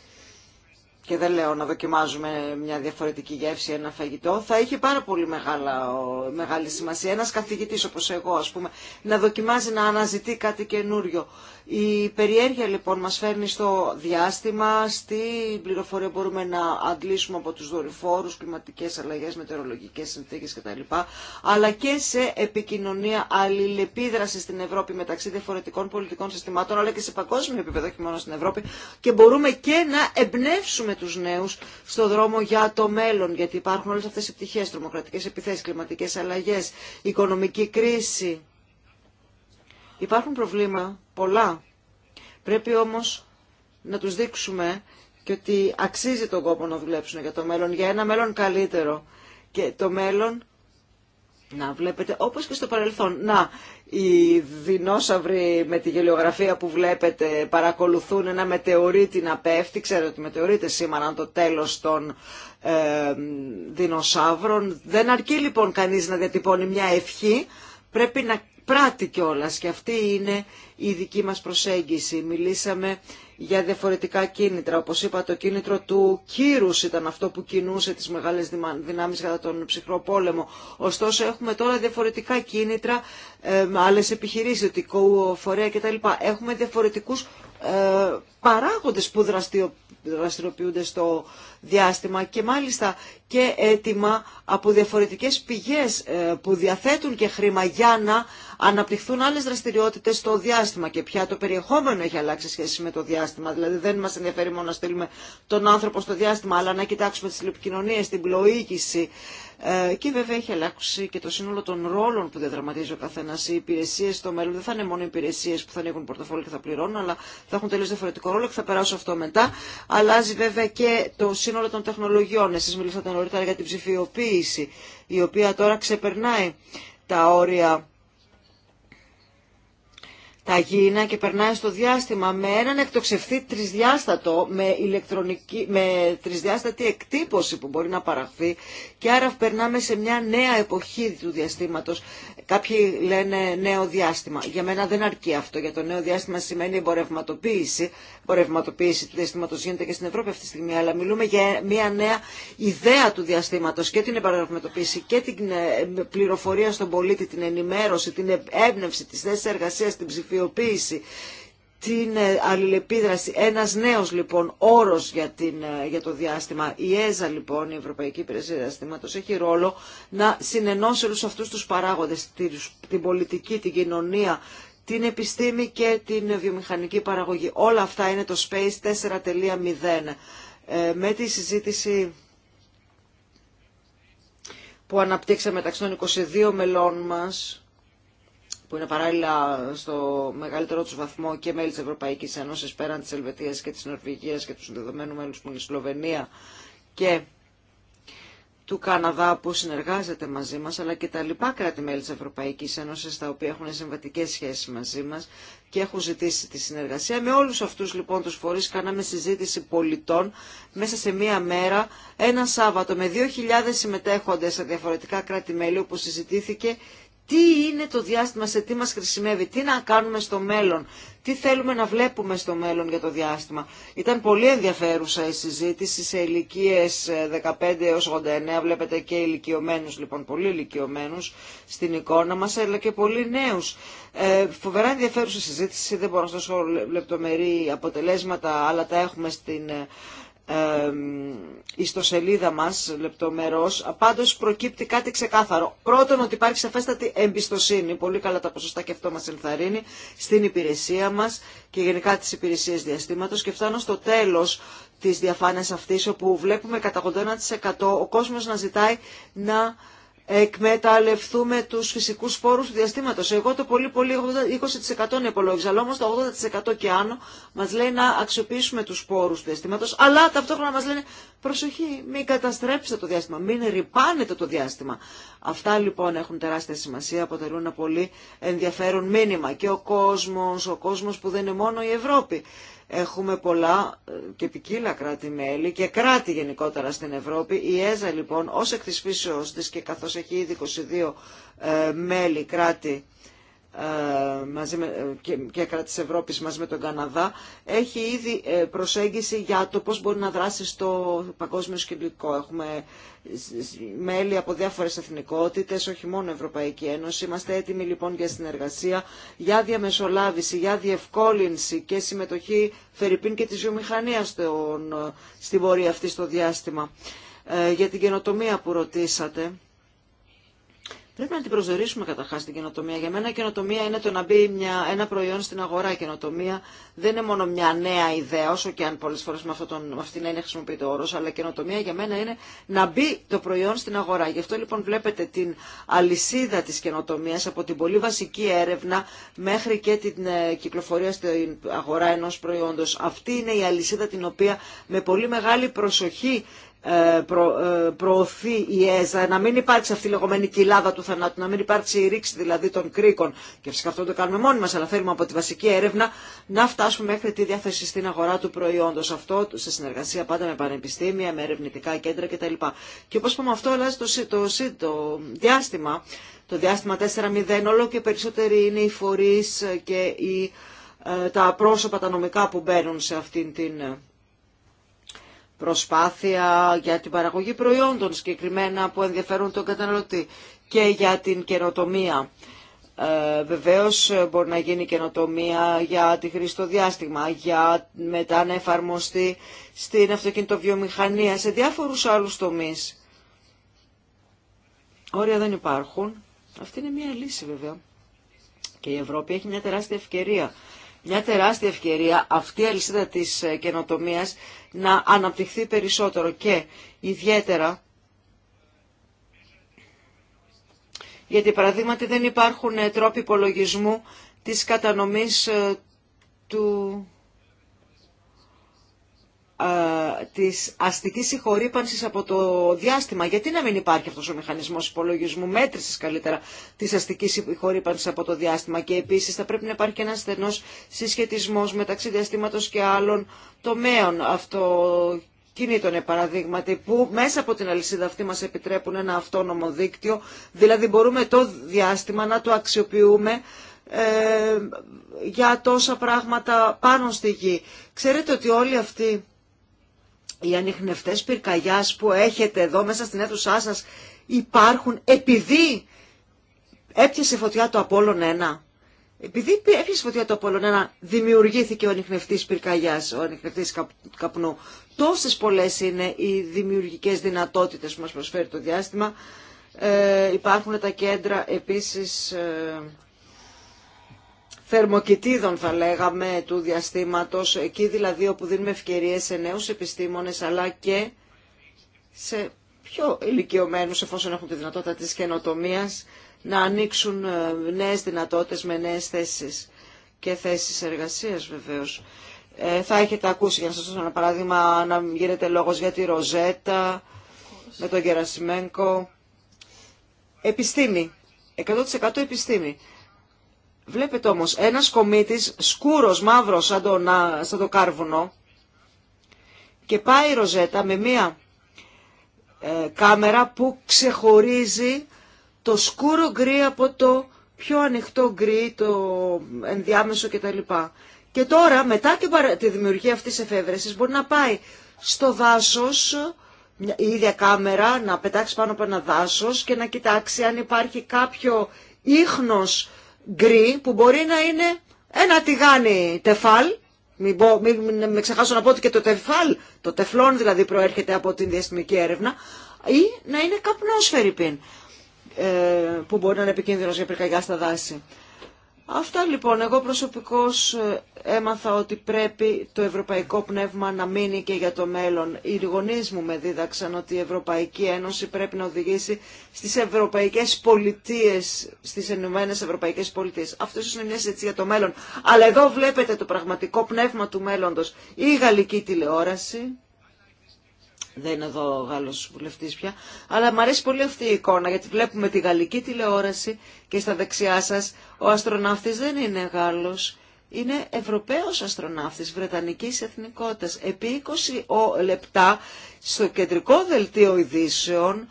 και δεν λέω να δοκιμάζουμε μια διαφορετική γεύση, ένα φαγητό, θα είχε πάρα πολύ μεγάλα, μεγάλη σημασία ένας καθηγητής όπως εγώ ας πούμε να δοκιμάζει να αναζητεί κάτι καινούριο. Η περιέργεια λοιπόν μας φέρνει στο διάστημα, στη πληροφορία μπορούμε να αντλήσουμε από τους δορυφόρους, κλιματικές αλλαγές, μετεωρολογικές συνθήκες κτλ. Αλλά και σε επικοινωνία αλληλεπίδραση στην Ευρώπη μεταξύ διαφορετικών πολιτικών συστημάτων, αλλά και σε παγκόσμιο επίπεδο, όχι μόνο στην Ευρώπη, και μπορούμε και να εμπνεύσουμε με τους νέους στο δρόμο για το μέλλον, γιατί υπάρχουν όλες αυτές οι πτυχές, τρομοκρατικές επιθέσεις, κλιματικές αλλαγές, οικονομική κρίση. Υπάρχουν προβλήματα πολλά. Πρέπει όμως να τους δείξουμε και ότι αξίζει τον κόπο να δουλέψουν για το μέλλον, για ένα μέλλον καλύτερο. Και το μέλλον να βλέπετε όπως και στο παρελθόν. Να, οι δεινόσαυροι με τη γελιογραφία που βλέπετε παρακολουθούν ένα μετεωρίτη να πέφτει. Ξέρετε ότι μετεωρείται σήμερα το τέλος των ε, δεινοσαύρων. Δεν αρκεί λοιπόν κανείς να διατυπώνει μια ευχή. Πρέπει να πράττει κιόλα και αυτή είναι η δική μας προσέγγιση. Μιλήσαμε για διαφορετικά κίνητρα. Όπως είπα, το κίνητρο του κύρους ήταν αυτό που κινούσε τις μεγάλες δυνάμεις κατά τον ψυχρό πόλεμο. Ωστόσο, έχουμε τώρα διαφορετικά κίνητρα, ε, άλλες επιχειρήσεις, δυτικό φορέα κτλ. Έχουμε διαφορετικούς ε, παράγοντες που δραστηριοποιούνται στο διάστημα και μάλιστα και έτοιμα από διαφορετικές πηγές ε, που διαθέτουν και χρήμα για να αναπτυχθούν άλλες δραστηριότητες στο διάστημα και πια το περιεχόμενο έχει αλλάξει σχέση με το διάστημα. Δηλαδή δεν μας ενδιαφέρει μόνο να στείλουμε τον άνθρωπο στο διάστημα αλλά να κοιτάξουμε τις λεπικοινωνίες, την πλοήγηση, ε, και βέβαια έχει αλλάξει και το σύνολο των ρόλων που διαδραματίζει ο καθένα. Οι υπηρεσίε στο μέλλον δεν θα είναι μόνο υπηρεσίε που θα ανοίγουν πορτοφόλι και θα πληρώνουν, αλλά θα έχουν τελείω διαφορετικό ρόλο και θα περάσω αυτό μετά. Αλλάζει βέβαια και το σύνολο των τεχνολογιών. Εσεί μιλήσατε νωρίτερα για την ψηφιοποίηση, η οποία τώρα ξεπερνάει τα όρια τα γήινα και περνάει στο διάστημα με έναν εκτοξευθεί τρισδιάστατο, με, ηλεκτρονική, με τρισδιάστατη εκτύπωση που μπορεί να παραχθεί και άρα περνάμε σε μια νέα εποχή του διαστήματος. Κάποιοι λένε νέο διάστημα. Για μένα δεν αρκεί αυτό. Για το νέο διάστημα σημαίνει εμπορευματοποίηση. Εμπορευματοποίηση του διαστήματος γίνεται και στην Ευρώπη αυτή τη στιγμή, αλλά μιλούμε για μια νέα ιδέα του διαστήματος και την εμπορευματοποίηση και την ε, πληροφορία στον πολίτη, την ενημέρωση, την έμπνευση, τις θέσεις εργασίας, την ψηφία την ε, αλληλεπίδραση. Ένας νέος λοιπόν όρος για, ε, για το διάστημα. Η ΕΖΑ λοιπόν, η Ευρωπαϊκή Υπηρεσία Διαστήματος, έχει ρόλο να συνενώσει όλους αυτούς τους παράγοντες, την πολιτική, την κοινωνία, την επιστήμη και την βιομηχανική παραγωγή. Όλα αυτά είναι το Space 4.0. Ε, με τη συζήτηση που αναπτύξαμε μεταξύ των 22 μελών μας, που είναι παράλληλα στο μεγαλύτερό του βαθμό και μέλη τη Ευρωπαϊκή Ένωση πέραν τη Ελβετία και τη Νορβηγία και του συνδεδεμένου μέλου που είναι η Σλοβενία και του Καναδά που συνεργάζεται μαζί μας, αλλά και τα λοιπά κράτη-μέλη της Ευρωπαϊκής Ένωσης, τα οποία έχουν συμβατικές σχέσεις μαζί μας και έχουν ζητήσει τη συνεργασία. Με όλους αυτούς λοιπόν τους φορείς κάναμε συζήτηση πολιτών μέσα σε μία μέρα, ένα Σάββατο, με 2.000 συμμετέχοντε σε διαφορετικά κράτη-μέλη, όπου συζητήθηκε τι είναι το διάστημα, σε τι μας χρησιμεύει, τι να κάνουμε στο μέλλον, τι θέλουμε να βλέπουμε στο μέλλον για το διάστημα. Ήταν πολύ ενδιαφέρουσα η συζήτηση σε ηλικίε 15 ε, έως 89, βλέπετε και ηλικιωμένους λοιπόν, πολύ ηλικιωμένους στην εικόνα μας, αλλά και πολύ νέους. Ε, φοβερά ενδιαφέρουσα η συζήτηση, δεν μπορώ να σας λεπτομερή αποτελέσματα, αλλά τα έχουμε στην ε, σελίδα μας λεπτομερώς, πάντως προκύπτει κάτι ξεκάθαρο. Πρώτον ότι υπάρχει σαφέστατη εμπιστοσύνη, πολύ καλά τα ποσοστά και αυτό μας ενθαρρύνει, στην υπηρεσία μας και γενικά τις υπηρεσίες διαστήματος και φτάνω στο τέλος της διαφάνειας αυτής όπου βλέπουμε κατά 81% ο κόσμος να ζητάει να εκμεταλλευτούμε τους φυσικούς σπόρους του διαστήματος. Εγώ το πολύ πολύ 20% είναι υπολόγιζα, αλλά όμως το 80% και άνω μας λέει να αξιοποιήσουμε τους σπόρους του διαστήματος, αλλά ταυτόχρονα μας λένε προσοχή, μην καταστρέψετε το διάστημα, μην ρυπάνετε το διάστημα. Αυτά λοιπόν έχουν τεράστια σημασία, αποτελούν ένα πολύ ενδιαφέρον μήνυμα και ο κόσμος, ο κόσμος που δεν είναι μόνο η Ευρώπη. Έχουμε πολλά ε, και ποικίλα κράτη-μέλη και κράτη γενικότερα στην Ευρώπη. Η ΕΖΑ λοιπόν ως εκ της φύσεως της και καθώς έχει ήδη 22 ε, μέλη κράτη ε, ε, και, και κράτη Ευρώπης μαζί με τον Καναδά έχει ήδη ε, προσέγγιση για το πώς μπορεί να δράσει στο παγκόσμιο σκηνικό. Έχουμε μέλη από διάφορες εθνικότητες, όχι μόνο Ευρωπαϊκή Ένωση. Είμαστε έτοιμοι λοιπόν για συνεργασία, για διαμεσολάβηση, για διευκόλυνση και συμμετοχή Φερρυπίν και της βιομηχανίας στην πορεία αυτή στο διάστημα. για την καινοτομία που ρωτήσατε. Πρέπει να την προσδιορίσουμε καταρχά την καινοτομία. Για μένα η καινοτομία είναι το να μπει μια, ένα προϊόν στην αγορά. Η καινοτομία δεν είναι μόνο μια νέα ιδέα, όσο και αν πολλέ φορέ με, με αυτήν την έννοια χρησιμοποιείται ο όρο, αλλά η καινοτομία για μένα είναι να μπει το προϊόν στην αγορά. Γι' αυτό λοιπόν βλέπετε την αλυσίδα τη καινοτομία από την πολύ βασική έρευνα μέχρι και την ε, κυκλοφορία στην αγορά ενό προϊόντο. Αυτή είναι η αλυσίδα την οποία με πολύ μεγάλη προσοχή ε, ε, προωθεί η ΕΖΑ, να μην υπάρξει αυτή η λεγόμενη κοιλάδα του θανάτου, να μην υπάρξει η ρήξη δηλαδή των κρίκων. Και φυσικά αυτό το κάνουμε μόνοι μα, αλλά θέλουμε από τη βασική έρευνα να φτάσουμε μέχρι τη διάθεση στην αγορά του προϊόντο. Αυτό σε συνεργασία πάντα με πανεπιστήμια, με ερευνητικά κέντρα κτλ. Και όπω είπαμε, αυτό αλλάζει το, το, το, το διάστημα. Το διάστημα 4-0 όλο και περισσότεροι είναι οι φορεί και οι, ε, τα πρόσωπα, τα νομικά που μπαίνουν σε αυτήν την προσπάθεια για την παραγωγή προϊόντων συγκεκριμένα που ενδιαφέρουν τον καταναλωτή και για την καινοτομία. Ε, βεβαίως μπορεί να γίνει καινοτομία για τη χρήση στο διάστημα, για μετά να εφαρμοστεί στην αυτοκινητοβιομηχανία, σε διάφορους άλλους τομείς. Όρια δεν υπάρχουν. Αυτή είναι μια λύση βέβαια. Και η Ευρώπη έχει μια τεράστια ευκαιρία μια τεράστια ευκαιρία αυτή η αλυσίδα της ε, καινοτομίας να αναπτυχθεί περισσότερο και ιδιαίτερα γιατί παραδείγματι δεν υπάρχουν ε, τρόποι υπολογισμού της κατανομής ε, του της αστικής συγχωρήπανσης από το διάστημα. Γιατί να μην υπάρχει αυτός ο μηχανισμός υπολογισμού, μέτρησης καλύτερα, της αστικής συγχωρήπανσης από το διάστημα και επίσης θα πρέπει να υπάρχει και ένας στενός συσχετισμός μεταξύ διαστήματος και άλλων τομέων. Αυτό κινήτων παραδείγματι που μέσα από την αλυσίδα αυτή μας επιτρέπουν ένα αυτόνομο δίκτυο, δηλαδή μπορούμε το διάστημα να το αξιοποιούμε ε, για τόσα πράγματα πάνω στη γη. Ξέρετε ότι όλοι αυτοί οι ανοιχνευτές πυρκαγιάς που έχετε εδώ μέσα στην αίθουσά σας υπάρχουν επειδή έπιασε φωτιά το Απόλλων 1. Επειδή έπιασε φωτιά το Απόλλων 1 δημιουργήθηκε ο ανοιχνευτής πυρκαγιάς, ο ανοιχνευτής καπνού. Τόσες πολλές είναι οι δημιουργικές δυνατότητες που μας προσφέρει το διάστημα. Ε, υπάρχουν τα κέντρα επίσης... Ε, θερμοκοιτίδων θα λέγαμε του διαστήματος, εκεί δηλαδή όπου δίνουμε ευκαιρίες σε νέους επιστήμονες αλλά και σε πιο ηλικιωμένους εφόσον έχουν τη δυνατότητα της καινοτομίας να ανοίξουν ε, νέες δυνατότητες με νέες θέσεις και θέσεις εργασίας βεβαίως. Ε, θα έχετε ακούσει για να σας δώσω ένα παράδειγμα να γίνεται λόγος για τη Ροζέτα με τον Γερασιμένκο. Επιστήμη. 100% επιστήμη. Βλέπετε όμως, ένας κομίτης σκούρος, μαύρος, σαν το, σαν το κάρβουνο, και πάει η ροζέτα με μία ε, κάμερα που ξεχωρίζει το σκούρο γκρι από το πιο ανοιχτό γκρι, το ενδιάμεσο κτλ. Και τώρα, μετά τη δημιουργία αυτής της εφεύρεσης, μπορεί να πάει στο δάσος, η ίδια κάμερα, να πετάξει πάνω από ένα δάσος και να κοιτάξει αν υπάρχει κάποιο ίχνος γκρι που μπορεί να είναι ένα τηγάνι τεφάλ. Μην, πω, μην ξεχάσω να πω ότι και το τεφάλ, το τεφλόν δηλαδή προέρχεται από την διαστημική έρευνα ή να είναι καπνός φερρυπίν ε, που μπορεί να είναι επικίνδυνος για πυρκαγιά στα δάση. Αυτά λοιπόν, εγώ προσωπικώς ε, έμαθα ότι πρέπει το ευρωπαϊκό πνεύμα να μείνει και για το μέλλον. Οι γονεί μου με δίδαξαν ότι η Ευρωπαϊκή Ένωση πρέπει να οδηγήσει στις ευρωπαϊκές πολιτείες, στις ενωμένες ευρωπαϊκές πολιτείες. Αυτό ίσως είναι μια συζήτηση για το μέλλον. Αλλά εδώ βλέπετε το πραγματικό πνεύμα του μέλλοντος. Η γαλλική τηλεόραση, δεν είναι εδώ ο Γάλλος βουλευτής πια, αλλά μου αρέσει πολύ αυτή η εικόνα γιατί βλέπουμε τη γαλλική τηλεόραση και στα δεξιά σας ο αστροναύτης δεν είναι Γάλλος, είναι Ευρωπαίος αστροναύτης Βρετανικής εθνικότητας. Επί 20 λεπτά στο κεντρικό δελτίο ειδήσεων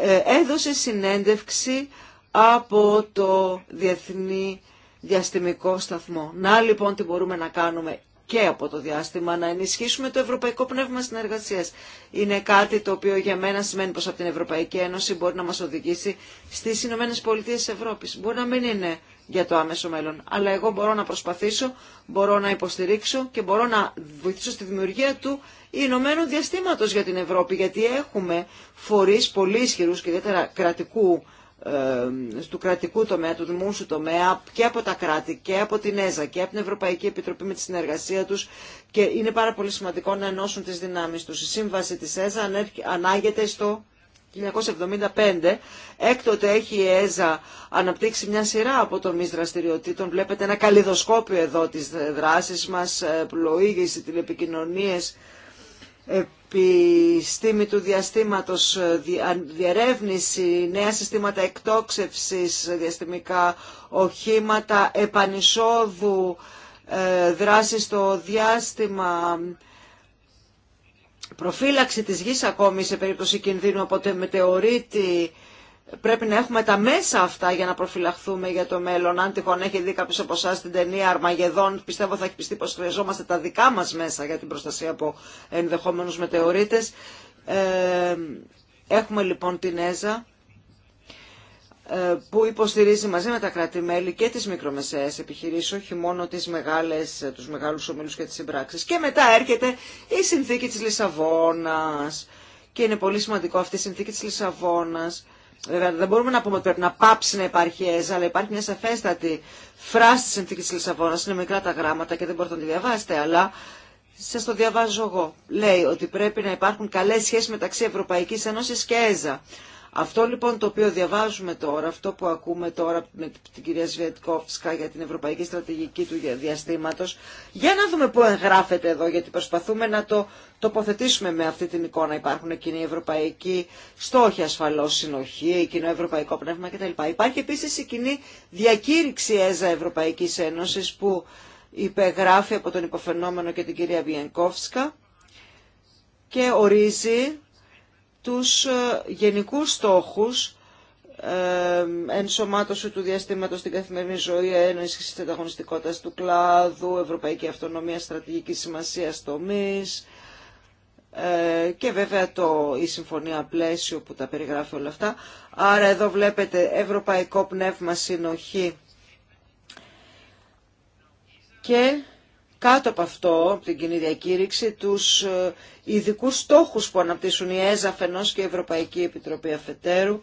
ε, έδωσε συνέντευξη από το Διεθνή Διαστημικό Σταθμό. Να λοιπόν τι μπορούμε να κάνουμε και από το διάστημα να ενισχύσουμε το ευρωπαϊκό πνεύμα συνεργασίας. Είναι κάτι το οποίο για μένα σημαίνει πως από την Ευρωπαϊκή Ένωση μπορεί να μας οδηγήσει στις Ηνωμένες Πολιτείες Ευρώπης. Μπορεί να μην είναι για το άμεσο μέλλον, αλλά εγώ μπορώ να προσπαθήσω, μπορώ να υποστηρίξω και μπορώ να βοηθήσω στη δημιουργία του Ηνωμένου Διαστήματος για την Ευρώπη, γιατί έχουμε φορείς πολύ ισχυρούς και ιδιαίτερα κρατικού ε, του κρατικού τομέα, του δημόσιου τομέα και από τα κράτη και από την ΕΖΑ και από την Ευρωπαϊκή Επιτροπή με τη συνεργασία τους και είναι πάρα πολύ σημαντικό να ενώσουν τις δυνάμεις τους. Η σύμβαση της ΕΖΑ ανάγεται στο 1975. Έκτοτε έχει η ΕΖΑ αναπτύξει μια σειρά από τομείς δραστηριοτήτων. Βλέπετε ένα καλλιδοσκόπιο εδώ της δράσης μας, ε, πλοήγηση, τηλεπικοινωνίες, επιστήμη του διαστήματος, ε, διερεύνηση, νέα συστήματα εκτόξευσης ε, διαστημικά, οχήματα, επανεισόδου, ε, δράση στο διάστημα, προφύλαξη της γης ακόμη σε περίπτωση κινδύνου από μετεωρίτη, πρέπει να έχουμε τα μέσα αυτά για να προφυλαχθούμε για το μέλλον. Αν τυχόν έχει δει κάποιο από εσά την ταινία Αρμαγεδόν, πιστεύω θα έχει πιστεί πω χρειαζόμαστε τα δικά μα μέσα για την προστασία από ενδεχόμενου μετεωρίτε. Ε, έχουμε λοιπόν την ΕΖΑ ε, που υποστηρίζει μαζί με τα κράτη-μέλη και τις μικρομεσαίες επιχειρήσεις, όχι μόνο τις μεγάλες, τους μεγάλους ομίλους και τις συμπράξεις. Και μετά έρχεται η συνθήκη της Λισαβόνας. Και είναι πολύ σημαντικό αυτή η συνθήκη της Λισαβόνας Βέβαια δεν μπορούμε να πούμε ότι πρέπει να πάψει να υπάρχει ΕΖΑ, αλλά υπάρχει μια σαφέστατη φράση τη συνθήκη τη Λισαβόνα. Είναι μικρά τα γράμματα και δεν μπορείτε να τη διαβάσετε, αλλά σα το διαβάζω εγώ. Λέει ότι πρέπει να υπάρχουν καλέ σχέσει μεταξύ Ευρωπαϊκή Ένωση και ΕΖΑ. Αυτό λοιπόν το οποίο διαβάζουμε τώρα, αυτό που ακούμε τώρα με την κυρία Σβιατκόφσκα για την Ευρωπαϊκή Στρατηγική του Διαστήματος, για να δούμε πού εγγράφεται εδώ, γιατί προσπαθούμε να το τοποθετήσουμε με αυτή την εικόνα. Υπάρχουν κοινή ευρωπαϊκή στόχη ασφαλώς, συνοχή, κοινό ευρωπαϊκό πνεύμα κτλ. Υπάρχει επίσης η κοινή διακήρυξη ΕΖΑ Ευρωπαϊκής Ένωσης που υπεγράφει από τον υποφαινόμενο και την κυρία Βιενκόφσκα και ορίζει τους ε, γενικούς στόχους ε, ενσωμάτωση του διαστήματος στην καθημερινή ζωή, ένωση της ανταγωνιστικότητας του κλάδου, ευρωπαϊκή αυτονομία στρατηγική σημασία τομής ε, και βέβαια το, η συμφωνία πλαίσιο που τα περιγράφει όλα αυτά. Άρα εδώ βλέπετε ευρωπαϊκό πνεύμα συνοχή και κάτω από αυτό, από την κοινή διακήρυξη, τους ε, ειδικού στόχους που αναπτύσσουν η ΕΖΑ αφενός και η Ευρωπαϊκή Επιτροπή Αφετέρου.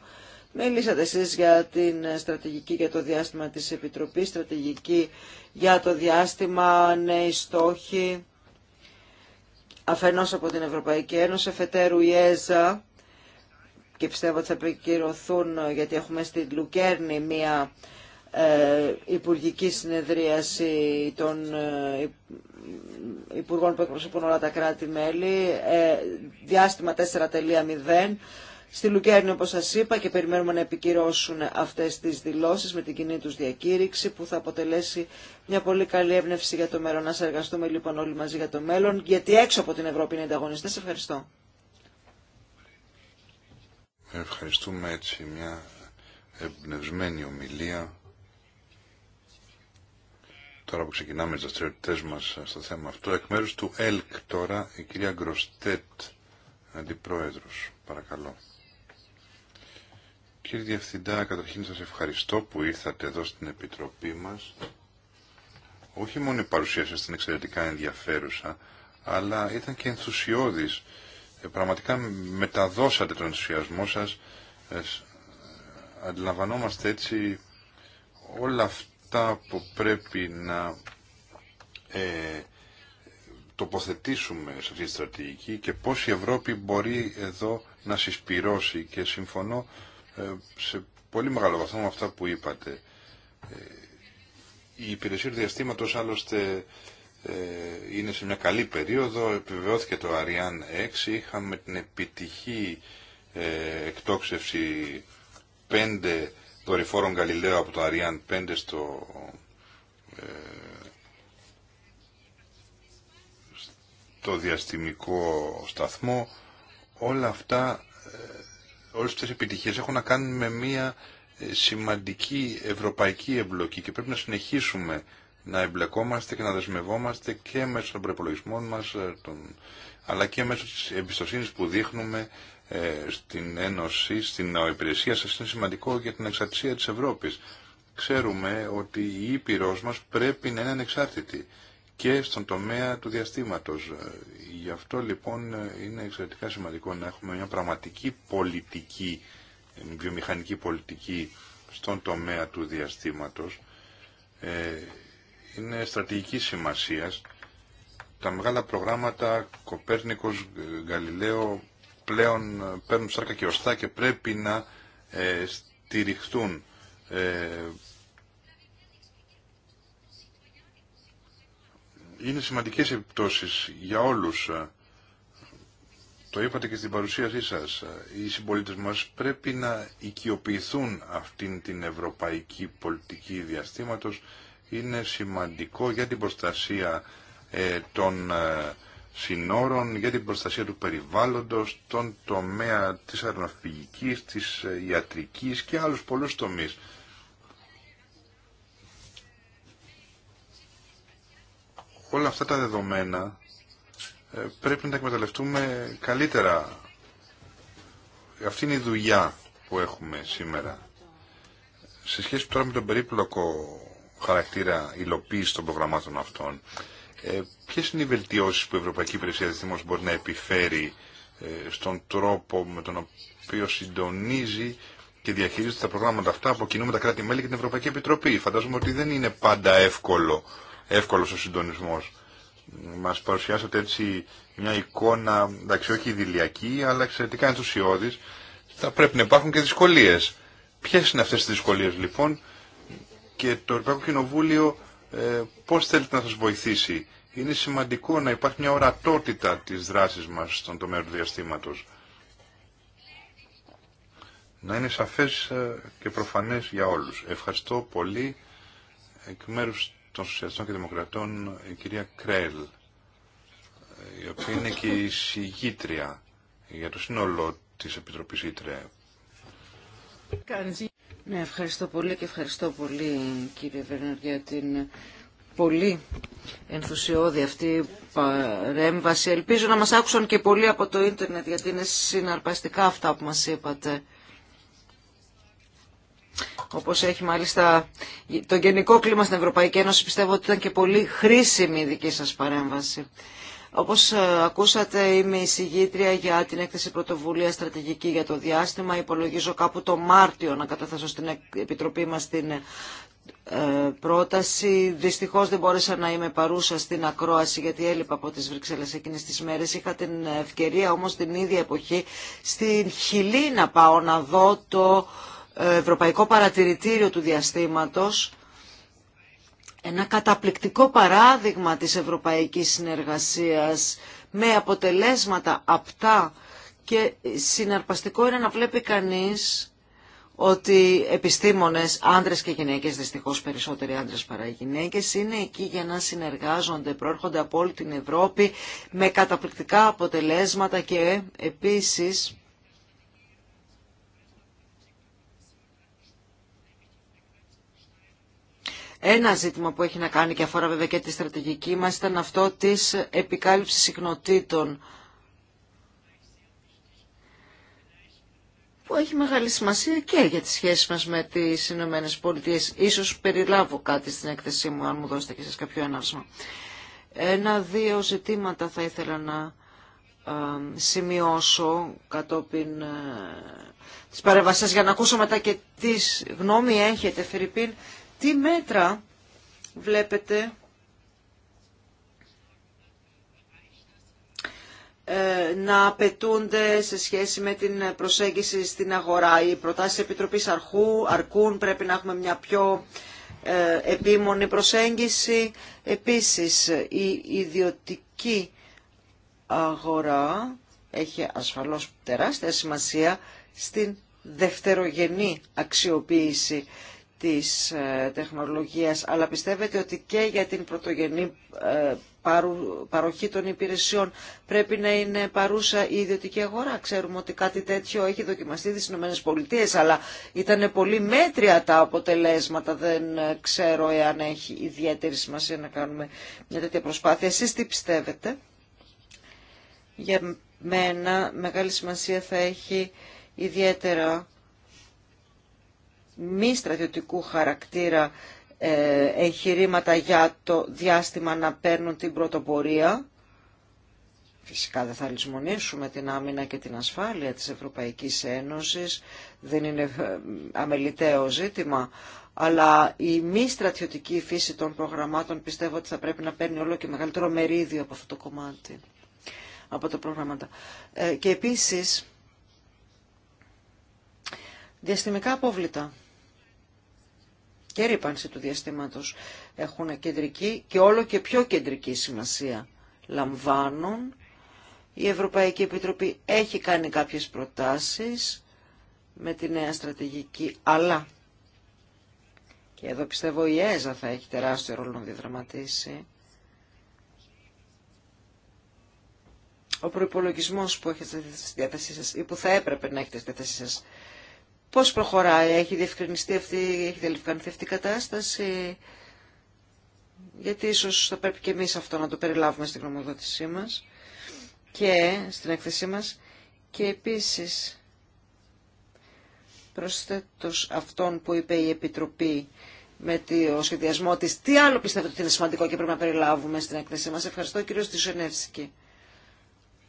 Μιλήσατε εσείς για την στρατηγική για το διάστημα της Επιτροπής, στρατηγική για το διάστημα, νέοι στόχοι, αφενός από την Ευρωπαϊκή Ένωση, αφετέρου η ΕΖΑ, και πιστεύω ότι θα επικυρωθούν ε, γιατί έχουμε στην Λουκέρνη μία ε, υπουργική συνεδρίαση των ε, υπουργών που εκπροσωπούν όλα τα κράτη-μέλη, ε, διάστημα 4.0. Στη Λουκέρνη, όπως σας είπα, και περιμένουμε να επικυρώσουν αυτές τις δηλώσεις με την κοινή τους διακήρυξη, που θα αποτελέσει μια πολύ καλή έμπνευση για το μέλλον. Να σε εργαστούμε λοιπόν όλοι μαζί για το μέλλον, γιατί έξω από την Ευρώπη είναι ανταγωνιστές. Ευχαριστώ. Ευχαριστούμε έτσι μια εμπνευσμένη ομιλία τώρα που ξεκινάμε τις δραστηριότητε μας στο θέμα αυτό. Εκ μέρους του ΕΛΚ τώρα, η κυρία Γκροστέτ, αντιπρόεδρος. Παρακαλώ. Κύριε Διευθυντά, καταρχήν σας ευχαριστώ που ήρθατε εδώ στην Επιτροπή μας. Όχι μόνο η παρουσία σας ήταν εξαιρετικά ενδιαφέρουσα, αλλά ήταν και ενθουσιώδης. Ε, πραγματικά μεταδώσατε τον ενθουσιασμό σας. Ε, ε, αντιλαμβανόμαστε έτσι όλα αυτά αυτά που πρέπει να ε, τοποθετήσουμε σε αυτή τη στρατηγική και πώς η Ευρώπη μπορεί εδώ να συσπυρώσει και συμφωνώ ε, σε πολύ μεγάλο βαθμό με αυτά που είπατε. Ε, η υπηρεσία του διαστήματος άλλωστε ε, είναι σε μια καλή περίοδο, επιβεβαιώθηκε το Αριάν 6, είχαμε την επιτυχή εκτόξευση 5 δορυφόρων Γαλιλαίο από το Αριάν 5 στο, ε, διαστημικό σταθμό όλα αυτά ε, όλες αυτές επιτυχίες έχουν να κάνουν με μια ε, σημαντική ευρωπαϊκή εμπλοκή και πρέπει να συνεχίσουμε να εμπλεκόμαστε και να δεσμευόμαστε και μέσω των προπολογισμών μας, ε, αλλά και μέσω της εμπιστοσύνης που δείχνουμε ε, στην Ένωση, στην υπηρεσία σας είναι σημαντικό για την εξαρτησία της Ευρώπης. Ξέρουμε ότι η Ήπειρός μας πρέπει να είναι ανεξάρτητη και στον τομέα του διαστήματος. Γι' αυτό λοιπόν είναι εξαιρετικά σημαντικό να έχουμε μια πραγματική πολιτική, βιομηχανική πολιτική στον τομέα του διαστήματος. Ε, είναι στρατηγική σημασίας. Τα μεγάλα προγράμματα Κοπέρνικος, Γαλιλαίο, πλέον ε, παίρνουν σάρκα και οστά και πρέπει να ε, στηριχτούν. Ε, είναι σημαντικές επιπτώσεις για όλους. Ε. Το είπατε και στην παρουσίασή σας. Οι συμπολίτες μας πρέπει να οικειοποιηθούν αυτήν την ευρωπαϊκή πολιτική διαστήματος. Είναι σημαντικό για την προστασία των συνόρων, για την προστασία του περιβάλλοντος, τον τομέα της αεροναυπηγικής, της ε, ιατρικής και άλλους πολλούς τομείς. Όλα αυτά τα δεδομένα ε, πρέπει να τα εκμεταλλευτούμε καλύτερα. Αυτή είναι η δουλειά που έχουμε σήμερα. Σε σχέση τώρα με τον περίπλοκο χαρακτήρα υλοποίηση των προγραμμάτων αυτών, ε, ποιες είναι οι βελτιώσεις που η Ευρωπαϊκή Υπηρεσία μπορεί να επιφέρει ε, στον τρόπο με τον οποίο συντονίζει και διαχειρίζεται τα προγράμματα αυτά από κοινού με τα κράτη-μέλη και την Ευρωπαϊκή Επιτροπή. Φαντάζομαι ότι δεν είναι πάντα εύκολο, εύκολος ο συντονισμός. Μας παρουσιάσατε έτσι μια εικόνα, εντάξει όχι ιδηλιακή, αλλά εξαιρετικά ενθουσιώδης. Θα πρέπει να υπάρχουν και δυσκολίες. Ποιες είναι αυτές τις δυσκολίες λοιπόν και το Ευρωπαϊκό Κοινοβούλιο ε, πώς θέλετε να σας βοηθήσει. Είναι σημαντικό να υπάρχει μια ορατότητα της δράσης μας στον τομέα του διαστήματος. Να είναι σαφές ε, και προφανές για όλους. Ευχαριστώ πολύ εκ μέρους των Σοσιαλιστών και Δημοκρατών η κυρία Κρέλ, η οποία είναι και η συγγήτρια για το σύνολο της Επιτροπής Ήτρε. Ναι, ευχαριστώ πολύ και ευχαριστώ πολύ κύριε Βερνάρ για την πολύ ενθουσιώδη αυτή η παρέμβαση. Ελπίζω να μας άκουσαν και πολλοί από το ίντερνετ γιατί είναι συναρπαστικά αυτά που μας είπατε. Όπως έχει μάλιστα το γενικό κλίμα στην Ευρωπαϊκή Ένωση πιστεύω ότι ήταν και πολύ χρήσιμη η δική σας παρέμβαση. Όπως ε, ακούσατε είμαι η συγγήτρια για την έκθεση πρωτοβουλία στρατηγική για το διάστημα. Υπολογίζω κάπου το Μάρτιο να καταθέσω στην Επιτροπή μας την ε, πρόταση. Δυστυχώς δεν μπόρεσα να είμαι παρούσα στην ακρόαση γιατί έλειπα από τις Βρυξέλλες εκείνες τις μέρες. Είχα την ευκαιρία όμως την ίδια εποχή στην Χιλή να πάω να δω το ε, Ευρωπαϊκό Παρατηρητήριο του Διαστήματος ένα καταπληκτικό παράδειγμα της ευρωπαϊκής συνεργασίας με αποτελέσματα απτά και συναρπαστικό είναι να βλέπει κανείς ότι επιστήμονες, άντρες και γυναίκες, δυστυχώς περισσότεροι άντρες παρά γυναίκες, είναι εκεί για να συνεργάζονται, προέρχονται από όλη την Ευρώπη με καταπληκτικά αποτελέσματα και επίσης Ένα ζήτημα που έχει να κάνει και αφορά βέβαια και τη στρατηγική μας ήταν αυτό της επικάλυψης συχνοτήτων που έχει μεγάλη σημασία και για τις σχέσεις μας με τις Ηνωμένες Πολιτείες. Ίσως περιλάβω κάτι στην έκθεσή μου, αν μου δώσετε και σας καποιο εναυσμα έναρσμα. Ένα-δύο ζητήματα θα ήθελα να ε, σημειώσω κατόπιν ε, της για να ακούσω μετά και τι γνώμη έχετε Φιρυπίν τι μέτρα βλέπετε ε, να απαιτούνται σε σχέση με την προσέγγιση στην αγορά. Οι προτάσεις Επιτροπής Αρχού, αρκούν, πρέπει να έχουμε μια πιο ε, επίμονη προσέγγιση. Επίσης, η ιδιωτική αγορά έχει ασφαλώς τεράστια σημασία στην δευτερογενή αξιοποίηση της ε, τεχνολογίας, αλλά πιστεύετε ότι και για την πρωτογενή ε, παροχή των υπηρεσιών πρέπει να είναι παρούσα η ιδιωτική αγορά. Ξέρουμε ότι κάτι τέτοιο έχει δοκιμαστεί στις ΗΠΑ, αλλά ήταν πολύ μέτρια τα αποτελέσματα. Δεν ε, ξέρω εάν έχει ιδιαίτερη σημασία να κάνουμε μια τέτοια προσπάθεια. Εσείς τι πιστεύετε. Για μένα μεγάλη σημασία θα έχει ιδιαίτερα μη στρατιωτικού χαρακτήρα ε, εγχειρήματα για το διάστημα να παίρνουν την πρωτοπορία. Φυσικά δεν θα λησμονήσουμε την άμυνα και την ασφάλεια της Ευρωπαϊκής Ένωσης, δεν είναι ε, αμεληταίο ζήτημα, αλλά η μη στρατιωτική φύση των προγραμμάτων πιστεύω ότι θα πρέπει να παίρνει όλο και μεγαλύτερο μερίδιο από αυτό το κομμάτι, από τα προγράμματα. Ε, και επίσης, διαστημικά απόβλητα και ρήπανση του διαστήματος έχουν κεντρική και όλο και πιο κεντρική σημασία λαμβάνουν. Η Ευρωπαϊκή Επιτροπή έχει κάνει κάποιες προτάσεις με τη νέα στρατηγική, αλλά και εδώ πιστεύω η ΕΖΑ θα έχει τεράστιο ρόλο να διαδραματίσει. Ο προπολογισμό που έχετε στη διάθεσή ή που θα έπρεπε να έχετε στη διάθεσή Πώς προχωράει, έχει διευκρινιστεί αυτή, έχει διευκρινιστεί αυτή η κατάσταση, γιατί ίσως θα πρέπει και εμείς αυτό να το περιλάβουμε στην γνωμοδότησή μας και στην έκθεσή μας και επίσης προσθέτως αυτόν που είπε η Επιτροπή με το σχεδιασμό της. Τι άλλο πιστεύετε ότι είναι σημαντικό και πρέπει να περιλάβουμε στην έκθεσή μας. Ευχαριστώ κύριο Στυζενεύσικη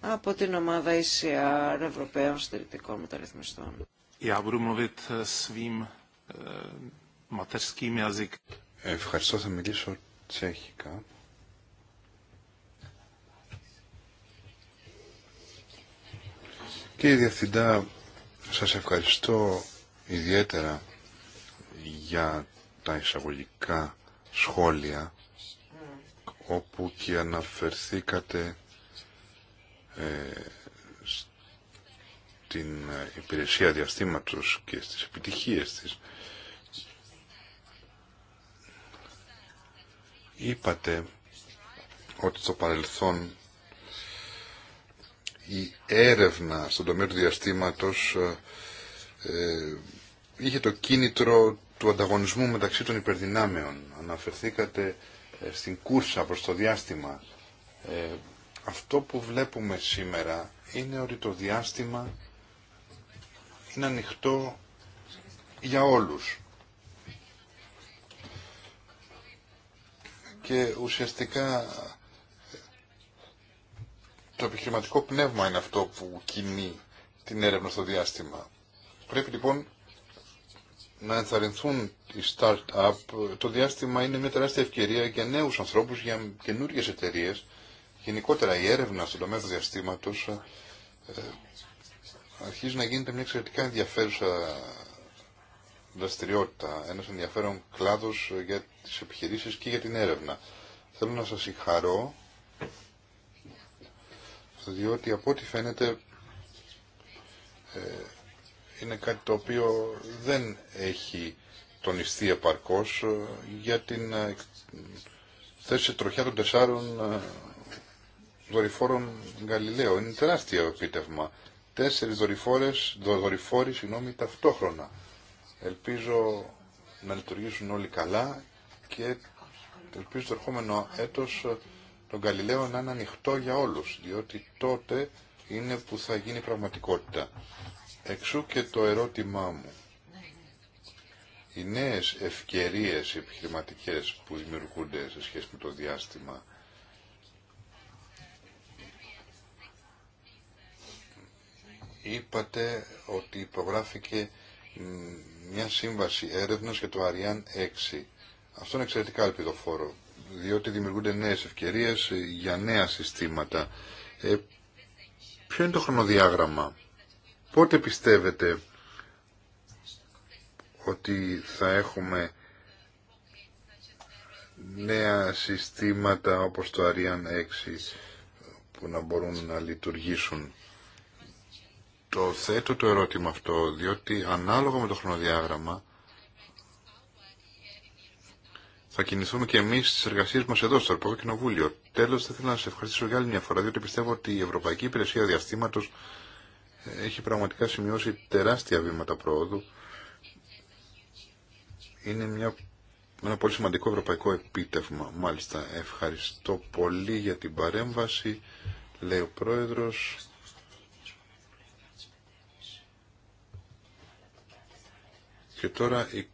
από την ομάδα ECR Ευρωπαίων Στηρητικών Μεταρρυθμιστών. Eh, eh, ευχαριστώ, θα μιλήσω τσέχικα. Κύριε Διευθυντά, σας ευχαριστώ ιδιαίτερα για τα εισαγωγικά σχόλια όπου και αναφερθήκατε ε, την ε, υπηρεσία διαστήματος και στις επιτυχίες της. Είπατε ότι στο παρελθόν η έρευνα στον τομέα του διαστήματος ε, ε, είχε το κίνητρο του ανταγωνισμού μεταξύ των υπερδυνάμεων. Αναφερθήκατε στην κούρσα προς το διάστημα. αυτό που βλέπουμε σήμερα είναι ότι το διάστημα είναι ανοιχτό για όλους. Και ουσιαστικά το επιχειρηματικό πνεύμα είναι αυτό που κινεί την έρευνα στο διάστημα. Πρέπει λοιπόν να ενθαρρυνθούν οι start-up. Το διάστημα είναι μια τεράστια ευκαιρία για νέους ανθρώπους, για καινούργιες εταιρείες. Γενικότερα η έρευνα στον τομέα του διαστήματος ε, αρχίζει να γίνεται μια εξαιρετικά ενδιαφέρουσα δραστηριότητα, ένας ενδιαφέρον κλάδος για τις επιχειρήσεις και για την έρευνα. Θέλω να σας συγχαρώ, διότι από ό,τι φαίνεται ε, είναι κάτι το οποίο δεν έχει τονιστεί επαρκώς ε, για την ε, θέση τροχιά των τεσσάρων ε, δορυφόρων Γαλιλαίου. Είναι τεράστιο επίτευγμα τέσσερις δορυφόρες, δορυφόροι συγγνώμη, ταυτόχρονα. Ελπίζω να λειτουργήσουν όλοι καλά και ελπίζω το ερχόμενο έτος τον Γαλιλέω να είναι ανοιχτό για όλους, διότι τότε είναι που θα γίνει πραγματικότητα. Εξού και το ερώτημά μου. Οι νέες ευκαιρίες επιχειρηματικές που δημιουργούνται σε σχέση με το διάστημα είπατε ότι υπογράφηκε μια σύμβαση έρευνας για το Αριάν 6. Αυτό είναι εξαιρετικά ελπιδοφόρο, διότι δημιουργούνται νέες ευκαιρίες για νέα συστήματα. Ε, ποιο είναι το χρονοδιάγραμμα, πότε πιστεύετε ότι θα έχουμε νέα συστήματα όπως το Αριάν 6 που να μπορούν να λειτουργήσουν το θέτω το ερώτημα αυτό, διότι ανάλογα με το χρονοδιάγραμμα θα κινηθούμε και εμείς στις εργασίες μας εδώ στο Ευρωπαϊκό Κοινοβούλιο. Τέλος, θα ήθελα να σα ευχαριστήσω για άλλη μια φορά, διότι πιστεύω ότι η Ευρωπαϊκή Υπηρεσία Διαστήματος έχει πραγματικά σημειώσει τεράστια βήματα προόδου. Είναι μια, ένα πολύ σημαντικό ευρωπαϊκό επίτευγμα. Μάλιστα, ευχαριστώ πολύ για την παρέμβαση, λέει ο Πρόεδρος. Και τώρα η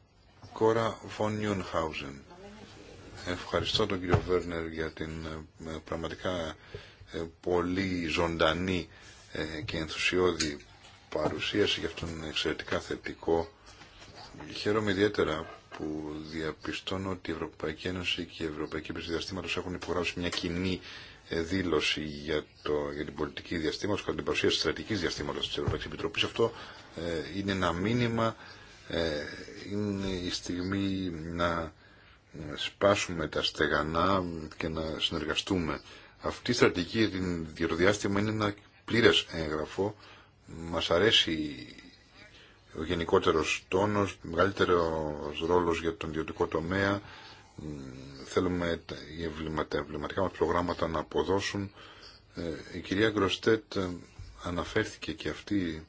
κόρα Von Χάουζεν. Ευχαριστώ τον κύριο Βέρνερ για την ε, πραγματικά ε, πολύ ζωντανή ε, και ενθουσιώδη παρουσίαση για αυτόν εξαιρετικά θετικό. Χαίρομαι ιδιαίτερα που διαπιστώνω ότι η Ευρωπαϊκή Ένωση και η Ευρωπαϊκή Υπηρεσία έχουν υπογράψει μια κοινή δήλωση για, το, για την πολιτική διαστήματος, κατά την παρουσίαση στρατηγικής διαστήματος της Ευρωπαϊκής Επιτροπής. Αυτό είναι ένα μήνυμα ε, είναι η στιγμή να σπάσουμε τα στεγανά και να συνεργαστούμε. Αυτή η στρατηγική για είναι ένα πλήρες έγγραφο. Μας αρέσει ο γενικότερος τόνος, μεγαλύτερος ρόλος για τον ιδιωτικό τομέα. Θέλουμε τα εμβληματικά μας προγράμματα να αποδώσουν. Ε, η κυρία Γκροστέτ ε, αναφέρθηκε και αυτή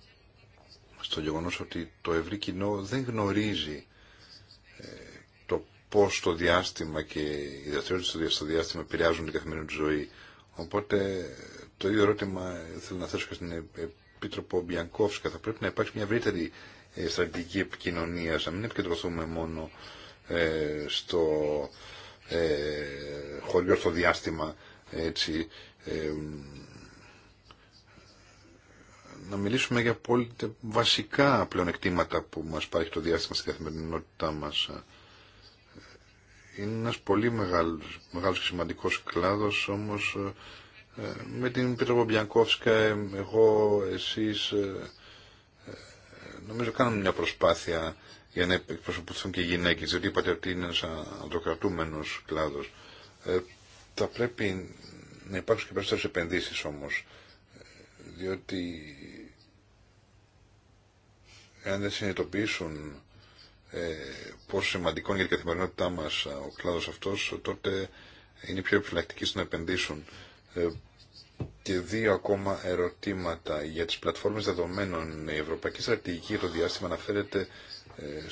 στο γεγονός ότι το ευρύ κοινό δεν γνωρίζει ε, το πώς το διάστημα και οι δραστηριότητες στο διάστημα επηρεάζουν την καθημερινή του ζωή. Οπότε το ίδιο ερώτημα ε, θέλω να θέσω και στην Επίτροπο Μπιανκόφσκα. Θα πρέπει να υπάρχει μια ευρύτερη ε, στρατηγική επικοινωνία, να μην επικεντρωθούμε μόνο στο χωριό, στο διάστημα, έτσι, να μιλήσουμε για βασικά πλεονεκτήματα που μας παρέχει το διάστημα στη καθημερινότητά μας. Είναι ένας πολύ μεγάλος, μεγάλος και σημαντικός κλάδος, όμως ε, με την Πίτρο Μπιανκόφσκα, ε, εγώ, εσείς, ε, νομίζω κάναμε μια προσπάθεια για να εκπροσωπηθούν και οι γυναίκες, διότι είπατε ότι είναι ένας ανδροκρατούμενος κλάδος. Θα πρέπει να υπάρξουν και περισσότερες επενδύσεις όμως διότι αν δεν συνειδητοποιήσουν ε, πόσο σημαντικό είναι για την καθημερινότητά μας ε, ο κλάδος αυτός, τότε είναι πιο επιφυλακτικοί στο να επενδύσουν. Ε, και δύο ακόμα ερωτήματα για τις πλατφόρμες δεδομένων. Η Ευρωπαϊκή Στρατηγική το διάστημα αναφέρεται ε,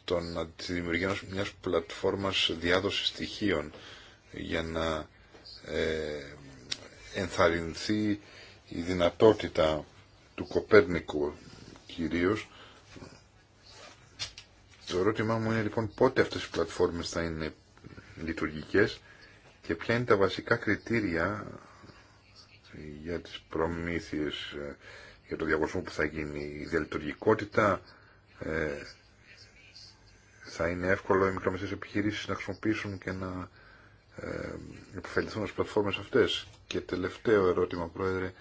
στο να τη δημιουργία μιας πλατφόρμας διάδοσης στοιχείων για να ε, ενθαρρυνθεί η δυνατότητα του Κοπέρνικου κυρίως. Το ερώτημά μου είναι λοιπόν πότε αυτές οι πλατφόρμες θα είναι λειτουργικές και ποια είναι τα βασικά κριτήρια για τις προμήθειες, για το διαγωνισμό που θα γίνει. Η διαλειτουργικότητα ε, θα είναι εύκολο οι μικρομεσαίες επιχειρήσεις να χρησιμοποιήσουν και να ε, επωφεληθούν τις πλατφόρμες αυτές. Και τελευταίο ερώτημα, Πρόεδρε,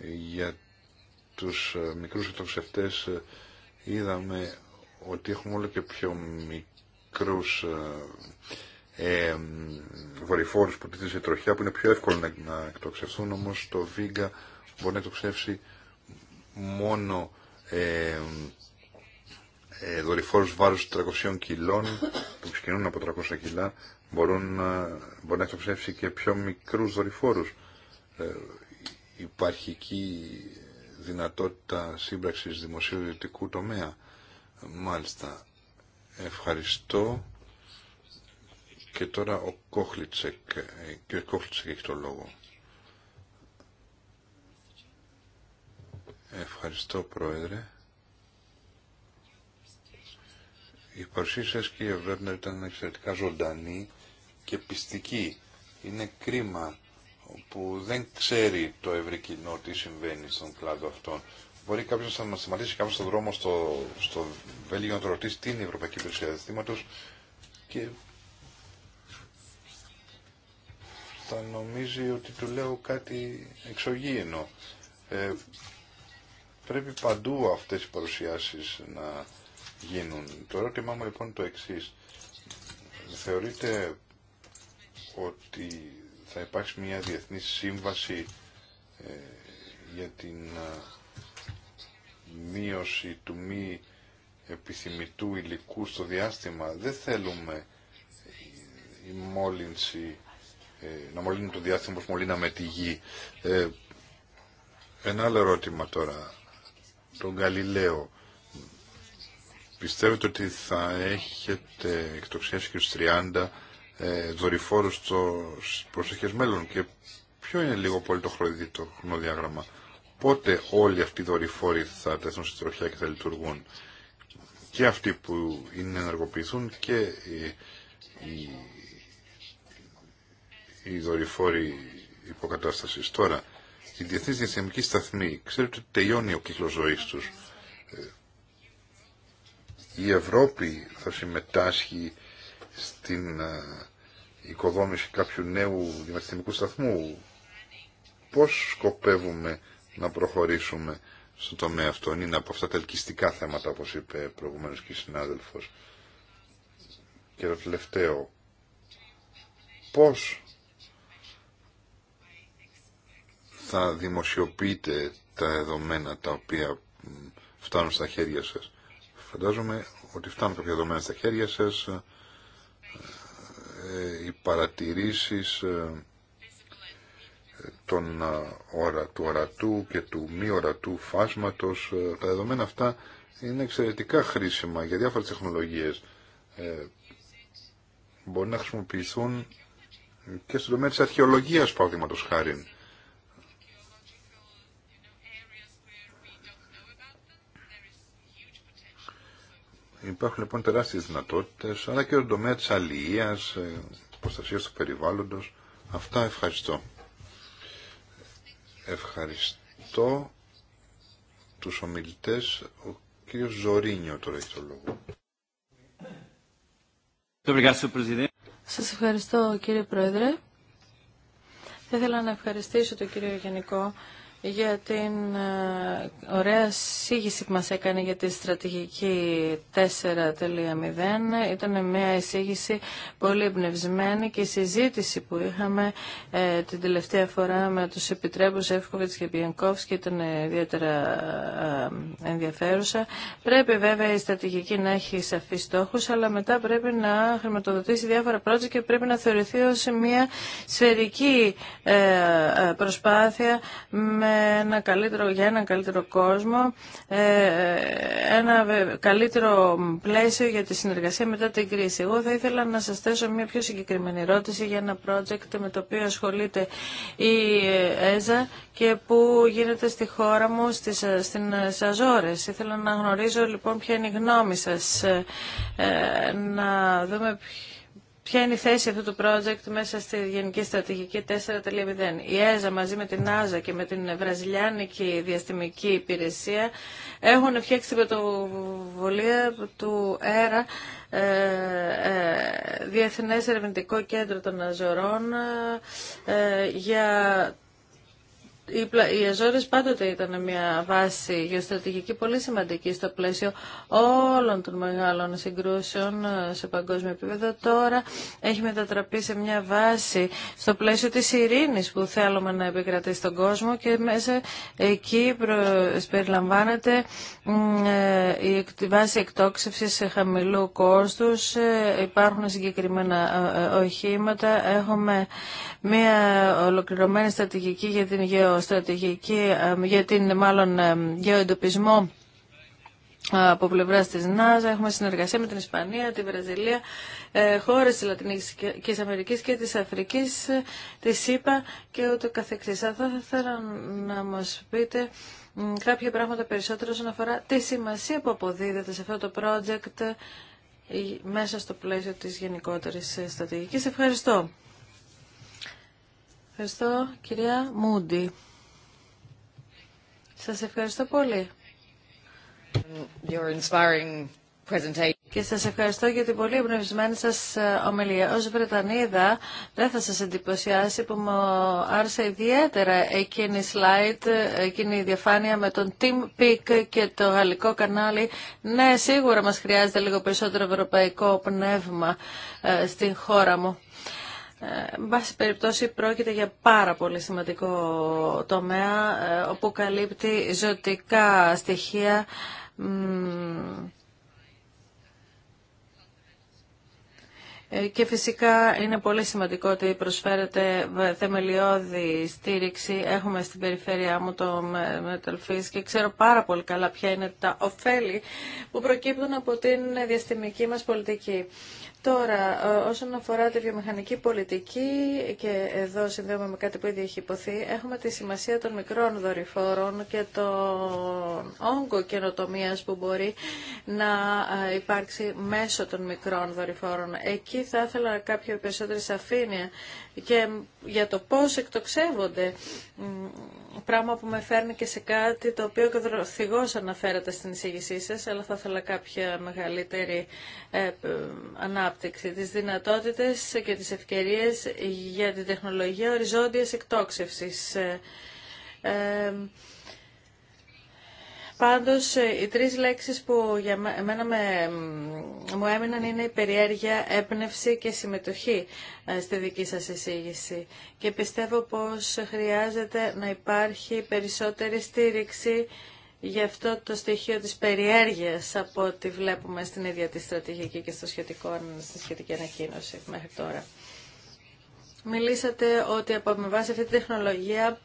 για τους ε, μικρούς εκτοξευτές ε, είδαμε ότι έχουμε όλο και πιο μικρούς ε, ε που τίθεται σε τροχιά που είναι πιο εύκολο να, να εκτοξευθούν όμως το Βίγκα μπορεί να εκτοξεύσει μόνο ε, ε, δορυφόρους βάρους 300 κιλών που ξεκινούν από 300 κιλά μπορούν, μπορεί να εκτοξεύσει και πιο μικρούς δορυφόρους υπαρχική δυνατότητα σύμπραξης δημοσίου τομέα. Μάλιστα. Ευχαριστώ. Και τώρα ο Κόχλιτσεκ. Ε, και ο Κόχλιτσεκ έχει το λόγο. Ευχαριστώ Πρόεδρε. Η παρουσία σας κύριε Βέρνερ ήταν εξαιρετικά ζωντανή και πιστική. Είναι κρίμα που δεν ξέρει το ευρύ κοινό τι συμβαίνει στον κλάδο αυτόν. Μπορεί κάποιο να μα σταματήσει κάποιο στον δρόμο στο, στο Βέλγιο να το ρωτήσει τι είναι η Ευρωπαϊκή Υπηρεσία Διαστήματο και θα νομίζει ότι του λέω κάτι εξωγήινο. Ε, πρέπει παντού αυτές οι παρουσιάσεις να γίνουν. Το ερώτημά μου λοιπόν το εξής. Θεωρείτε ότι θα υπάρξει μια διεθνή σύμβαση ε, για την μείωση του μη επιθυμητού υλικού στο διάστημα. Δεν θέλουμε η μόλυνση, ε, να μολύνουμε το διάστημα όπως μολύναμε τη γη. Ε, ένα άλλο ερώτημα τώρα. Τον Γαλιλαίο. Πιστεύετε ότι θα έχετε εκτοξεύσει και στους 30 ε, Δορυφόρου στο προσεχές μέλλον και ποιο είναι λίγο πολύ το χρονοδιάγραμμα. Πότε όλοι αυτοί οι δορυφόροι θα τεθούν στη τροχιά και θα λειτουργούν και αυτοί που είναι ενεργοποιηθούν και οι, οι, οι δορυφόροι υποκατάσταση. Τώρα, η Διεθνής Διαστημική Σταθμή, ξέρετε ότι τελειώνει ο κύκλος ζωή του. Ε, η Ευρώπη θα συμμετάσχει στην ε, οικοδόμηση κάποιου νέου δημοσιονομικού σταθμού. Πώς σκοπεύουμε να προχωρήσουμε στον τομέα αυτό; Είναι από αυτά τα ελκυστικά θέματα, όπως είπε προηγουμένως και η συνάδελφος. Και το τελευταίο, πώς θα δημοσιοποιείτε τα δεδομένα τα οποία φτάνουν στα χέρια σας. Φαντάζομαι ότι φτάνουν κάποια δεδομένα στα χέρια σας ε, οι παρατηρήσεις ε, των, ε, του ορατού και του μη ορατού φάσματος. Τα δεδομένα αυτά είναι εξαιρετικά χρήσιμα για διάφορες τεχνολογίες. μπορεί να χρησιμοποιηθούν και στον τομέα της αρχαιολογίας, παραδείγματος χάρη. Υπάρχουν λοιπόν τεράστιε δυνατότητε αλλά και ο τομέα τη αλληλεία, της ε, του περιβάλλοντος. Αυτά ευχαριστώ. Ευχαριστώ τους ομιλητές. Ο κύριος Ζωρίνιο τώρα έχει το λόγο. Σας ευχαριστώ κύριε Πρόεδρε. Θα ήθελα να ευχαριστήσω τον κύριο Γενικό για την ε, ωραία εισήγηση που μας έκανε για τη στρατηγική 4.0. Ήταν μια εισήγηση πολύ εμπνευσμένη και η συζήτηση που είχαμε ε, την τελευταία φορά με τους επιτρέπους Εύκοβιτς και Πιενκόφσκι ήταν ιδιαίτερα ε, ενδιαφέρουσα. Πρέπει βέβαια η στρατηγική να έχει σαφείς στόχους, αλλά μετά πρέπει να χρηματοδοτήσει διάφορα project και πρέπει να θεωρηθεί ως μια σφαιρική προσπάθεια με ένα καλύτερο, για έναν καλύτερο κόσμο, ε, ένα καλύτερο πλαίσιο για τη συνεργασία μετά την κρίση. Εγώ θα ήθελα να σας θέσω μια πιο συγκεκριμένη ερώτηση για ένα project με το οποίο ασχολείται η ΕΖΑ και που γίνεται στη χώρα μου, στις, στην Σαζόρες. Ήθελα να γνωρίζω λοιπόν ποια είναι η γνώμη σας, ε, να δούμε ποια Ποια είναι η θέση αυτού του project μέσα στη Γενική Στρατηγική 4.0. Η ΕΖΑ μαζί με την ΆΖΑ και με την Βραζιλιάνικη Διαστημική Υπηρεσία έχουν φτιάξει την πρωτοβουλία του ΕΡΑ ε, ε, Διεθνές Ερευνητικό Κέντρο των Αζωρών ε, για οι Αζόρες πάντοτε ήταν μια βάση γεωστρατηγική πολύ σημαντική στο πλαίσιο όλων των μεγάλων συγκρούσεων ε, σε παγκόσμιο επίπεδο. Τώρα έχει μετατραπεί σε μια βάση στο πλαίσιο της ειρήνης που θέλουμε να επικρατεί στον κόσμο και μέσα εκεί περιλαμβάνεται ε, η βάση εκτόξευσης χαμηλού κόστου ε, υπάρχουν συγκεκριμένα οχήματα, έχουμε μια ολοκληρωμένη στρατηγική για την στρατηγική για την μάλλον γεωεντοπισμό ε, από πλευρά τη ΝΑΖΑ. Έχουμε συνεργασία με την Ισπανία, τη Βραζιλία, ε, χώρε τη Λατινική Αμερική και τη Αφρική, ε, τη ΣΥΠΑ και ούτω καθεξή. Θα ήθελα να μα πείτε κάποια πράγματα περισσότερο όσον αφορά τη σημασία που αποδίδεται σε αυτό το project μέσα στο πλαίσιο της γενικότερης στρατηγικής. Ευχαριστώ. Ευχαριστώ κυρία Μούντι. Σας ευχαριστώ πολύ. Your inspiring presentation. Και σας ευχαριστώ για την πολύ εμπνευσμένη σας ε, ομιλία. Ως Βρετανίδα δεν θα σας εντυπωσιάσει που μου άρεσε ιδιαίτερα εκείνη η slide, εκείνη η διαφάνεια με τον Team Peak και το γαλλικό κανάλι. Ναι, σίγουρα μας χρειάζεται λίγο περισσότερο ευρωπαϊκό πνεύμα ε, στην χώρα μου. Ε, εν πάση περιπτώσει πρόκειται για πάρα πολύ σημαντικό τομέα ε, όπου καλύπτει ζωτικά στοιχεία ε, και φυσικά είναι πολύ σημαντικό ότι προσφέρεται θεμελιώδη στήριξη. Έχουμε στην περιφέρειά μου το Μεταλφής και ξέρω πάρα πολύ καλά ποια είναι τα ωφέλη που προκύπτουν από την διαστημική μας πολιτική. Τώρα, ε, όσον αφορά τη βιομηχανική πολιτική, και εδώ συνδέουμε με κάτι που ήδη έχει υποθεί, έχουμε τη σημασία των μικρών δορυφόρων και τον όγκο καινοτομία που μπορεί να ε, υπάρξει μέσω των μικρών δορυφόρων. Εκεί θα ήθελα κάποια περισσότερη σαφήνεια και για το πώς εκτοξεύονται. Πράγμα που με φέρνει και σε κάτι το οποίο δροθυγώς αναφέρατε στην εισήγησή σας, αλλά θα ήθελα κάποια μεγαλύτερη ε, ανάπτυξη. Τις δυνατότητες και τις ευκαιρίες για την τεχνολογία οριζόντιας εκτόξευσης. Ε, ε, Πάντως, ε, οι τρεις λέξεις που για μένα με, μου έμειναν είναι η περιέργεια, έπνευση και συμμετοχή ε, στη δική σας εισήγηση. Και πιστεύω πως χρειάζεται να υπάρχει περισσότερη στήριξη για αυτό το στοιχείο της περιέργειας από ό,τι βλέπουμε στην ίδια τη στρατηγική και στο σχετικό, στη σχετική ανακοίνωση μέχρι τώρα. Μιλήσατε ότι από με βάση αυτή τη τεχνολογία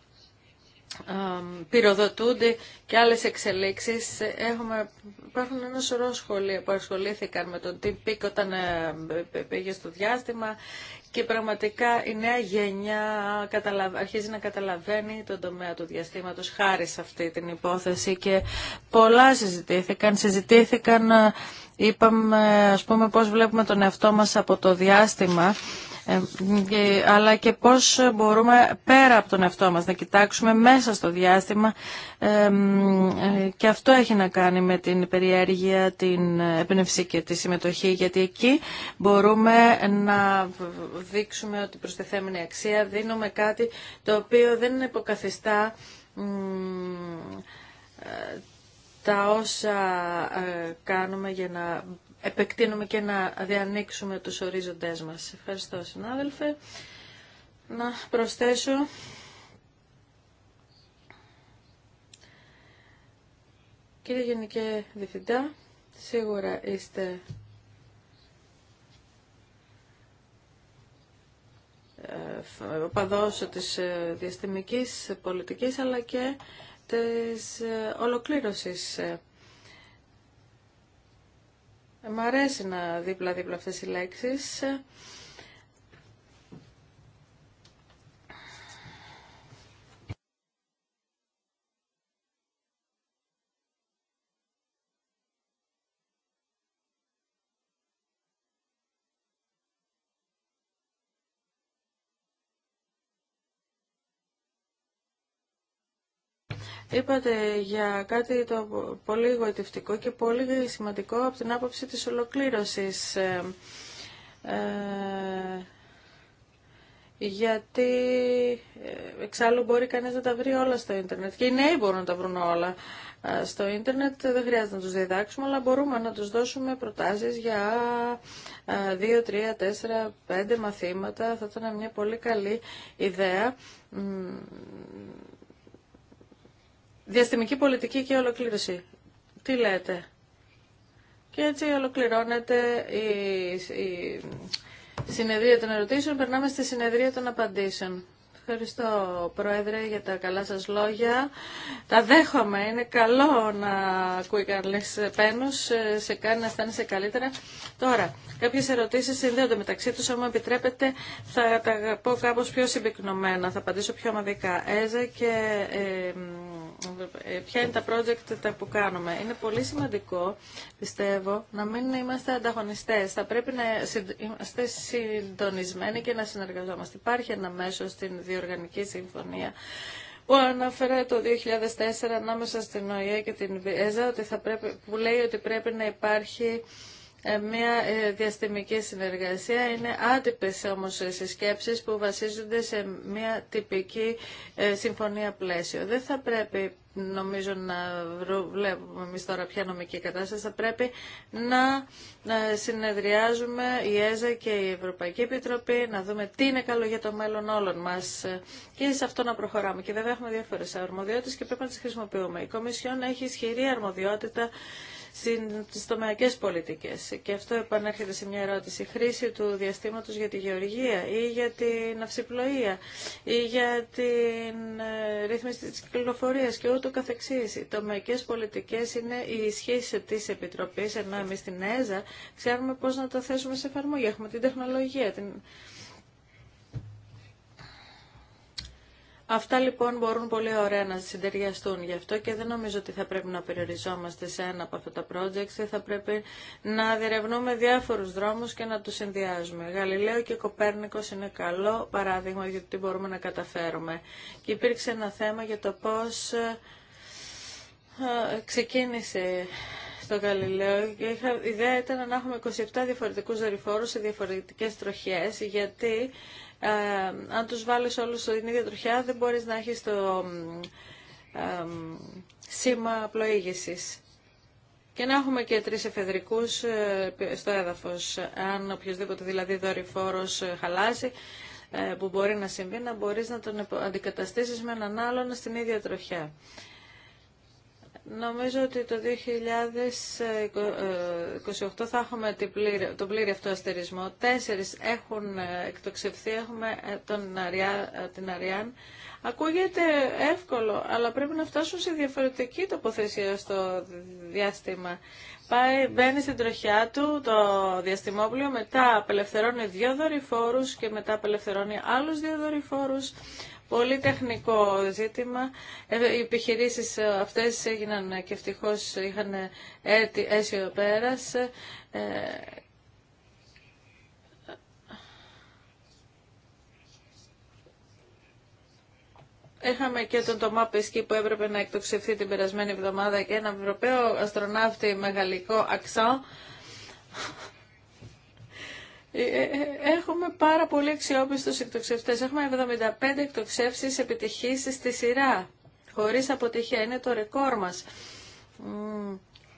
πυροδοτούνται και άλλες εξελίξεις. Έχουμε, υπάρχουν ένα σωρό σχολεία που ασχολήθηκαν με τον Τιμ Πίκ όταν ε, πήγε στο διάστημα και πραγματικά η νέα γενιά αρχίζει να καταλαβαίνει τον τομέα του διαστήματος χάρη σε αυτή την υπόθεση και πολλά συζητήθηκαν. Συζητήθηκαν, ε, είπαμε, ας πούμε, πώς βλέπουμε τον εαυτό μας από το διάστημα ε, αλλά και πώς μπορούμε πέρα από τον εαυτό μας να κοιτάξουμε μέσα στο διάστημα ε, ε, και αυτό έχει να κάνει με την περιέργεια, την έμπνευση και τη συμμετοχή γιατί εκεί μπορούμε να δείξουμε ότι προστιθέμενη αξία δίνουμε κάτι το οποίο δεν υποκαθιστά τα όσα κάνουμε για να επεκτείνουμε και να διανοίξουμε τους ορίζοντές μας. Ευχαριστώ συνάδελφε. Να προσθέσω Κύριε Γενικέ Διευθυντά, σίγουρα είστε ε, παδός της ε, διαστημικής πολιτικής αλλά και της ε, ολοκλήρωσης ε, μ' αρέσει να δίπλα-δίπλα αυτές οι λέξεις. Είπατε για κάτι το πολύ γοητευτικό και πολύ σημαντικό από την άποψη της ολοκλήρωσης. Ε, ε, γιατί ε, εξάλλου μπορεί κανείς να τα βρει όλα στο ίντερνετ και οι νέοι μπορούν να τα βρουν όλα στο ίντερνετ δεν χρειάζεται να τους διδάξουμε αλλά μπορούμε να τους δώσουμε προτάσεις για 2, 3, 4, 5 μαθήματα θα ήταν μια πολύ καλή ιδέα Διαστημική πολιτική και ολοκλήρωση. Τι λέτε. Και έτσι ολοκληρώνεται η, συνεδρία των ερωτήσεων. Περνάμε στη συνεδρία των απαντήσεων. Ευχαριστώ, Πρόεδρε, για τα καλά σας λόγια. Τα δέχομαι. Είναι καλό να ακούει καλές πένους, σε κάνει να αισθάνεσαι καλύτερα. Τώρα, κάποιες ερωτήσεις συνδέονται μεταξύ τους. Αν μου επιτρέπετε, θα τα πω κάπως πιο συμπυκνωμένα. Θα απαντήσω πιο ομαδικά. Έζα και... Ε, ε, ποια είναι τα project τα που κάνουμε. Είναι πολύ σημαντικό, πιστεύω, να μην είμαστε ανταγωνιστές. Θα πρέπει να είμαστε συντονισμένοι και να συνεργαζόμαστε. Υπάρχει ένα μέσο στην Διοργανική Συμφωνία που αναφέρεται το 2004 ανάμεσα στην ΟΗΕ και την ΒΕΖΑ ότι θα που λέει ότι πρέπει να υπάρχει ε, μια ε, διαστημική συνεργασία. Είναι άτυπες όμως σκέψεις που βασίζονται σε μια τυπική ε, συμφωνία πλαίσιο. Δεν θα πρέπει νομίζω να βλέπουμε εμεί τώρα ποια νομική κατάσταση, θα πρέπει να συνεδριάζουμε η ΕΖΑ και η Ευρωπαϊκή Επιτροπή, να δούμε τι είναι καλό για το μέλλον όλων μας και σε αυτό να προχωράμε. Και βέβαια έχουμε διάφορες αρμοδιότητες και πρέπει να τις χρησιμοποιούμε. Η Κομισιόν έχει ισχυρή αρμοδιότητα στις τομεακές πολιτικές. Και αυτό επανέρχεται σε μια ερώτηση. Χρήση του διαστήματος για τη γεωργία ή για την αυσιπλοεία ή για την ε, ρύθμιση της κυκλοφορίας και ούτω καθεξής. Οι τομεακές πολιτικές είναι η ισχύση της Επιτροπής, ενώ εμείς στην ΕΖΑ ξέρουμε πώς να τα θέσουμε σε εφαρμογή. Έχουμε την τεχνολογία, την Αυτά λοιπόν μπορούν πολύ ωραία να συντεριαστούν γι' αυτό και δεν νομίζω ότι θα πρέπει να περιοριζόμαστε σε ένα από αυτά τα projects. Θα πρέπει να διερευνούμε διάφορους δρόμους και να τους συνδυάζουμε. Γαλιλαίο και Κοπέρνικος είναι καλό παράδειγμα για το τι μπορούμε να καταφέρουμε. Και υπήρξε ένα θέμα για το πώς ε, ε, ξεκίνησε στο Γαλιλαίο η ιδέα ήταν να έχουμε 27 διαφορετικούς δορυφόρους σε διαφορετικές τροχιές γιατί ε, αν τους βάλεις όλους στην ίδια τροχιά δεν μπορείς να έχεις το ε, σήμα πλοήγησης. Και να έχουμε και τρεις εφεδρικούς ε, στο έδαφος. Αν οποιοδήποτε δηλαδή δορυφόρος χαλάσει, που μπορεί να συμβεί, να μπορείς να τον αντικαταστήσεις με έναν άλλον στην ίδια τροχιά. Νομίζω ότι το 2028 ε, θα έχουμε πλήρη, τον πλήρη αυτό αστερισμό. Τέσσερις έχουν ε, εκτοξευθεί, έχουμε ε, τον Αριά, την Αριάν. Ακούγεται εύκολο, αλλά πρέπει να φτάσουν σε διαφορετική τοποθεσία στο διάστημα. Πάει, μπαίνει στην τροχιά του το διαστημόπλιο, μετά απελευθερώνει δύο δορυφόρους και μετά απελευθερώνει άλλους δύο δορυφόρους. Πολύ τεχνικό ζήτημα. Ε, οι επιχειρήσει αυτές έγιναν και ευτυχώ είχαν αίσιο πέρας. Ε, Έχαμε και τον Τωμά Πεσκή που έπρεπε να εκτοξευθεί την περασμένη εβδομάδα και έναν Ευρωπαίο αστροναύτη με γαλλικό αξό. Ε, ε, ε, έχουμε πάρα πολύ αξιόπιστου εκτοξευτές. Έχουμε 75 εκτοξεύσεις επιτυχής στη σειρά, χωρίς αποτυχία. Είναι το ρεκόρ μας.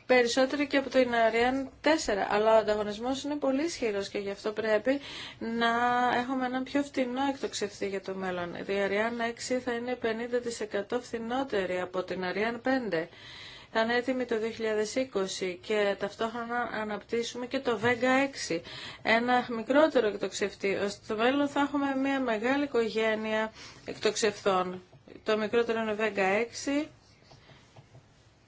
Περισσότερο και από το Ιναριάν 4, αλλά ο ανταγωνισμό είναι πολύ ισχυρό και γι' αυτό πρέπει να έχουμε έναν πιο φτηνό εκτοξευτή για το μέλλον. Η Ιναριάν 6 θα είναι 50% φθηνότερη από την Ιναριάν 5 θα είναι έτοιμη το 2020 και ταυτόχρονα αναπτύσσουμε και το Vega 6, ένα μικρότερο εκτοξευτή, ώστε στο μέλλον θα έχουμε μια μεγάλη οικογένεια εκτοξευτών. Το μικρότερο είναι Vega 6,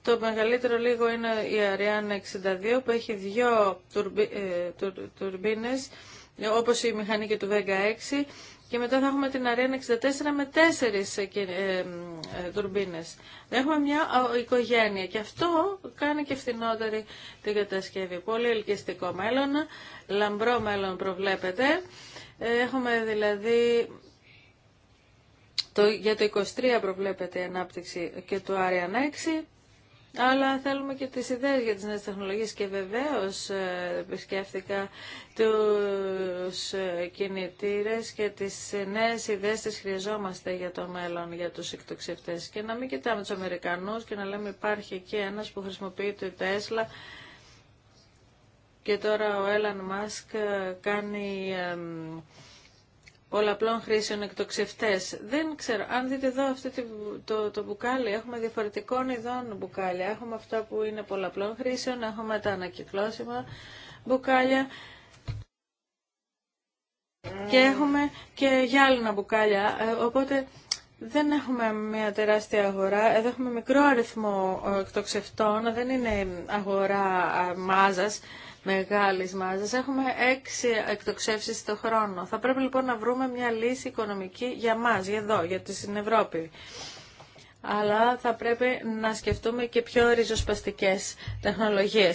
το μεγαλύτερο λίγο είναι η Ariane 62 που έχει δύο τουρμπι, ε, τουρμπίνες, όπως η μηχανή και του Vega 6 και μετά θα έχουμε την Αρένα 64 με 4 ε, ε, ε, τουρμπίνες. Έχουμε μια οικογένεια και αυτό κάνει και φθηνότερη την κατασκευή. Πολύ ελκυστικό μέλλον, λαμπρό μέλλον προβλέπεται. Έχουμε δηλαδή το, για το 23 προβλέπεται η ανάπτυξη και του Άρια 6 αλλά θέλουμε και τις ιδέες για τις νέες τεχνολογίες και βεβαίως επισκέφθηκα τους ε, κινητήρες και τις νέες ιδέες τις χρειαζόμαστε για το μέλλον, για τους εκτοξευτές και να μην κοιτάμε τους Αμερικανούς και να λέμε υπάρχει και ένας που χρησιμοποιεί το Tesla και τώρα ο Έλαν Μάσκ ε, κάνει ε, πολλαπλών χρήσεων εκτοξευτέ. Δεν ξέρω, αν δείτε εδώ αυτό το, το μπουκάλι, έχουμε διαφορετικών ειδών μπουκάλια. Έχουμε αυτά που είναι πολλαπλών χρήσεων, έχουμε τα ανακυκλώσιμα μπουκάλια και έχουμε και γυάλινα μπουκάλια. Ε, οπότε δεν έχουμε μια τεράστια αγορά. Εδώ έχουμε μικρό αριθμό ε, εκτοξευτών, δεν είναι αγορά ε, μάζας μεγάλη μάζα. Έχουμε έξι εκτοξεύσεις το χρόνο. Θα πρέπει λοιπόν να βρούμε μια λύση οικονομική για μας, για εδώ, για την Ευρώπη. Αλλά θα πρέπει να σκεφτούμε και πιο ριζοσπαστικέ τεχνολογίε.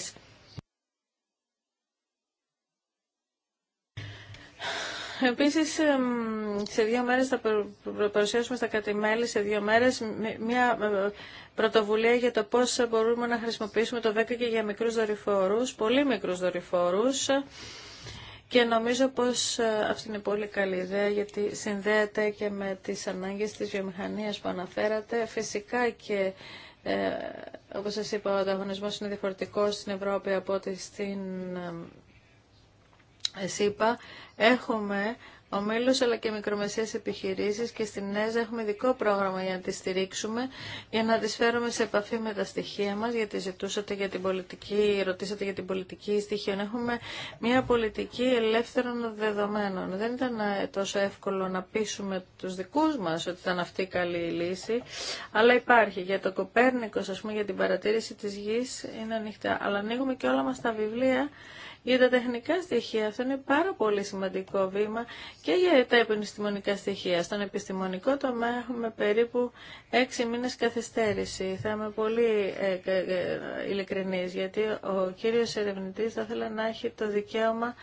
Επίση, σε δύο μέρες θα παρουσιάσουμε στα κατημέλη, σε δύο μέρες, μια ε, πρωτοβουλία για το πώς μπορούμε να χρησιμοποιήσουμε το 10 και για μικρού δορυφόρου, πολύ μικρού δορυφόρου. Και νομίζω πως ε, αυτή είναι πολύ καλή ιδέα γιατί συνδέεται και με τις ανάγκες της βιομηχανίας που αναφέρατε. Φυσικά και ε, όπως σας είπα ο ανταγωνισμός είναι διαφορετικός στην Ευρώπη από ότι στην ε, ΣΥΠΑ έχουμε ομίλου αλλά και μικρομεσαίε επιχειρήσει και στην ΕΖΑ έχουμε ειδικό πρόγραμμα για να τις στηρίξουμε, για να τι φέρουμε σε επαφή με τα στοιχεία μα, γιατί ζητούσατε για την πολιτική, ρωτήσατε για την πολιτική στοιχείων. Έχουμε μια πολιτική ελεύθερων δεδομένων. Δεν ήταν ε, τόσο εύκολο να πείσουμε του δικού μα ότι ήταν αυτή η καλή λύση, αλλά υπάρχει. Για το κοπέρνικο, α πούμε, για την παρατήρηση τη γη, είναι ανοιχτά. Αλλά ανοίγουμε και όλα μα τα βιβλία για τα τεχνικά στοιχεία. Αυτό είναι πάρα πολύ σημαντικό βήμα και για τα επιστημονικά στοιχεία. Στον επιστημονικό τομέα έχουμε περίπου έξι μήνες καθυστέρηση. Θα είμαι πολύ ε, ε, ειλικρινής, γιατί ο κύριος ερευνητής θα ήθελε να έχει το δικαίωμα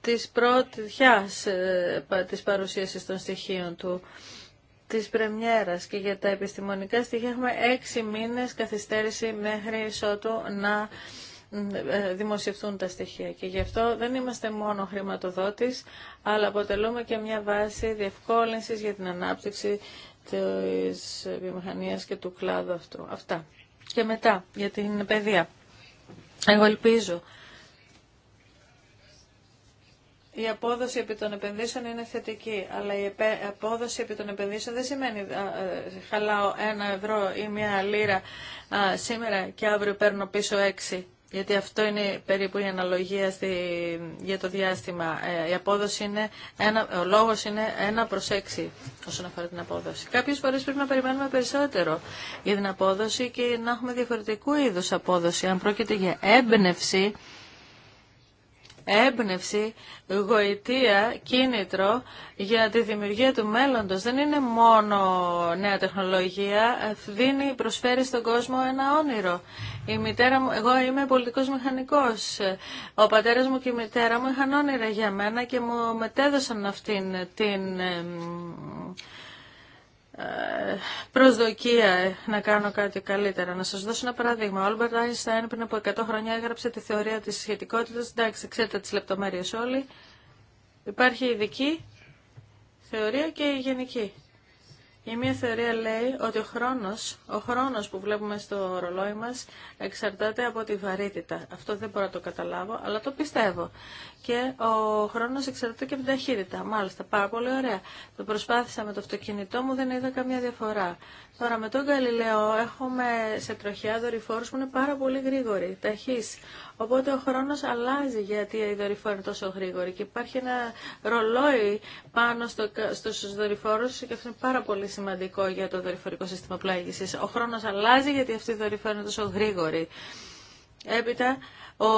της πρώτης ε, της παρουσίασης των στοιχείων του της πρεμιέρας και για τα επιστημονικά στοιχεία έχουμε έξι μήνες καθυστέρηση μέχρι ότου να ε, ε, δημοσιευτούν τα στοιχεία. Και γι' αυτό δεν είμαστε μόνο χρηματοδότης, αλλά αποτελούμε και μια βάση διευκόλυνσης για την ανάπτυξη της βιομηχανίας και του κλάδου αυτού. Αυτά. Και μετά, για την παιδεία. Εγώ ελπίζω. Η απόδοση επί των επενδύσεων είναι θετική, αλλά η απόδοση επί των επενδύσεων δεν σημαίνει χαλάω ένα ευρώ ή μια λίρα σήμερα και αύριο παίρνω πίσω έξι γιατί αυτό είναι περίπου η αναλογία στη, για το διάστημα. Ε, η απόδοση είναι ένα, ο λόγος είναι ένα προ έξι όσον αφορά την απόδοση. Κάποιε φορές πρέπει να περιμένουμε περισσότερο για την απόδοση και να έχουμε διαφορετικού είδους απόδοση. Αν πρόκειται για έμπνευση, έμπνευση, γοητεία, κίνητρο για τη δημιουργία του μέλλοντος. Δεν είναι μόνο νέα τεχνολογία, δίνει, προσφέρει στον κόσμο ένα όνειρο. Η μητέρα μου, εγώ είμαι πολιτικός μηχανικός. Ο πατέρας μου και η μητέρα μου είχαν όνειρα για μένα και μου μετέδωσαν αυτήν την προσδοκία να κάνω κάτι καλύτερα. Να σας δώσω ένα παράδειγμα. Ο Όλμπερτ Άινστάιν πριν από 100 χρονιά έγραψε τη θεωρία της σχετικότητας. Εντάξει, ξέρετε τις λεπτομέρειες όλοι. Υπάρχει ειδική θεωρία και η γενική. Η μία θεωρία λέει ότι ο χρόνος, ο χρόνος που βλέπουμε στο ρολόι μας εξαρτάται από τη βαρύτητα. Αυτό δεν μπορώ να το καταλάβω, αλλά το πιστεύω και ο χρόνος εξαρτάται και από την ταχύτητα. Μάλιστα, πάρα πολύ ωραία. Το προσπάθησα με το αυτοκίνητό μου, δεν είδα καμία διαφορά. Τώρα με τον Γαλιλαίο έχουμε σε τροχιά δορυφόρους που είναι πάρα πολύ γρήγοροι, ταχύς. Οπότε ο χρόνος αλλάζει γιατί οι δορυφόροι είναι τόσο γρήγοροι και υπάρχει ένα ρολόι πάνω στο, στους δορυφόρους και αυτό είναι πάρα πολύ σημαντικό για το δορυφορικό σύστημα πλάγησης. Ο χρόνος αλλάζει γιατί αυτοί οι δορυφόροι είναι τόσο γρήγοροι. Έπειτα, ο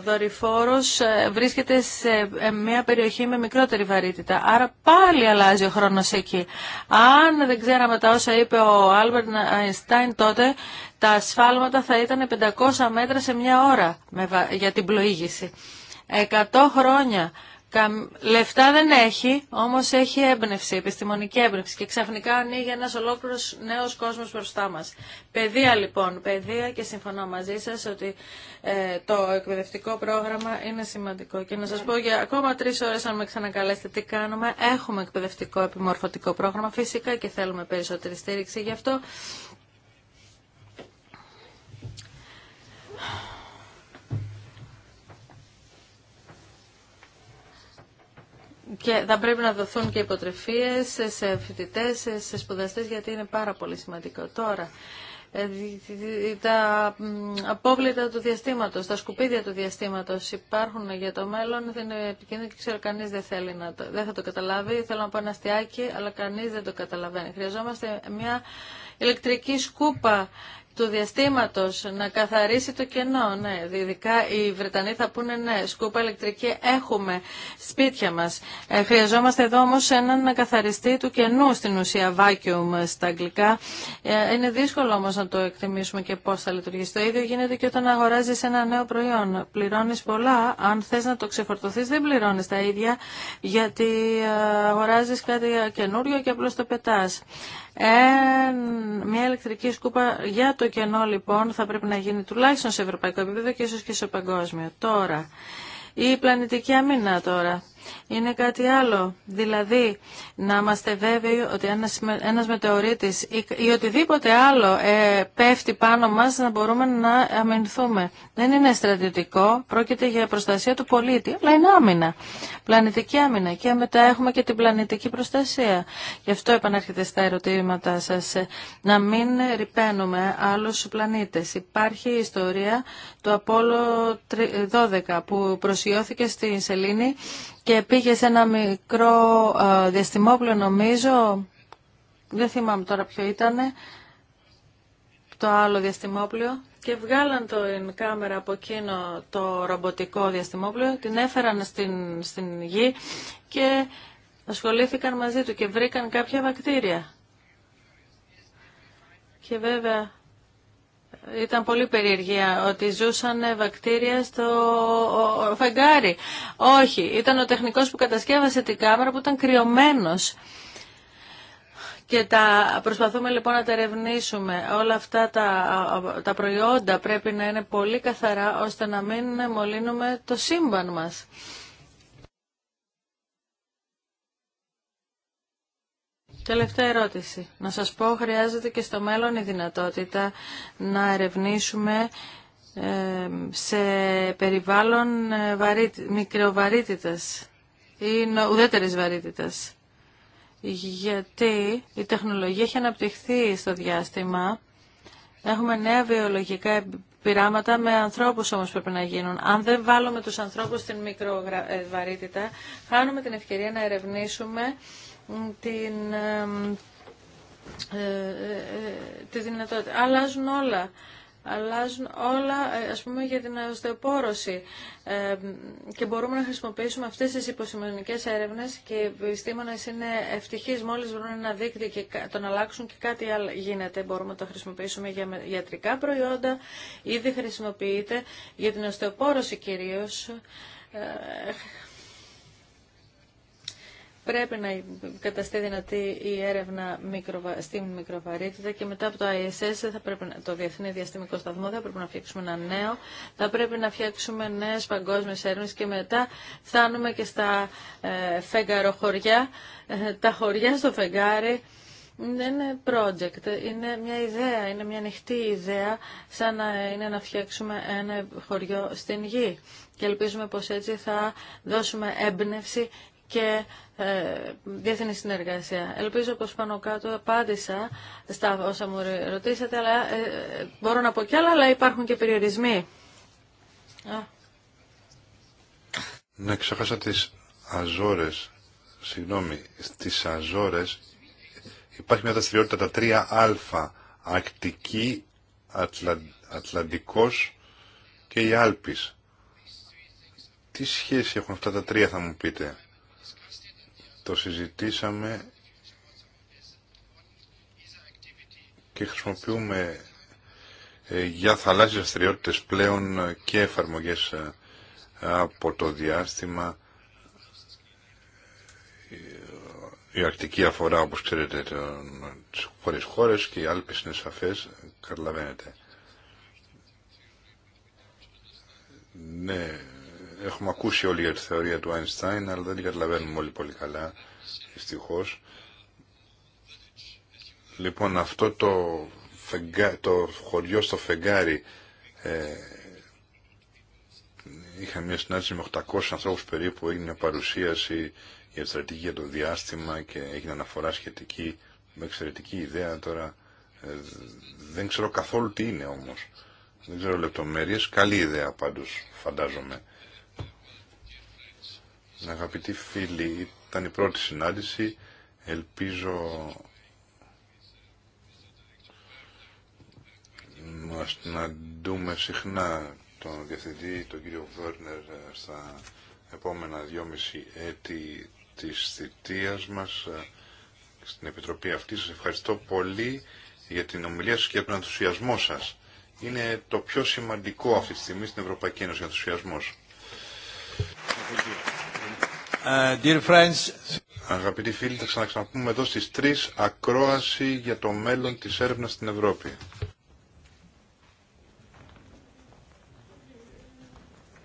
δορυφόρος ε, βρίσκεται σε ε, μια περιοχή με μικρότερη βαρύτητα. Άρα πάλι αλλάζει ο χρόνος εκεί. Αν δεν ξέραμε τα όσα είπε ο Άλμπερτ Αϊνστάιν τότε, τα ασφάλματα θα ήταν 500 μέτρα σε μια ώρα για την πλοήγηση. 100 χρόνια Λεφτά δεν έχει, όμως έχει έμπνευση, επιστημονική έμπνευση και ξαφνικά ανοίγει ένας ολόκληρος νέος κόσμος μπροστά μας. Παιδεία λοιπόν, παιδεία και συμφωνώ μαζί σας ότι ε, το εκπαιδευτικό πρόγραμμα είναι σημαντικό. Και να σας πω για ακόμα τρεις ώρες αν με ξανακαλέσετε τι κάνουμε, έχουμε εκπαιδευτικό επιμορφωτικό πρόγραμμα φυσικά και θέλουμε περισσότερη στήριξη γι' αυτό. και θα πρέπει να δοθούν και υποτρεφίες σε φοιτητές, σε σπουδαστές, γιατί είναι πάρα πολύ σημαντικό. Τώρα, ε, τα απόβλητα του διαστήματος, τα σκουπίδια του διαστήματος υπάρχουν για το μέλλον, δεν είναι επικίνδυνο και ξέρω κανείς δεν θέλει να το, δεν θα το καταλάβει, θέλω να πω ένα αλλά κανείς δεν το καταλαβαίνει. Χρειαζόμαστε μια ηλεκτρική σκούπα του διαστήματο να καθαρίσει το κενό. Ναι, ειδικά οι Βρετανοί θα πούνε ναι, σκούπα ηλεκτρική έχουμε σπίτια μας. Ε, χρειαζόμαστε εδώ όμω έναν καθαριστή του κενού στην ουσία, vacuum στα αγγλικά. Ε, είναι δύσκολο όμω να το εκτιμήσουμε και πώς θα λειτουργήσει. Το ίδιο γίνεται και όταν αγοράζεις ένα νέο προϊόν. Πληρώνεις πολλά, αν θες να το ξεφορτωθείς δεν πληρώνεις τα ίδια γιατί ε, αγοράζεις κάτι καινούριο και απλώς το πετάς μια ηλεκτρική σκούπα για το κενό λοιπόν θα πρέπει να γίνει τουλάχιστον σε ευρωπαϊκό επίπεδο και ίσως και σε παγκόσμιο. Τώρα, η πλανητική αμήνα τώρα είναι κάτι άλλο. Δηλαδή, να είμαστε βέβαιοι ότι ένας, ένας μετεωρίτης ή, οτιδήποτε άλλο ε, πέφτει πάνω μας να μπορούμε να αμυνθούμε. Δεν είναι στρατιωτικό, πρόκειται για προστασία του πολίτη, αλλά είναι άμυνα. Πλανητική άμυνα και μετά έχουμε και την πλανητική προστασία. Γι' αυτό επανέρχεται στα ερωτήματά σας. Ε, να μην ρηπαίνουμε άλλους πλανήτες. Υπάρχει η ιστορία του Απόλλω 12 ε, που προσιώθηκε στη Σελήνη και πήγε σε ένα μικρό ε, διαστημόπλαιο νομίζω, δεν θυμάμαι τώρα ποιο ήτανε, το άλλο διαστημόπλαιο και βγάλαν το κάμερα από εκείνο το ρομποτικό διαστημόπλαιο, την έφεραν στην, στην γη και ασχολήθηκαν μαζί του και βρήκαν κάποια βακτήρια. Και βέβαια ήταν πολύ περίεργεια ότι ζούσαν βακτήρια στο φεγγάρι. Όχι, ήταν ο τεχνικός που κατασκεύασε την κάμερα που ήταν κρυωμένος. Και τα προσπαθούμε λοιπόν να τα ερευνήσουμε. Όλα αυτά τα, τα προϊόντα πρέπει να είναι πολύ καθαρά ώστε να μην μολύνουμε το σύμπαν μας. Τελευταία ερώτηση. Να σας πω, χρειάζεται και στο μέλλον η δυνατότητα να ερευνήσουμε ε, σε περιβάλλον ε, μικροβαρύτητας ή ουδέτερης βαρύτητας. Γιατί η τεχνολογία έχει αναπτυχθεί στο διάστημα. Έχουμε νέα βιολογικά πειράματα με ανθρώπους όμως πρέπει να γίνουν. Αν δεν βάλουμε τους ανθρώπους στην μικροβαρύτητα, χάνουμε την ευκαιρία να ερευνήσουμε την, ε, ε, ε, τη δυνατότητα. Αλλάζουν όλα. Αλλάζουν όλα, ας πούμε, για την οστεοπόρωση και μπορούμε να χρησιμοποιήσουμε αυτές τις υποσημονικές έρευνες και οι επιστήμονες είναι ευτυχείς μόλις βρουν ένα δίκτυο και τον αλλάξουν και κάτι άλλο γίνεται. Μπορούμε να το χρησιμοποιήσουμε για ιατρικά προϊόντα, ήδη χρησιμοποιείται για την οστεοπόρωση κυρίως Πρέπει να καταστεί δυνατή η έρευνα στη μικροβαρύτητα και μετά από το ISS, θα πρέπει, το Διεθνή Διαστημικό Σταθμό, θα πρέπει να φτιάξουμε ένα νέο, θα πρέπει να φτιάξουμε νέες παγκόσμιες έρευνες και μετά φτάνουμε και στα ε, φεγγαροχωριά, ε, τα χωριά στο φεγγάρι, δεν είναι project, είναι μια ιδέα, είναι μια ανοιχτή ιδέα, σαν να είναι να φτιάξουμε ένα χωριό στην γη. Και ελπίζουμε πως έτσι θα δώσουμε έμπνευση και ε, διεθνή συνεργασία. Ελπίζω πως πάνω κάτω απάντησα στα όσα μου ρωτήσατε, αλλά ε, ε, μπορώ να πω κι άλλα, αλλά υπάρχουν και περιορισμοί. Ναι, ξεχάσα τις Αζόρες, συγγνώμη, στις Αζόρες υπάρχει μια δραστηριότητα τα τρία α, Ακτική, Ατλαντικό και η άλπις. Τι σχέση έχουν αυτά τα τρία θα μου πείτε το συζητήσαμε και χρησιμοποιούμε ε, για θαλάσσιες δραστηριότητε πλέον και εφαρμογές ε, από το διάστημα. Η Αρκτική αφορά, όπως ξέρετε, τις χώρες χώρες και οι Άλπες είναι σαφές, καταλαβαίνετε. Ναι, Έχουμε ακούσει όλοι για τη θεωρία του Einstein, αλλά δεν την καταλαβαίνουμε όλοι πολύ καλά, δυστυχώ. Λοιπόν, αυτό το, το χωριό στο φεγγάρι, ε... είχα μια συνάντηση με 800 ανθρώπους περίπου, έγινε παρουσίαση για τη στρατηγική για το διάστημα και έγινε αναφορά σχετική με εξαιρετική ιδέα τώρα. Ε, δεν ξέρω καθόλου τι είναι όμως. Δεν ξέρω λεπτομέρειες. Καλή ιδέα πάντως φαντάζομαι. Αγαπητοί φίλοι, ήταν η πρώτη συνάντηση. Ελπίζω να δούμε συχνά τον Διευθυντή, τον κύριο Βέρνερ, στα επόμενα δυόμιση έτη της θητείας μας στην Επιτροπή αυτή. Σας ευχαριστώ πολύ για την ομιλία σας και για τον ενθουσιασμό σας. Είναι το πιο σημαντικό αυτή τη στιγμή στην Ευρωπαϊκή Ένωση ενθουσιασμός. Ε, dear friends. Αγαπητοί φίλοι, θα ξαναξαναπούμε εδώ στις 3 ακρόαση για το μέλλον της έρευνας στην Ευρώπη.